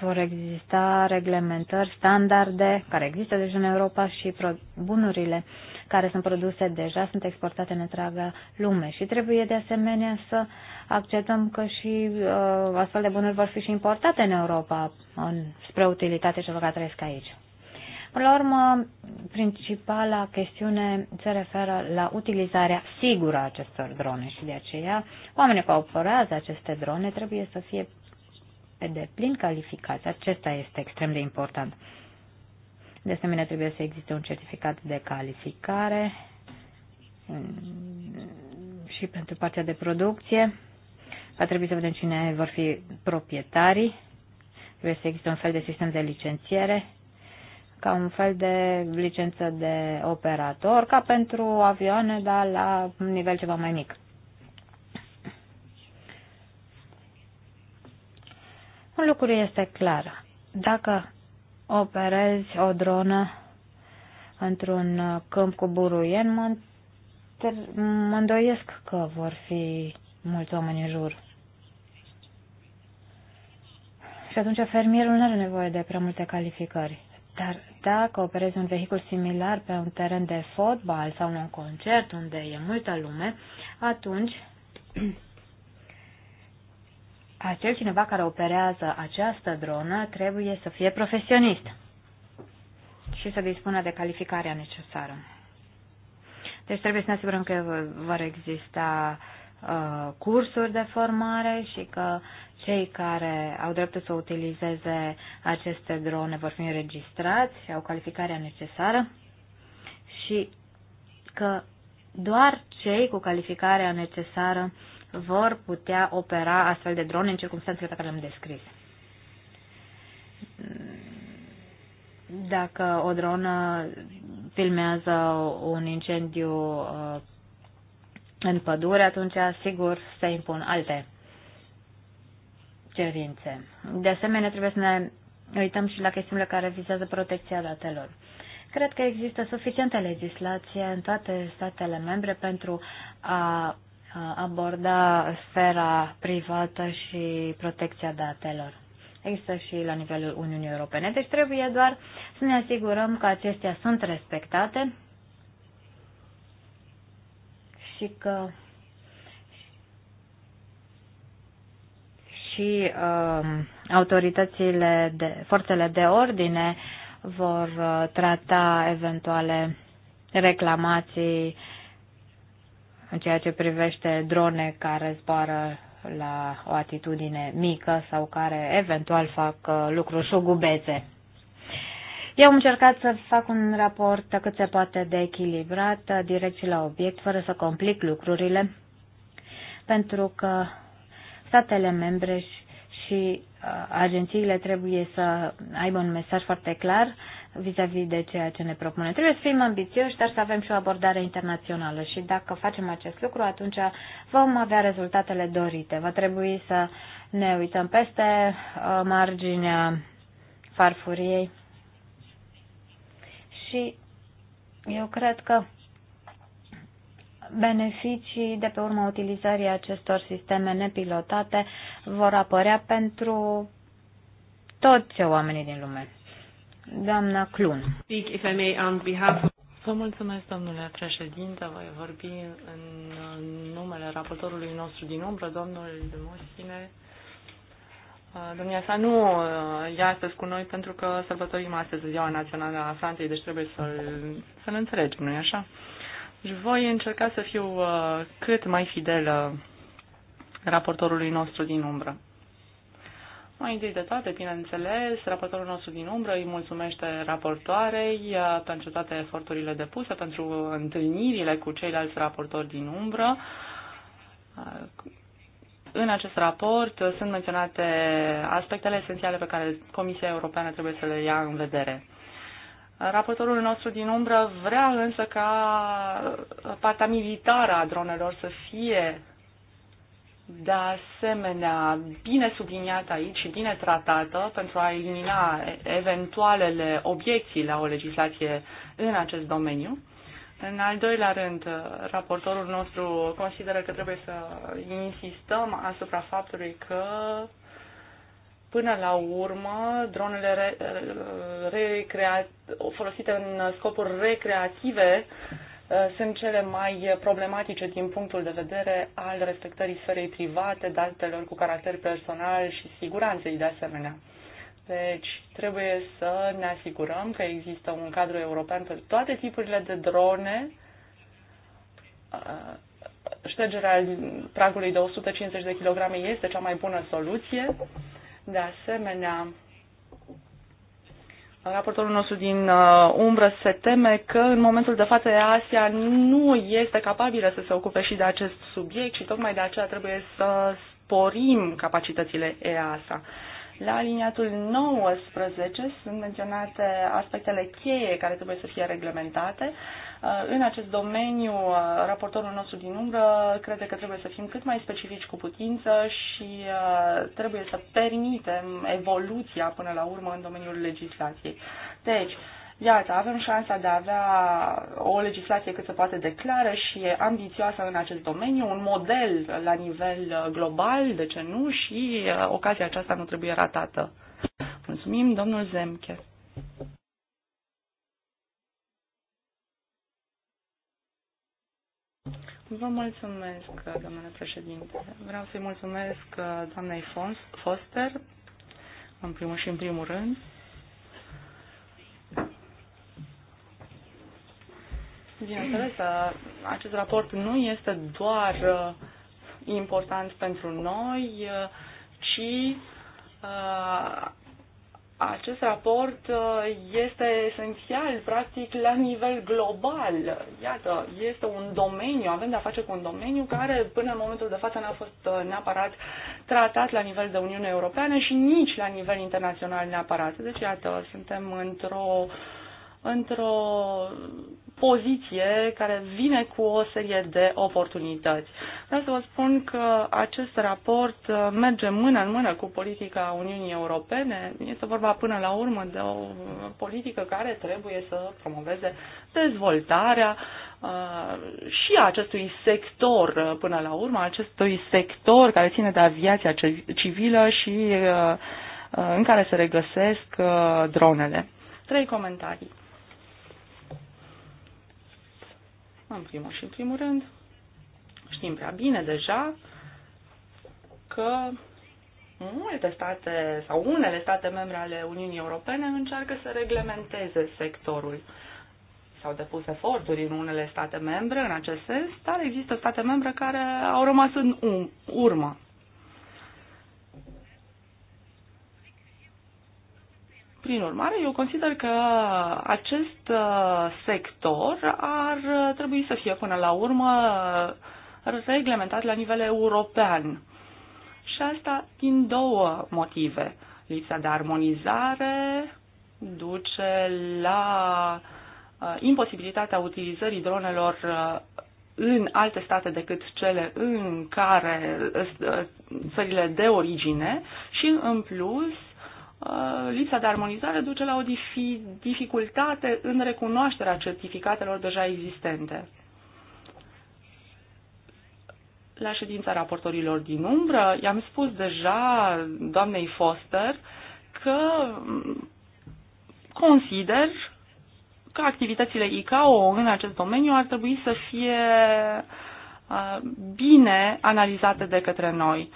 vor exista reglementări, standarde care există deja în Europa și bunurile care sunt produse deja sunt exportate în întreaga lume și trebuie de asemenea să acceptăm că și uh, astfel de bunuri vor fi și importate în Europa în, spre utilitate celor care trăiesc aici. Până la urmă, principala chestiune se referă la utilizarea sigură a acestor drone și de aceea oamenii care operează aceste drone trebuie să fie pe deplin calificați. Acesta este extrem de important. De asemenea, trebuie să existe un certificat de calificare și pentru partea de producție. Va trebui să vedem cine vor fi proprietarii. Trebuie să existe un fel de sistem de licențiere, ca un fel de licență de operator, ca pentru avioane, dar la un nivel ceva mai mic. Un lucru este clar. Dacă operezi o dronă într-un câmp cu buruien, mă, mă îndoiesc că vor fi mulți oameni în jur. Și atunci fermierul nu are nevoie de prea multe calificări. Dar dacă operezi un vehicul similar pe un teren de fotbal sau un concert unde e multă lume, atunci acel cineva care operează această dronă trebuie să fie profesionist și să dispună de calificarea necesară. Deci trebuie să ne asigurăm că vor exista uh, cursuri de formare și că cei care au dreptul să utilizeze aceste drone vor fi înregistrați și au calificarea necesară și că doar cei cu calificarea necesară vor putea opera astfel de drone în circunstanțele pe care le-am descris. Dacă o dronă filmează un incendiu uh, în pădure, atunci sigur se impun alte cerințe. De asemenea, trebuie să ne uităm și la chestiunile care vizează protecția datelor. Cred că există suficientă legislație în toate statele membre pentru a Uh, aborda sfera privată și protecția datelor. Există și la nivelul Uniunii Europene, deci trebuie doar să ne asigurăm că acestea sunt respectate și că și uh, autoritățile, de, forțele de ordine vor uh, trata eventuale reclamații uh, în ceea ce privește drone care zboară la o atitudine mică sau care eventual fac uh, lucruri șugubețe. Eu am încercat să fac un raport cât se poate de echilibrat, uh, direct și la obiect, fără să complic lucrurile, pentru că statele membre și uh, agențiile trebuie să aibă un mesaj foarte clar vis-a-vis -vis de ceea ce ne propune. Trebuie să fim ambițioși, dar să avem și o abordare internațională și dacă facem acest lucru, atunci vom avea rezultatele dorite. Va trebui să ne uităm peste uh, marginea farfuriei și eu cred că beneficii de pe urma utilizării acestor sisteme nepilotate vor apărea pentru toți oamenii din lume. Doamna Clun. Vă mulțumesc, domnule președinte. Voi vorbi în numele raportorului nostru din umbră, domnul Mosine. Uh, domnia sa nu uh, e astăzi cu noi pentru că sărbătorim astăzi Ziua Națională a Franței, deci trebuie să-l, să-l înțelegem, nu-i așa? Și deci voi încerca să fiu uh, cât mai fidelă raportorului nostru din umbră. Mai întâi de toate, bineînțeles, raportorul nostru din umbră îi mulțumește raportoarei uh, pentru toate eforturile depuse, pentru întâlnirile cu ceilalți raportori din umbră. Uh, în acest raport uh, sunt menționate aspectele esențiale pe care Comisia Europeană trebuie să le ia în vedere. Raportorul nostru din umbră vrea însă ca partea militară a dronelor să fie de asemenea bine subliniată aici și bine tratată pentru a elimina eventualele obiecții la o legislație în acest domeniu. În al doilea rând, raportorul nostru consideră că trebuie să insistăm asupra faptului că Până la urmă, dronele re, re, recrea, folosite în scopuri recreative uh, Uh, sunt cele mai problematice din punctul de vedere al respectării sferei private, datelor cu caracter personal și siguranței de asemenea. Deci trebuie să ne asigurăm că există un cadru european pentru toate tipurile de drone, uh, ștergerea pragului de 150 de kg este cea mai bună soluție. De asemenea, Raportorul nostru din uh, umbră se teme că în momentul de față Asia nu este capabilă să se ocupe și de acest subiect și tocmai de aceea trebuie să sporim capacitățile EASA. La aliniatul 19 sunt menționate aspectele cheie care trebuie să fie reglementate. Uh, Uh, în acest domeniu, uh, raportorul nostru din umbră crede că trebuie să fim cât mai specifici cu putință și uh, trebuie să permitem evoluția până la urmă în domeniul legislației. Deci, iată, avem șansa de a avea o legislație cât se poate de clară și ambițioasă în acest domeniu, un model la nivel global, de ce nu, și ocazia aceasta nu trebuie ratată. Mulțumim, domnul Zemke. Vă mulțumesc, domnule președinte. Vreau să-i mulțumesc uh, doamnei Foster, în primul și în primul rând. Bineînțeles, uh, acest raport nu este doar uh, important pentru noi, ci acest raport uh, este esențial, practic, la nivel global. Iată, este un domeniu, avem de-a face cu un domeniu care până în momentul de față n-a fost uh, neapărat tratat la nivel de Uniune Europeană și nici la nivel internațional neapărat. Deci, iată, suntem într-o într-o poziție care vine cu o serie de oportunități. Vreau să vă spun că acest raport uh, merge mână în mână cu politica Uniunii Europene. Este vorba până la urmă de o politică care trebuie să promoveze dezvoltarea uh, și a acestui sector uh, până la urmă, acestui sector care ține de aviația civilă și în care se regăsesc dronele. Trei comentarii. În primul și în primul rând, știm prea bine deja că multe state sau unele state membre ale Uniunii Europene încearcă să reglementeze sectorul. S-au depus eforturi în unele state membre în acest sens, dar există state membre care au rămas în urmă Prin urmare, eu consider că acest uh, sector ar uh, trebui să fie până la urmă reglementat la nivel european. Și asta din două motive. Lipsa de armonizare duce la uh, imposibilitatea utilizării dronelor în alte state decât cele în care țările de origine și, în plus, Uh, lipsa de armonizare duce la o dificultate în recunoașterea certificatelor deja existente. La ședința raportorilor din umbră i-am spus deja doamnei Foster că mm, consider că activitățile ICAO în acest domeniu ar trebui să fie uh, bine analizate de către noi.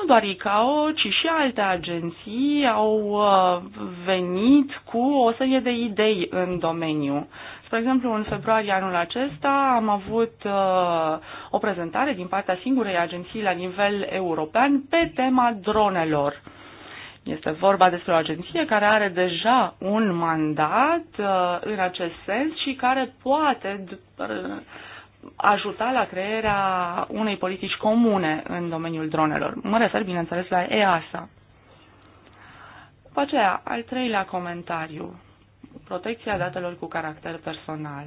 Nu doar ICAO, ci și alte agenții au uh, venit cu o serie de idei în domeniu. Spre exemplu, în februarie anul acesta am avut uh, o prezentare din partea singurei agenții la nivel european pe tema dronelor. Este vorba despre o agenție care are deja un mandat uh, în acest sens și care poate ajuta la crearea unei politici comune în domeniul dronelor. Mă refer, bineînțeles, la EASA. După aceea, al treilea comentariu, protecția datelor cu caracter personal.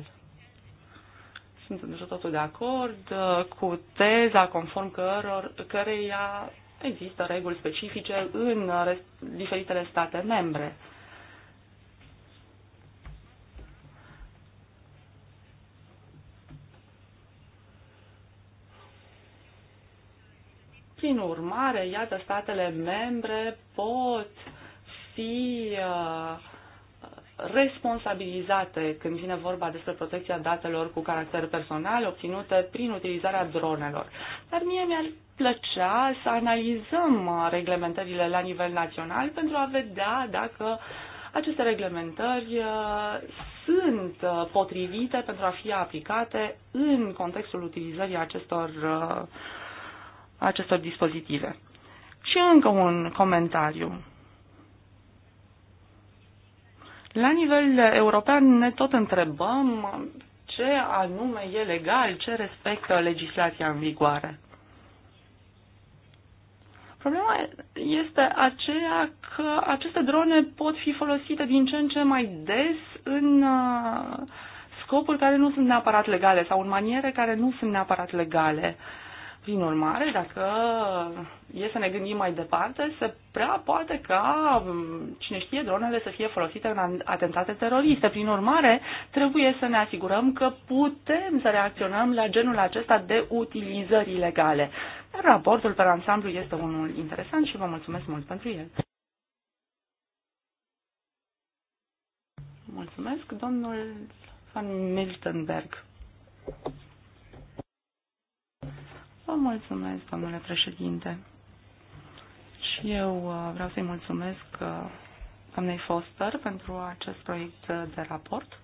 Sunt într totul de acord uh, cu teza conform căror, căreia există reguli specifice în diferitele state membre Prin urmare, iată, statele membre pot fi uh, responsabilizate când vine vorba despre protecția datelor cu caracter personal obținute prin utilizarea dronelor. Dar mie mi-ar plăcea să analizăm reglementările la nivel național pentru a vedea dacă aceste reglementări uh, sunt uh, potrivite pentru a fi aplicate în contextul utilizării acestor uh, acestor dispozitive. Și încă un comentariu. La nivel european ne tot întrebăm ce anume e legal, ce respectă legislația în vigoare. Problema este aceea că aceste drone pot fi folosite din ce în ce mai des în uh, scopuri care nu sunt neapărat legale sau în maniere care nu sunt neapărat legale. Prin urmare, dacă e să ne gândim mai departe, se prea poate ca, mm, cine știe, dronele să fie folosite în atentate teroriste. Prin urmare, trebuie să ne asigurăm că putem să reacționăm la genul acesta de utilizări ilegale. Raportul pe ansamblu este unul interesant și vă mulțumesc mult pentru el. Mulțumesc, domnul Van Miltenberg. Vă mulțumesc, domnule președinte. Și eu uh, vreau să-i mulțumesc uh, doamnei Foster pentru acest proiect de raport.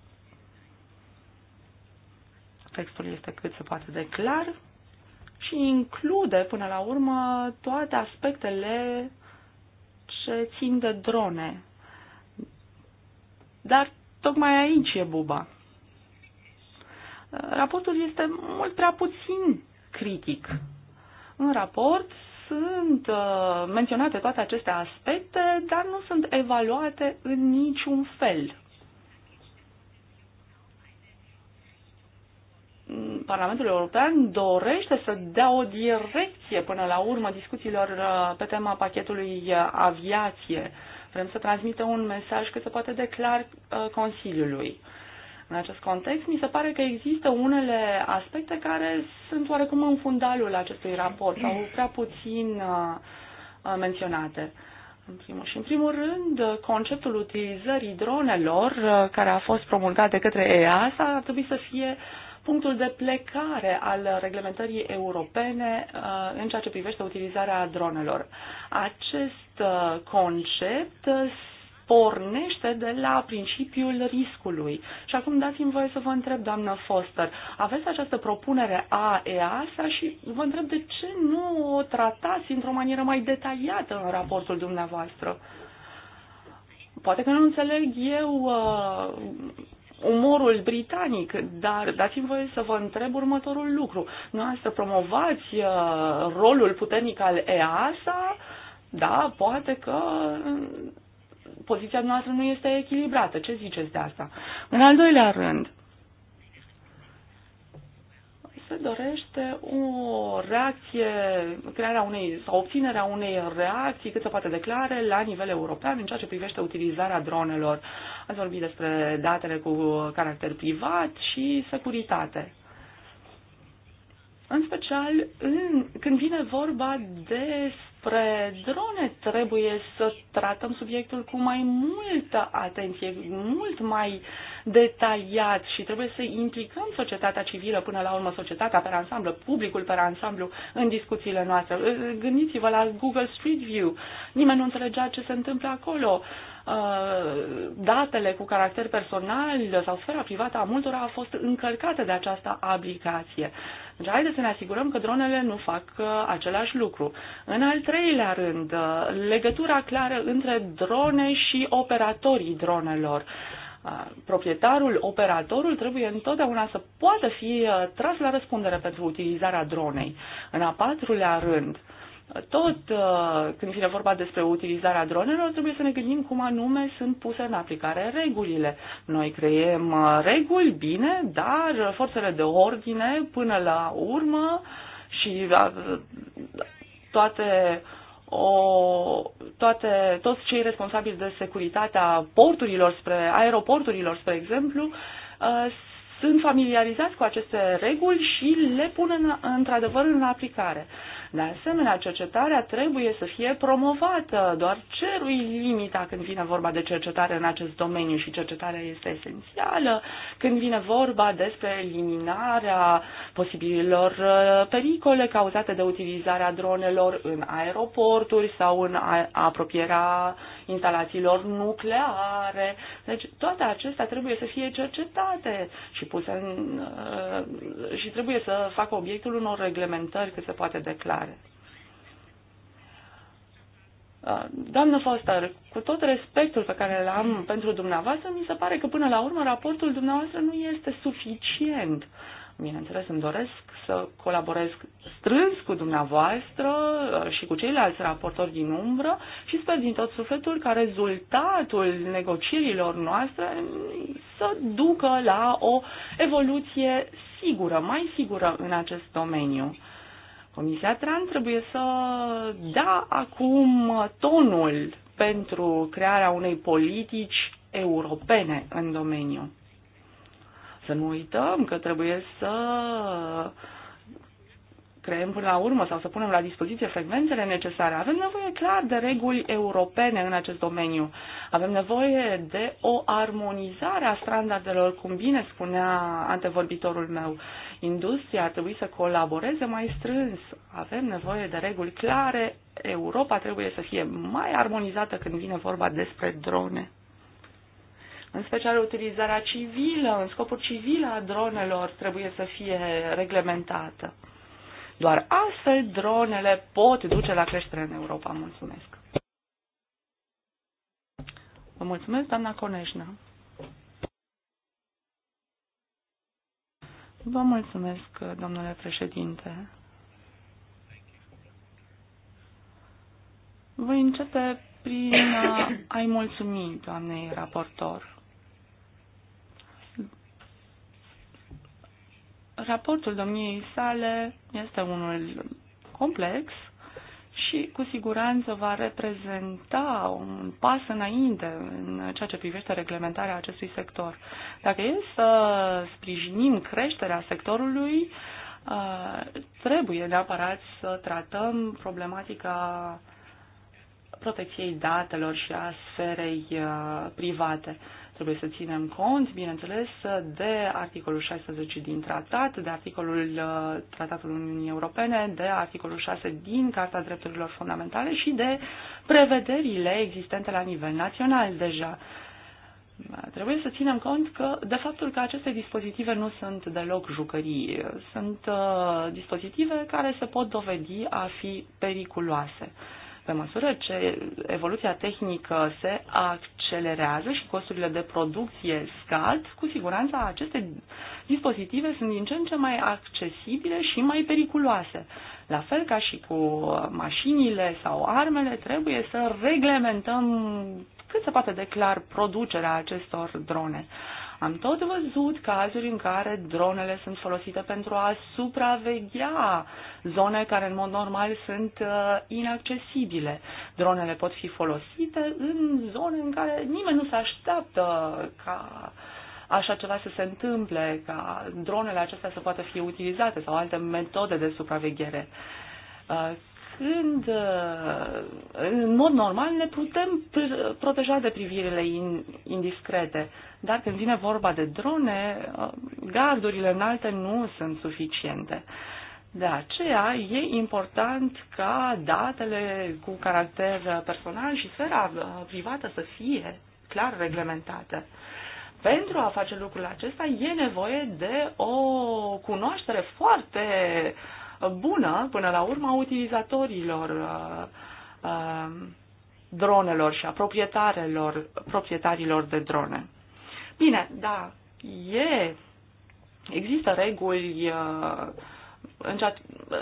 Textul este cât se poate de clar și include până la urmă toate aspectele ce țin de drone. Dar tocmai aici e buba. Raportul este mult prea puțin critic. În raport sunt uh, menționate toate aceste aspecte, dar nu sunt evaluate în niciun fel. Parlamentul European dorește să dea o direcție până la urmă discuțiilor uh, pe tema pachetului uh, aviație. Vrem să transmită un mesaj cât se poate de clar Consiliului. Uh, în acest context, mi se pare că există unele aspecte care sunt oarecum în fundalul acestui raport sau prea puțin uh, uh, menționate. În primul, și în primul rând, conceptul utilizării dronelor uh, care a fost promulgat de către EASA ar trebui să fie punctul de plecare al reglementării europene în ceea ce privește utilizarea dronelor. Acest concept pornește de la principiul riscului. Și acum dați-mi voie să vă întreb, doamnă Foster, aveți această propunere a EASA și vă întreb de ce nu o tratați într-o manieră mai detaliată în raportul dumneavoastră? Poate că nu înțeleg eu uh, umorul britanic, dar dați-mi voie să vă întreb următorul lucru. să promovați uh, rolul puternic al EASA, da, poate că poziția noastră nu este echilibrată. Ce ziceți de asta? În al doilea rând, se dorește o reacție, crearea unei sau obținerea unei reacții cât se poate declare la nivel european în ceea ce privește utilizarea dronelor. Ați vorbit despre datele cu caracter privat și securitate. În special în, când vine vorba de despre drone, trebuie să tratăm subiectul cu mai multă atenție, mult mai detaliat și trebuie să implicăm societatea civilă, până la urmă societatea pe ansamblu, publicul pe ansamblu în discuțiile noastre. Gândiți-vă la Google Street View. Nimeni nu înțelegea ce se întâmplă acolo uh, datele cu caracter personal sau sfera privată a multora a fost încărcate de această aplicație. Deci haideți să ne asigurăm că dronele nu fac uh, același lucru. În al treilea rând, uh, legătura clară între drone și operatorii dronelor uh, proprietarul, operatorul trebuie întotdeauna să poată fi tras la răspundere pentru utilizarea dronei. În a patrulea rând, tot uh, când vine vorba despre utilizarea dronelor, trebuie să ne gândim cum anume sunt puse în aplicare regulile. Noi creiem uh, reguli, bine, dar forțele de ordine, până la urmă, și uh, toate o, toate, toți cei responsabili de securitatea porturilor, spre aeroporturilor, spre exemplu, sunt familiarizați cu aceste reguli și le pun în, într-adevăr în aplicare. De asemenea, cercetarea trebuie să fie promovată, doar cerui limita când vine vorba de cercetare în acest domeniu și cercetarea este esențială când vine vorba despre eliminarea posibililor uh, pericole cauzate de utilizarea dronelor în aeroporturi sau în apropierea instalațiilor nucleare. Deci toate acestea trebuie să fie cercetate și puse în, uh, și trebuie să facă obiectul unor reglementări cât se poate declare. Uh, doamnă Foster, cu tot respectul pe care îl am pentru dumneavoastră, mi se pare că până la urmă raportul dumneavoastră nu este suficient. Uh, bineînțeles, îmi doresc să colaborez strâns cu dumneavoastră uh, și cu ceilalți raportori din umbră și sper din tot sufletul ca rezultatul negocierilor noastre să ducă la o evoluție sigură, mai sigură în acest domeniu. Comisia Tran trebuie să dea acum tonul pentru crearea unei politici europene în domeniu. Să nu uităm că trebuie să creăm până la urmă sau să punem la dispoziție frecvențele necesare. Avem nevoie clar de reguli europene în acest domeniu. Avem nevoie de o armonizare a standardelor, cum bine spunea antevorbitorul meu. Industria ar trebui să colaboreze mai strâns. Avem nevoie de reguli clare. Europa trebuie să fie mai armonizată când vine vorba despre drone. În special utilizarea civilă, în scopuri civile a dronelor trebuie să fie reglementată. Doar astfel dronele pot duce la creștere în Europa. Mulțumesc! Vă mulțumesc, doamna Coneșna. Vă mulțumesc, domnule președinte. Voi începe prin a-i mulțumi doamnei raportor. Raportul domniei sale este unul complex și cu siguranță va reprezenta un pas înainte în ceea ce privește reglementarea acestui sector. Dacă e să sprijinim creșterea sectorului, uh, trebuie neapărat să tratăm problematica protecției datelor și a sferei uh, private. Trebuie să ținem cont, bineînțeles, de articolul 16 din tratat, de articolul uh, Tratatul Uniunii Europene, de articolul 6 din Carta Drepturilor Fundamentale și de prevederile existente la nivel național deja. Trebuie să ținem cont că de faptul că aceste dispozitive nu sunt deloc jucării, sunt uh, dispozitive care se pot dovedi a fi periculoase. Uh, pe măsură ce evoluția tehnică se accelerează și costurile de producție scad, cu siguranță aceste dispozitive sunt din ce în ce mai accesibile și mai periculoase. La fel ca și cu mașinile sau armele, trebuie să reglementăm cât se poate de clar producerea acestor drone. Am tot văzut cazuri în care dronele sunt folosite pentru a supraveghea zone care în mod normal sunt uh, inaccesibile. Dronele pot fi folosite în zone în care nimeni nu se așteaptă ca așa ceva să se întâmple, ca dronele acestea să poată fi utilizate sau alte metode de supraveghere. Uh, când uh, în mod normal ne putem proteja de privirile indiscrete. Dar când vine vorba de drone, uh, gardurile înalte nu sunt suficiente. De aceea e important ca datele cu caracter personal și sfera uh, privată să fie clar reglementate. Pentru a face lucrul acesta e nevoie de o cunoaștere foarte uh, bună, până la urmă, a utilizatorilor uh, uh, dronelor și a proprietarilor, proprietarilor de drone. Bine, da, e, există reguli uh, în ceea,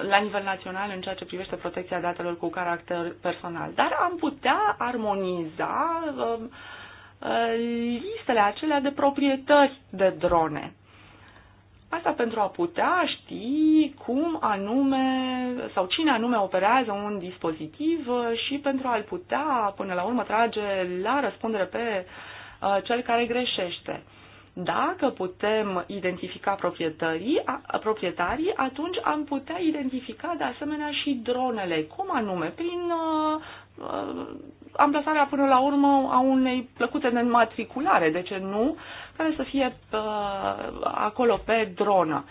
la nivel național în ceea ce privește protecția datelor cu caracter personal, dar am putea armoniza listele acelea de proprietăți de drone. Asta pentru a putea ști cum anume sau cine anume operează un dispozitiv și pentru a-l putea până la urmă trage la răspundere pe uh, cel care greșește. Dacă putem identifica proprietarii, proprietarii, atunci am putea identifica de asemenea și dronele. Cum anume? Prin uh, uh, amplasarea până la urmă a unei plăcute de înmatriculare, de ce nu, care să fie pe, uh, acolo pe dronă.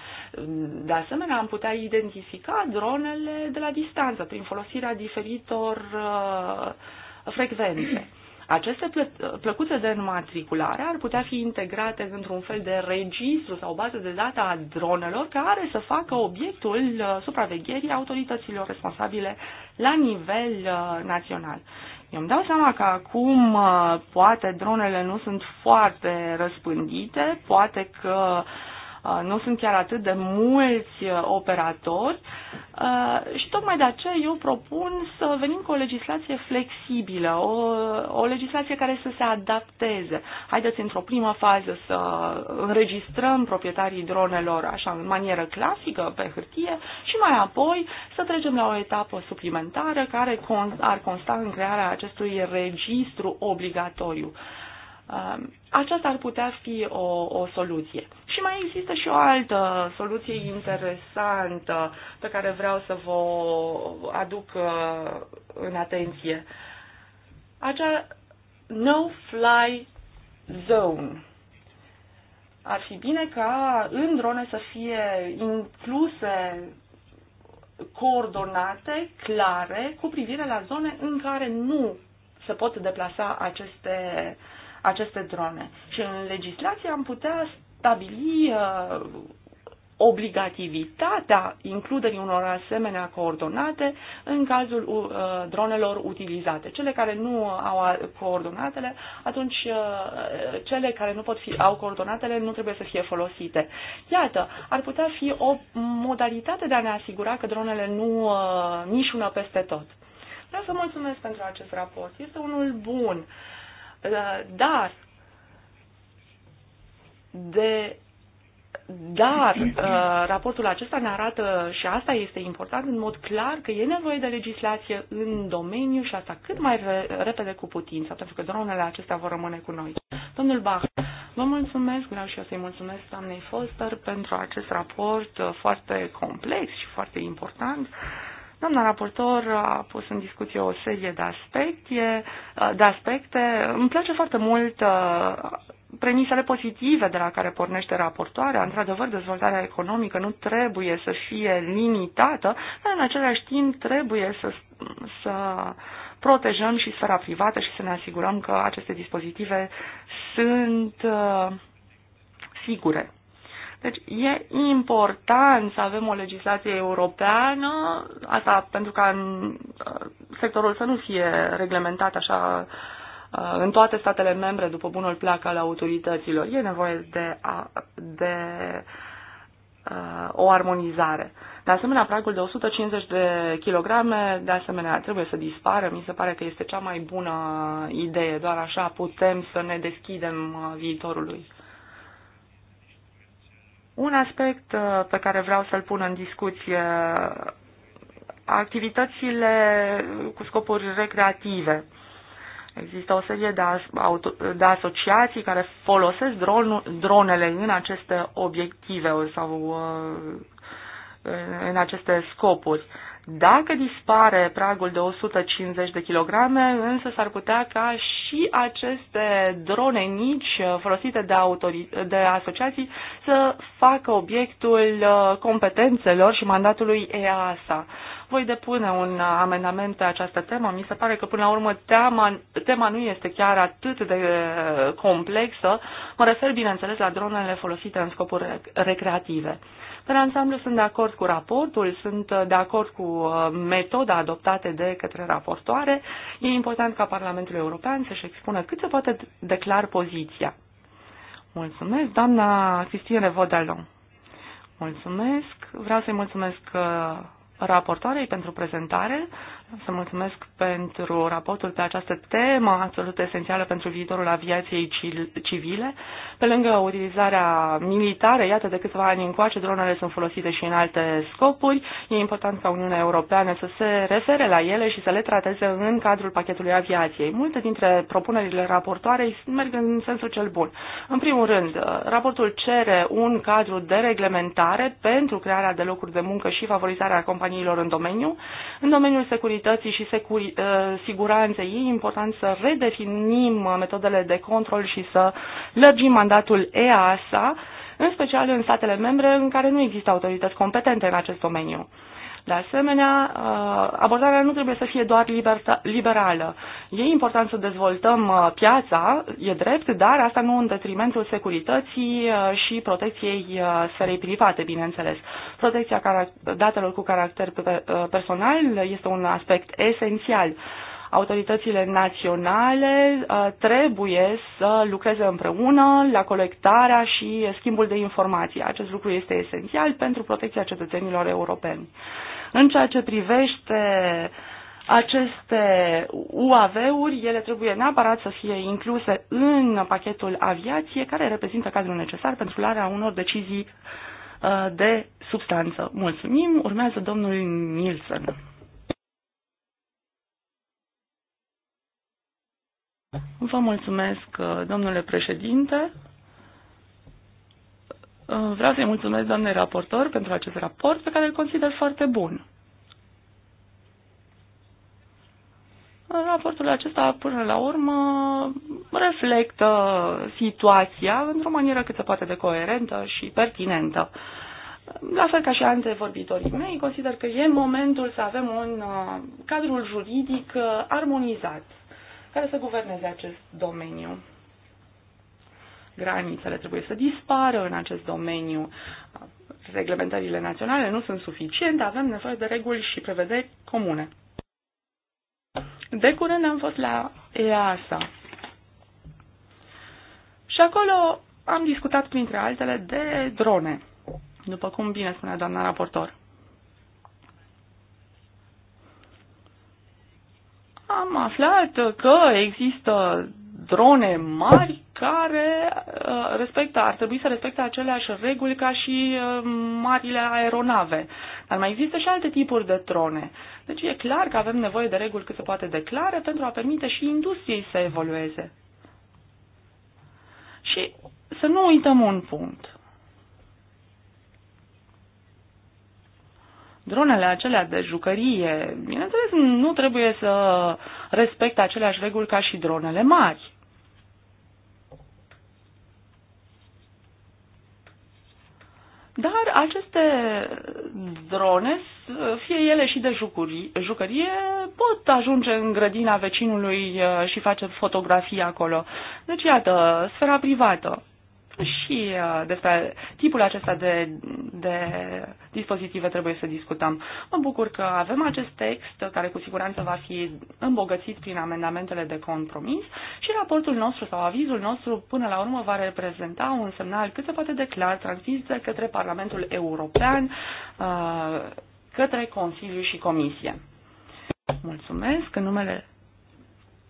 De asemenea, am putea identifica dronele de la distanță prin folosirea diferitor uh, frecvențe. Aceste plăcuțe de înmatriculare ar putea fi integrate într-un fel de registru sau bază de date a dronelor care să facă obiectul uh, supravegherii autorităților responsabile la nivel uh, național. Eu îmi dau seama că acum uh, poate dronele nu sunt foarte răspândite, poate că uh, Uh, nu sunt chiar atât de mulți uh, operatori uh, și tocmai de aceea eu propun să venim cu o legislație flexibilă, o, o legislație care să se adapteze. Haideți într-o primă fază să înregistrăm proprietarii dronelor așa în manieră clasică pe hârtie și mai apoi să trecem la o etapă suplimentară care ar consta în crearea acestui registru obligatoriu. Um, aceasta ar putea fi o, o soluție. Și mai există și o altă soluție interesantă pe care vreau să vă aduc uh, în atenție. Acea no-fly zone. Ar fi bine ca în drone să fie incluse coordonate clare cu privire la zone în care nu se pot deplasa aceste uh, aceste drone. Și în legislație am putea stabili uh, obligativitatea includerii unor asemenea coordonate în cazul uh, dronelor utilizate. Cele care nu au coordonatele, atunci uh, cele care nu pot fi, au coordonatele nu trebuie să fie folosite. Iată, ar putea fi o modalitate de a ne asigura că dronele nu uh, nișună peste tot. Vreau să mulțumesc pentru acest raport. Este unul bun. Uh, Uh, dar, de, dar uh, raportul acesta ne arată, și asta este important în mod clar, că e nevoie de legislație în domeniu și asta cât mai repede cu putință, pentru că dronele acestea vor rămâne cu noi. Domnul Bach, vă mulțumesc, vreau și eu să-i mulțumesc doamnei Foster pentru acest raport uh, foarte complex și foarte important Doamna raportor a pus în discuție o serie de aspecte. De aspecte. Îmi place foarte mult uh, premisele pozitive de la care pornește raportoarea. Într-adevăr, dezvoltarea economică nu trebuie să fie limitată, dar în același timp trebuie să, să protejăm și sfera privată și să ne asigurăm că aceste dispozitive sunt uh, sigure. Deci e important să avem o legislație europeană, asta pentru ca în uh, sectorul să nu fie reglementat așa uh, în toate statele membre după bunul plac al autorităților. E nevoie de, a, de uh, o armonizare. De asemenea, pragul de 150 de kilograme, de asemenea, trebuie să dispară. Mi se pare că este cea mai bună idee. Doar așa putem să ne deschidem uh, viitorului. Un aspect uh, pe care vreau să-l pun în discuție, activitățile cu scopuri recreative. Există o serie de, aso- de asociații care folosesc dron, dronele în aceste obiective sau uh, în aceste scopuri. Dacă dispare pragul de 150 de kilograme, însă s-ar putea ca și aceste drone mici uh, folosite de, autori- de asociații să facă obiectul uh, competențelor și mandatului EASA. Voi depune un uh, amendament pe această temă. Mi se pare că, până la urmă, teama, tema nu este chiar atât de uh, complexă. Mă refer, bineînțeles, la dronele folosite în scopuri recreative. Pe ansamblu sunt de acord cu raportul, sunt uh, de acord cu metoda adoptată de către raportoare. E important ca Parlamentul European să-și expună cât se poate declar poziția. Mulțumesc, doamna Cristine Vodalon. Mulțumesc. Vreau să-i mulțumesc raportoarei pentru prezentare să mulțumesc pentru raportul pe această temă absolut esențială pentru viitorul aviației civile. Pe lângă utilizarea militară, iată, de câțiva ani încoace, dronele sunt folosite și în alte scopuri. E important ca Uniunea Europeană să se refere la ele și să le trateze în cadrul pachetului aviației. Multe dintre propunerile raportoarei merg în sensul cel bun. În primul rând, raportul cere un cadru de reglementare pentru crearea de locuri de muncă și favorizarea companiilor în domeniu. În domeniul securității securității și securi, uh, siguranței, e important să redefinim metodele de control și să lărgim mandatul EASA, în special în statele membre în care nu există autorități competente în acest domeniu. De asemenea, uh, abordarea nu trebuie să fie doar liberală. E important să dezvoltăm uh, piața, e drept, dar asta nu în detrimentul securității uh, și protecției sferei private, bineînțeles. Protecția datelor cu caracter personal este un aspect esențial autoritățile naționale trebuie să lucreze împreună la colectarea și schimbul de informații. Acest lucru este esențial pentru protecția cetățenilor europeni. În ceea ce privește aceste UAV-uri, ele trebuie neapărat să fie incluse în pachetul aviație, care reprezintă cadrul necesar pentru luarea unor decizii uh, de substanță. Mulțumim. Urmează domnul Nielsen. Vă mulțumesc, uh, domnule președinte. Uh, vreau să-i mulțumesc doamne raportor pentru acest raport pe care îl consider foarte bun. Raportul acesta, până la urmă, reflectă situația într-o manieră cât se poate de coerentă și pertinentă. La fel ca și antevorbitorii mei, consider că e momentul să avem un uh, cadrul juridic uh, armonizat care să guverneze acest domeniu granițele trebuie să dispară în acest domeniu. Reglementările naționale nu sunt suficiente, avem nevoie de reguli și prevederi comune. De curând am fost la EASA și acolo am discutat, printre altele, de drone, după cum bine spunea doamna raportor. Am aflat că există drone mari care uh, respectă, ar trebui să respecte aceleași reguli ca și uh, marile aeronave. Dar mai există și alte tipuri de drone. Deci e clar că avem nevoie de reguli cât se poate de clare pentru a permite și industriei să evolueze. Și să nu uităm un punct. dronele acelea de jucărie, bineînțeles, nu trebuie să respecte aceleași reguli ca și dronele mari. Dar aceste drone, fie ele și de jucurie, jucărie, pot ajunge în grădina vecinului uh, și face fotografii acolo. Deci, iată, sfera privată și uh, despre tipul acesta de, de dispozitive trebuie să discutăm. Mă bucur că avem acest text care cu siguranță va fi îmbogățit prin amendamentele de compromis și raportul nostru sau avizul nostru până la urmă va reprezenta un semnal cât se poate de clar transmis de către Parlamentul European, uh, către Consiliu și Comisie. Mulțumesc. În numele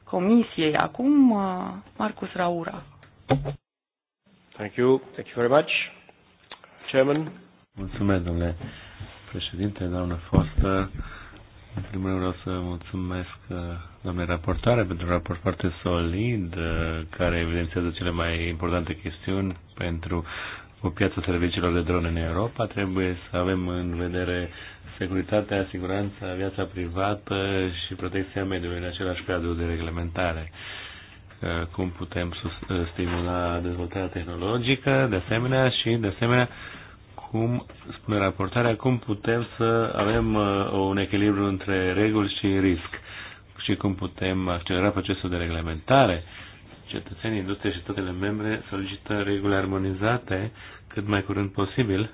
Comisiei acum, uh, Marcus Raura. Thank you. Thank you very much. Chairman. Mulțumesc, domnule președinte, doamnă Foster. În primul rând vreau să mulțumesc uh, doamnei raportoare pentru un raport foarte solid uh, care evidențiază cele mai importante chestiuni pentru o piață serviciilor de drone în Europa. Trebuie să avem în vedere securitatea, siguranța, viața privată și protecția mediului în același cadru de reglementare. Uh, cum putem ă, stimula dezvoltarea tehnologică, de asemenea, și, de asemenea, cum, spune raportarea, cum putem să avem ă, un echilibru între reguli și risc și cum putem accelera procesul de reglementare. Cetățenii, industrie și toate membre solicită reguli armonizate cât mai curând posibil.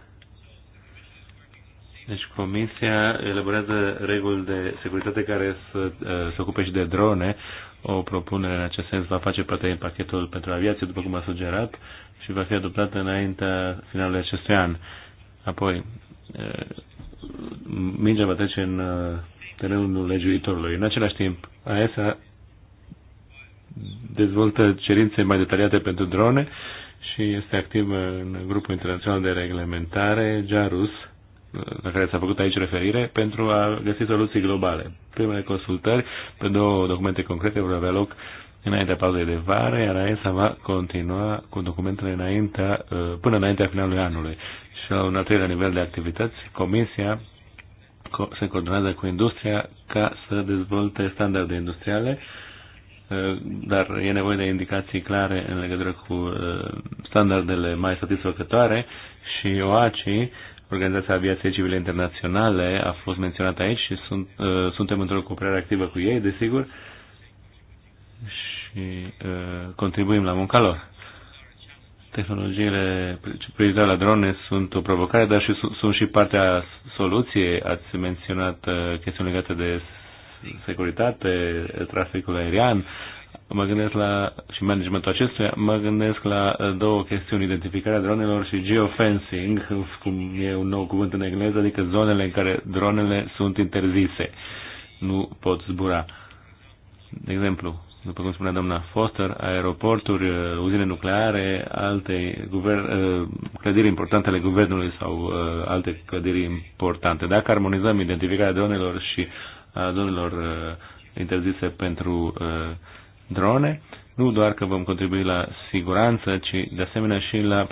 Deci Comisia elaborează reguli de securitate care să ă, se ocupe și de drone o propunere în acest sens va face parte din pachetul pentru aviație, după cum a sugerat, și va fi adoptată înaintea finalului acestui an. Apoi, mingea va trece în terenul legiuitorului. În același timp, AESA dezvoltă cerințe mai detaliate pentru drone și este activ în grupul internațional de reglementare, JARUS, la care s-a făcut aici referire, pentru a găsi soluții globale. Primele consultări pe două documente concrete vor avea loc înaintea pauzei de vară, iar AESA va continua cu documentele înaintea, uh, până înaintea finalului anului. Și la un al treilea nivel de activități, Comisia se coordonează cu industria ca să dezvolte standarde industriale, uh, dar e nevoie de indicații clare în legătură cu uh, standardele mai satisfăcătoare și OACI Organizația Aviației Civile Internaționale a fost menționată aici și sunt, uh, suntem într-o cooperare activă cu ei, desigur, și uh, contribuim la munca lor. Tehnologiile privitoare la drone sunt o provocare, dar și sunt și partea soluției. Ați menționat uh, chestiuni legate de securitate, traficul aerian, mă gândesc la, și managementul acestuia, mă gândesc la uh, două chestiuni, identificarea dronelor și geofencing, cum e un nou cuvânt în engleză, adică zonele în care dronele sunt interzise, nu pot zbura. De exemplu, după cum spunea doamna Foster, aeroporturi, uh, uzine nucleare, alte guvern, uh, clădiri importante ale guvernului sau alte clădiri importante. Dacă armonizăm identificarea dronelor și a dronelor interzise pentru uh, drone, nu doar că vom contribui la siguranță, ci de asemenea și la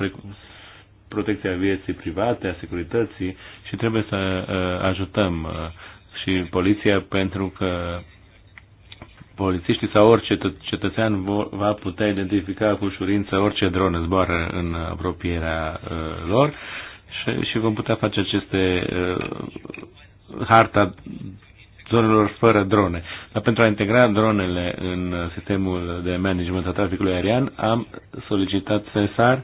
protecția vieții private, a securității și trebuie să uh, ajutăm uh, și poliția pentru că polițiștii sau orice cetățean va putea identifica cu ușurință orice dronă zboară în apropierea uh, lor și, și vom putea face aceste harta zonelor fără drone. Dar pentru a integra dronele în sistemul de management al traficului aerian, am solicitat SESAR,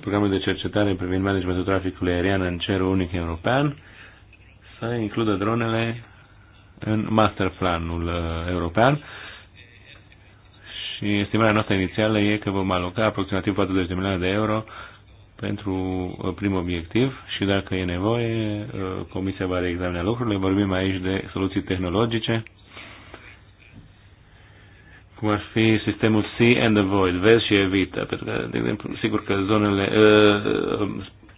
programul de cercetare privind managementul traficului aerian în cerul unic european, să includă dronele în master planul uh, european și estimarea noastră inițială e că vom aloca aproximativ 40 de milioane de euro pentru uh, prim obiectiv și dacă e nevoie, uh, Comisia va reexamina lucrurile. Vorbim aici de soluții tehnologice, cum ar fi sistemul see and avoid, vezi și evită. Pentru că, de exemplu, sigur că zonele uh, uh,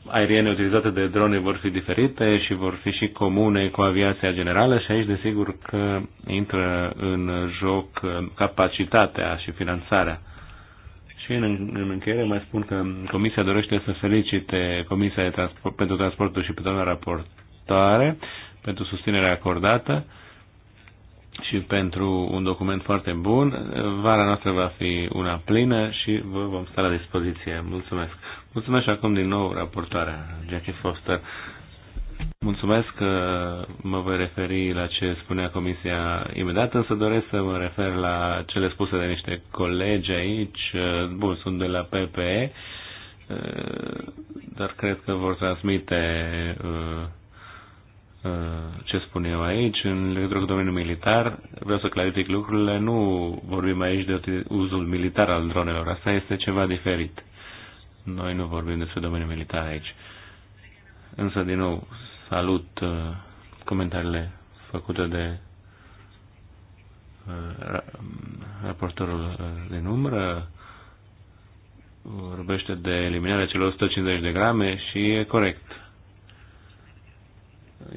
aeriene utilizate de drone vor fi diferite și vor fi și comune cu aviația generală și aici, desigur, că intră în joc capacitatea și finanțarea și în, în încheiere mai spun că Comisia dorește să felicite Comisia de Transport, pentru Transportul și pe doamna raportoare pentru susținerea acordată și pentru un document foarte bun. Vara noastră va fi una plină și vă vom sta la dispoziție. Mulțumesc! Mulțumesc și acum din nou raportoarea Jackie Foster. Mulțumesc că mă voi referi la ce spunea Comisia imediat, însă doresc să mă refer la cele spuse de niște colegi aici. Bun, sunt de la PPE, dar cred că vor transmite uh, uh, ce spun eu aici. În legătură cu domeniul militar, vreau să clarific lucrurile. Nu vorbim aici de uzul militar al dronelor. Asta este ceva diferit. Noi nu vorbim despre domeniul militar aici. Însă, din nou, Salut uh, comentariile făcute de uh, raportorul uh, de număr vorbește de eliminarea celor 150 de grame și e corect.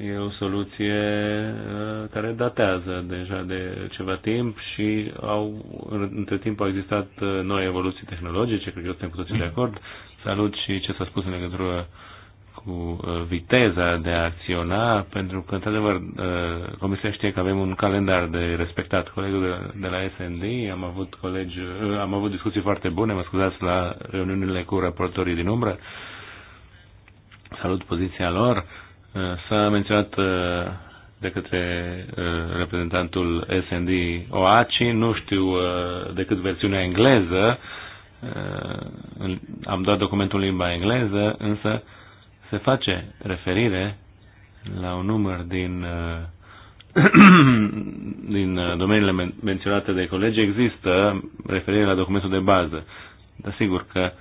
E o soluție care datează deja de ceva timp și au, între timp au existat noi evoluții tehnologice, cred că suntem cu toții de acord. Salut și ce s-a spus în legătură cu uh, viteza de a acționa, pentru că, într-adevăr, uh, Comisia știe că avem un calendar de respectat. Colegul de la SND, am avut, colegi, uh, am avut discuții foarte bune, mă scuzați, la reuniunile cu raportorii din umbră. Salut poziția lor. S-a menționat de către reprezentantul SND OACI, nu știu decât versiunea engleză, am dat documentul în limba engleză, însă se face referire la un număr din, uh, din uh, domeniile men menționate de colegi, există referire la documentul de bază. Dar sigur că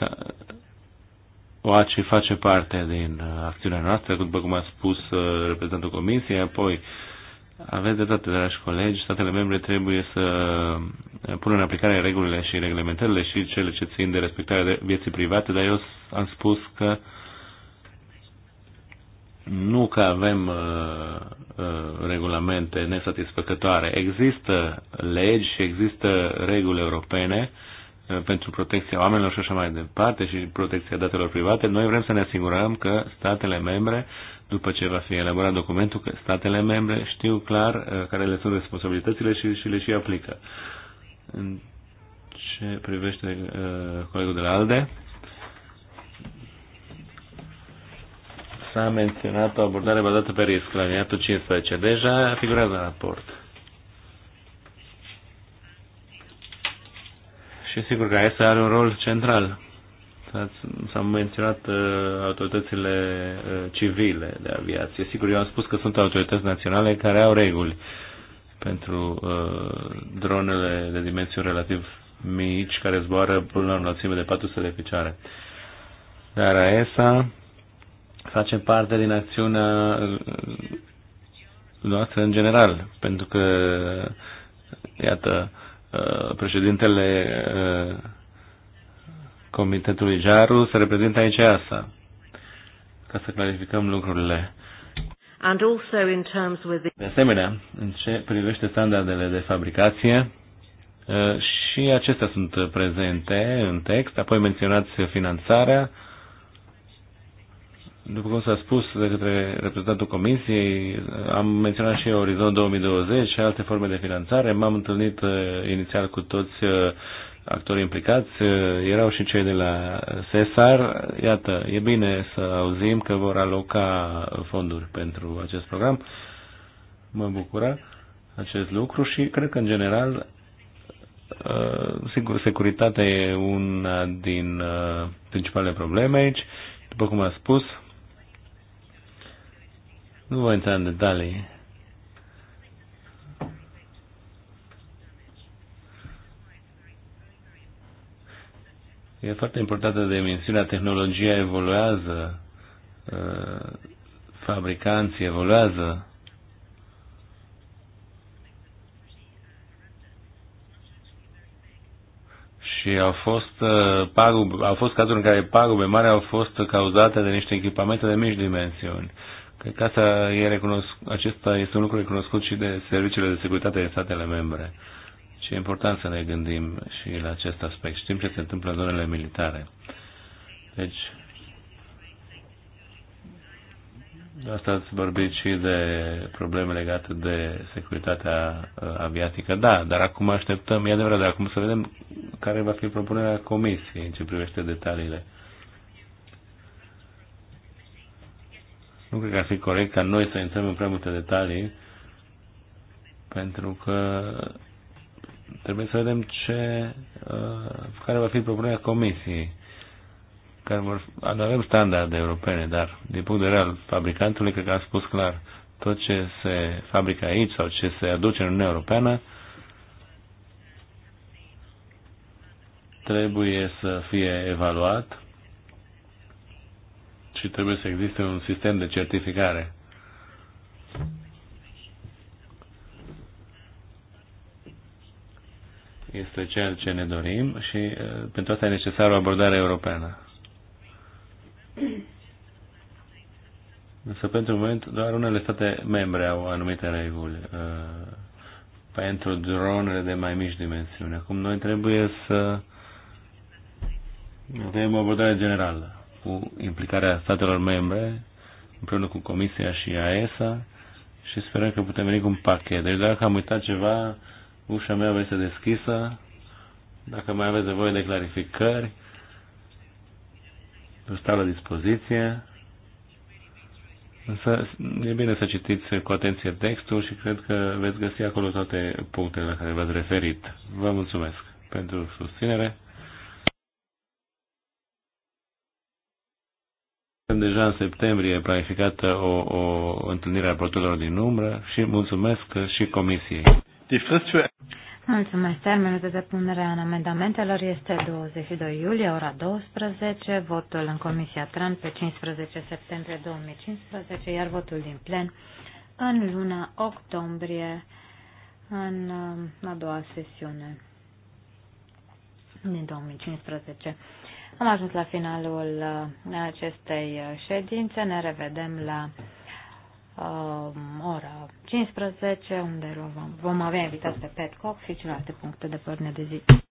uh, OACI face parte din acțiunea noastră, după cum a spus reprezentantul Comisiei, apoi uh, aveți dreptate, dragi colegi, statele membre trebuie să uh, pună în aplicare regulile și reglementările și cele ce țin de respectarea de vieții private, dar eu am spus că nu că avem uh, uh, regulamente nesatisfăcătoare. Există legi și există reguli europene uh, pentru protecția oamenilor și așa mai departe și protecția datelor private. Noi vrem să ne asigurăm că statele membre după ce va fi elaborat documentul, că statele membre știu clar uh, care le sunt responsabilitățile și, și le și aplică. În ce privește uh, colegul de la ALDE, s-a menționat o abordare bazată pe risc la liniatul 15. Deja figurează în raport. Și sigur că AESA are un rol central S-au menționat uh, autoritățile uh, civile de aviație. Sigur, eu am spus că sunt autorități naționale care au reguli pentru uh, dronele de dimensiuni relativ mici care zboară până la înălțime de 400 de picioare. Dar AESA face parte din acțiunea uh, noastră în general, pentru că, iată, uh, președintele uh, Comitetului Jaru se reprezintă aici asta, ca să clarificăm lucrurile. And also in terms with the... De asemenea, în ce privește standardele de fabricație, uh, și acestea sunt prezente în text, apoi menționați finanțarea, după cum s-a spus de către reprezentantul Comisiei, am menționat și Orizont 2020 și alte forme de finanțare. M-am întâlnit uh, inițial cu toți uh, actorii implicați, uh, erau și cei de la CESAR. Iată, e bine să auzim că vor aloca fonduri pentru acest program. Mă bucură acest lucru și cred că, în general, uh, sigur, securitatea e una din uh, principalele probleme aici. După cum am spus, nu voi intra în detalii e foarte importantă dimensiunea, tehnologia evoluează, uh, fabricanții evoluează. Și au fost, uh, pagube, au fost cazuri în care pagube mari au fost cauzate de niște echipamente de mici dimensiuni. Cred că asta e recunosc, acesta este un lucru recunoscut și de serviciile de securitate din statele membre. Uh, și e important să ne gândim și la acest aspect. Știm ce se întâmplă în zonele militare. Deci, asta ați vorbit și de probleme legate de securitatea uh, aviatică. Da, dar acum așteptăm, e adevărat, dar acum să vedem care va fi propunerea comisiei în ce privește detaliile. Nu cred că ar fi corect ca noi să intrăm în prea multe detalii, pentru că trebuie să vedem ce, uh, care va fi propunerea Comisiei. Care vor, avem standarde europene, dar din punct de vedere al fabricantului, cred că a spus clar, tot ce se fabrică aici sau ce se aduce în Uniunea Europeană trebuie să fie evaluat și trebuie să existe un sistem de certificare este ceea ce ne dorim și uh, pentru asta e necesară o abordare europeană. Însă pentru moment doar unele state membre au anumite reguli uh, pentru dronele de mai mici dimensiuni. Acum noi trebuie să avem o abordare generală cu implicarea statelor membre împreună cu Comisia și AESA și sperăm că putem veni cu un pachet. Deci dacă am uitat ceva, Ușa mea este deschisă. Dacă mai aveți nevoie de clarificări, vă stau la dispoziție. Însă e bine să citiți cu atenție textul și cred că veți găsi acolo toate punctele la care v-ați referit. Vă mulțumesc pentru susținere. Avem deja în septembrie planificată o, o întâlnire a protocolelor din umbră și mulțumesc și comisiei. Die Frist für Mulțumesc. Termenul de depunere a amendamentelor este 22 iulie, ora 12, votul în Comisia TRAN pe 15 septembrie 2015, iar votul din plen în luna octombrie, în um, a doua sesiune din 2015. Am ajuns la finalul uh, acestei uh, ședințe. Ne revedem la Um, ora 15, unde vom avea invitați pe Petco și celelalte puncte de părne de zi.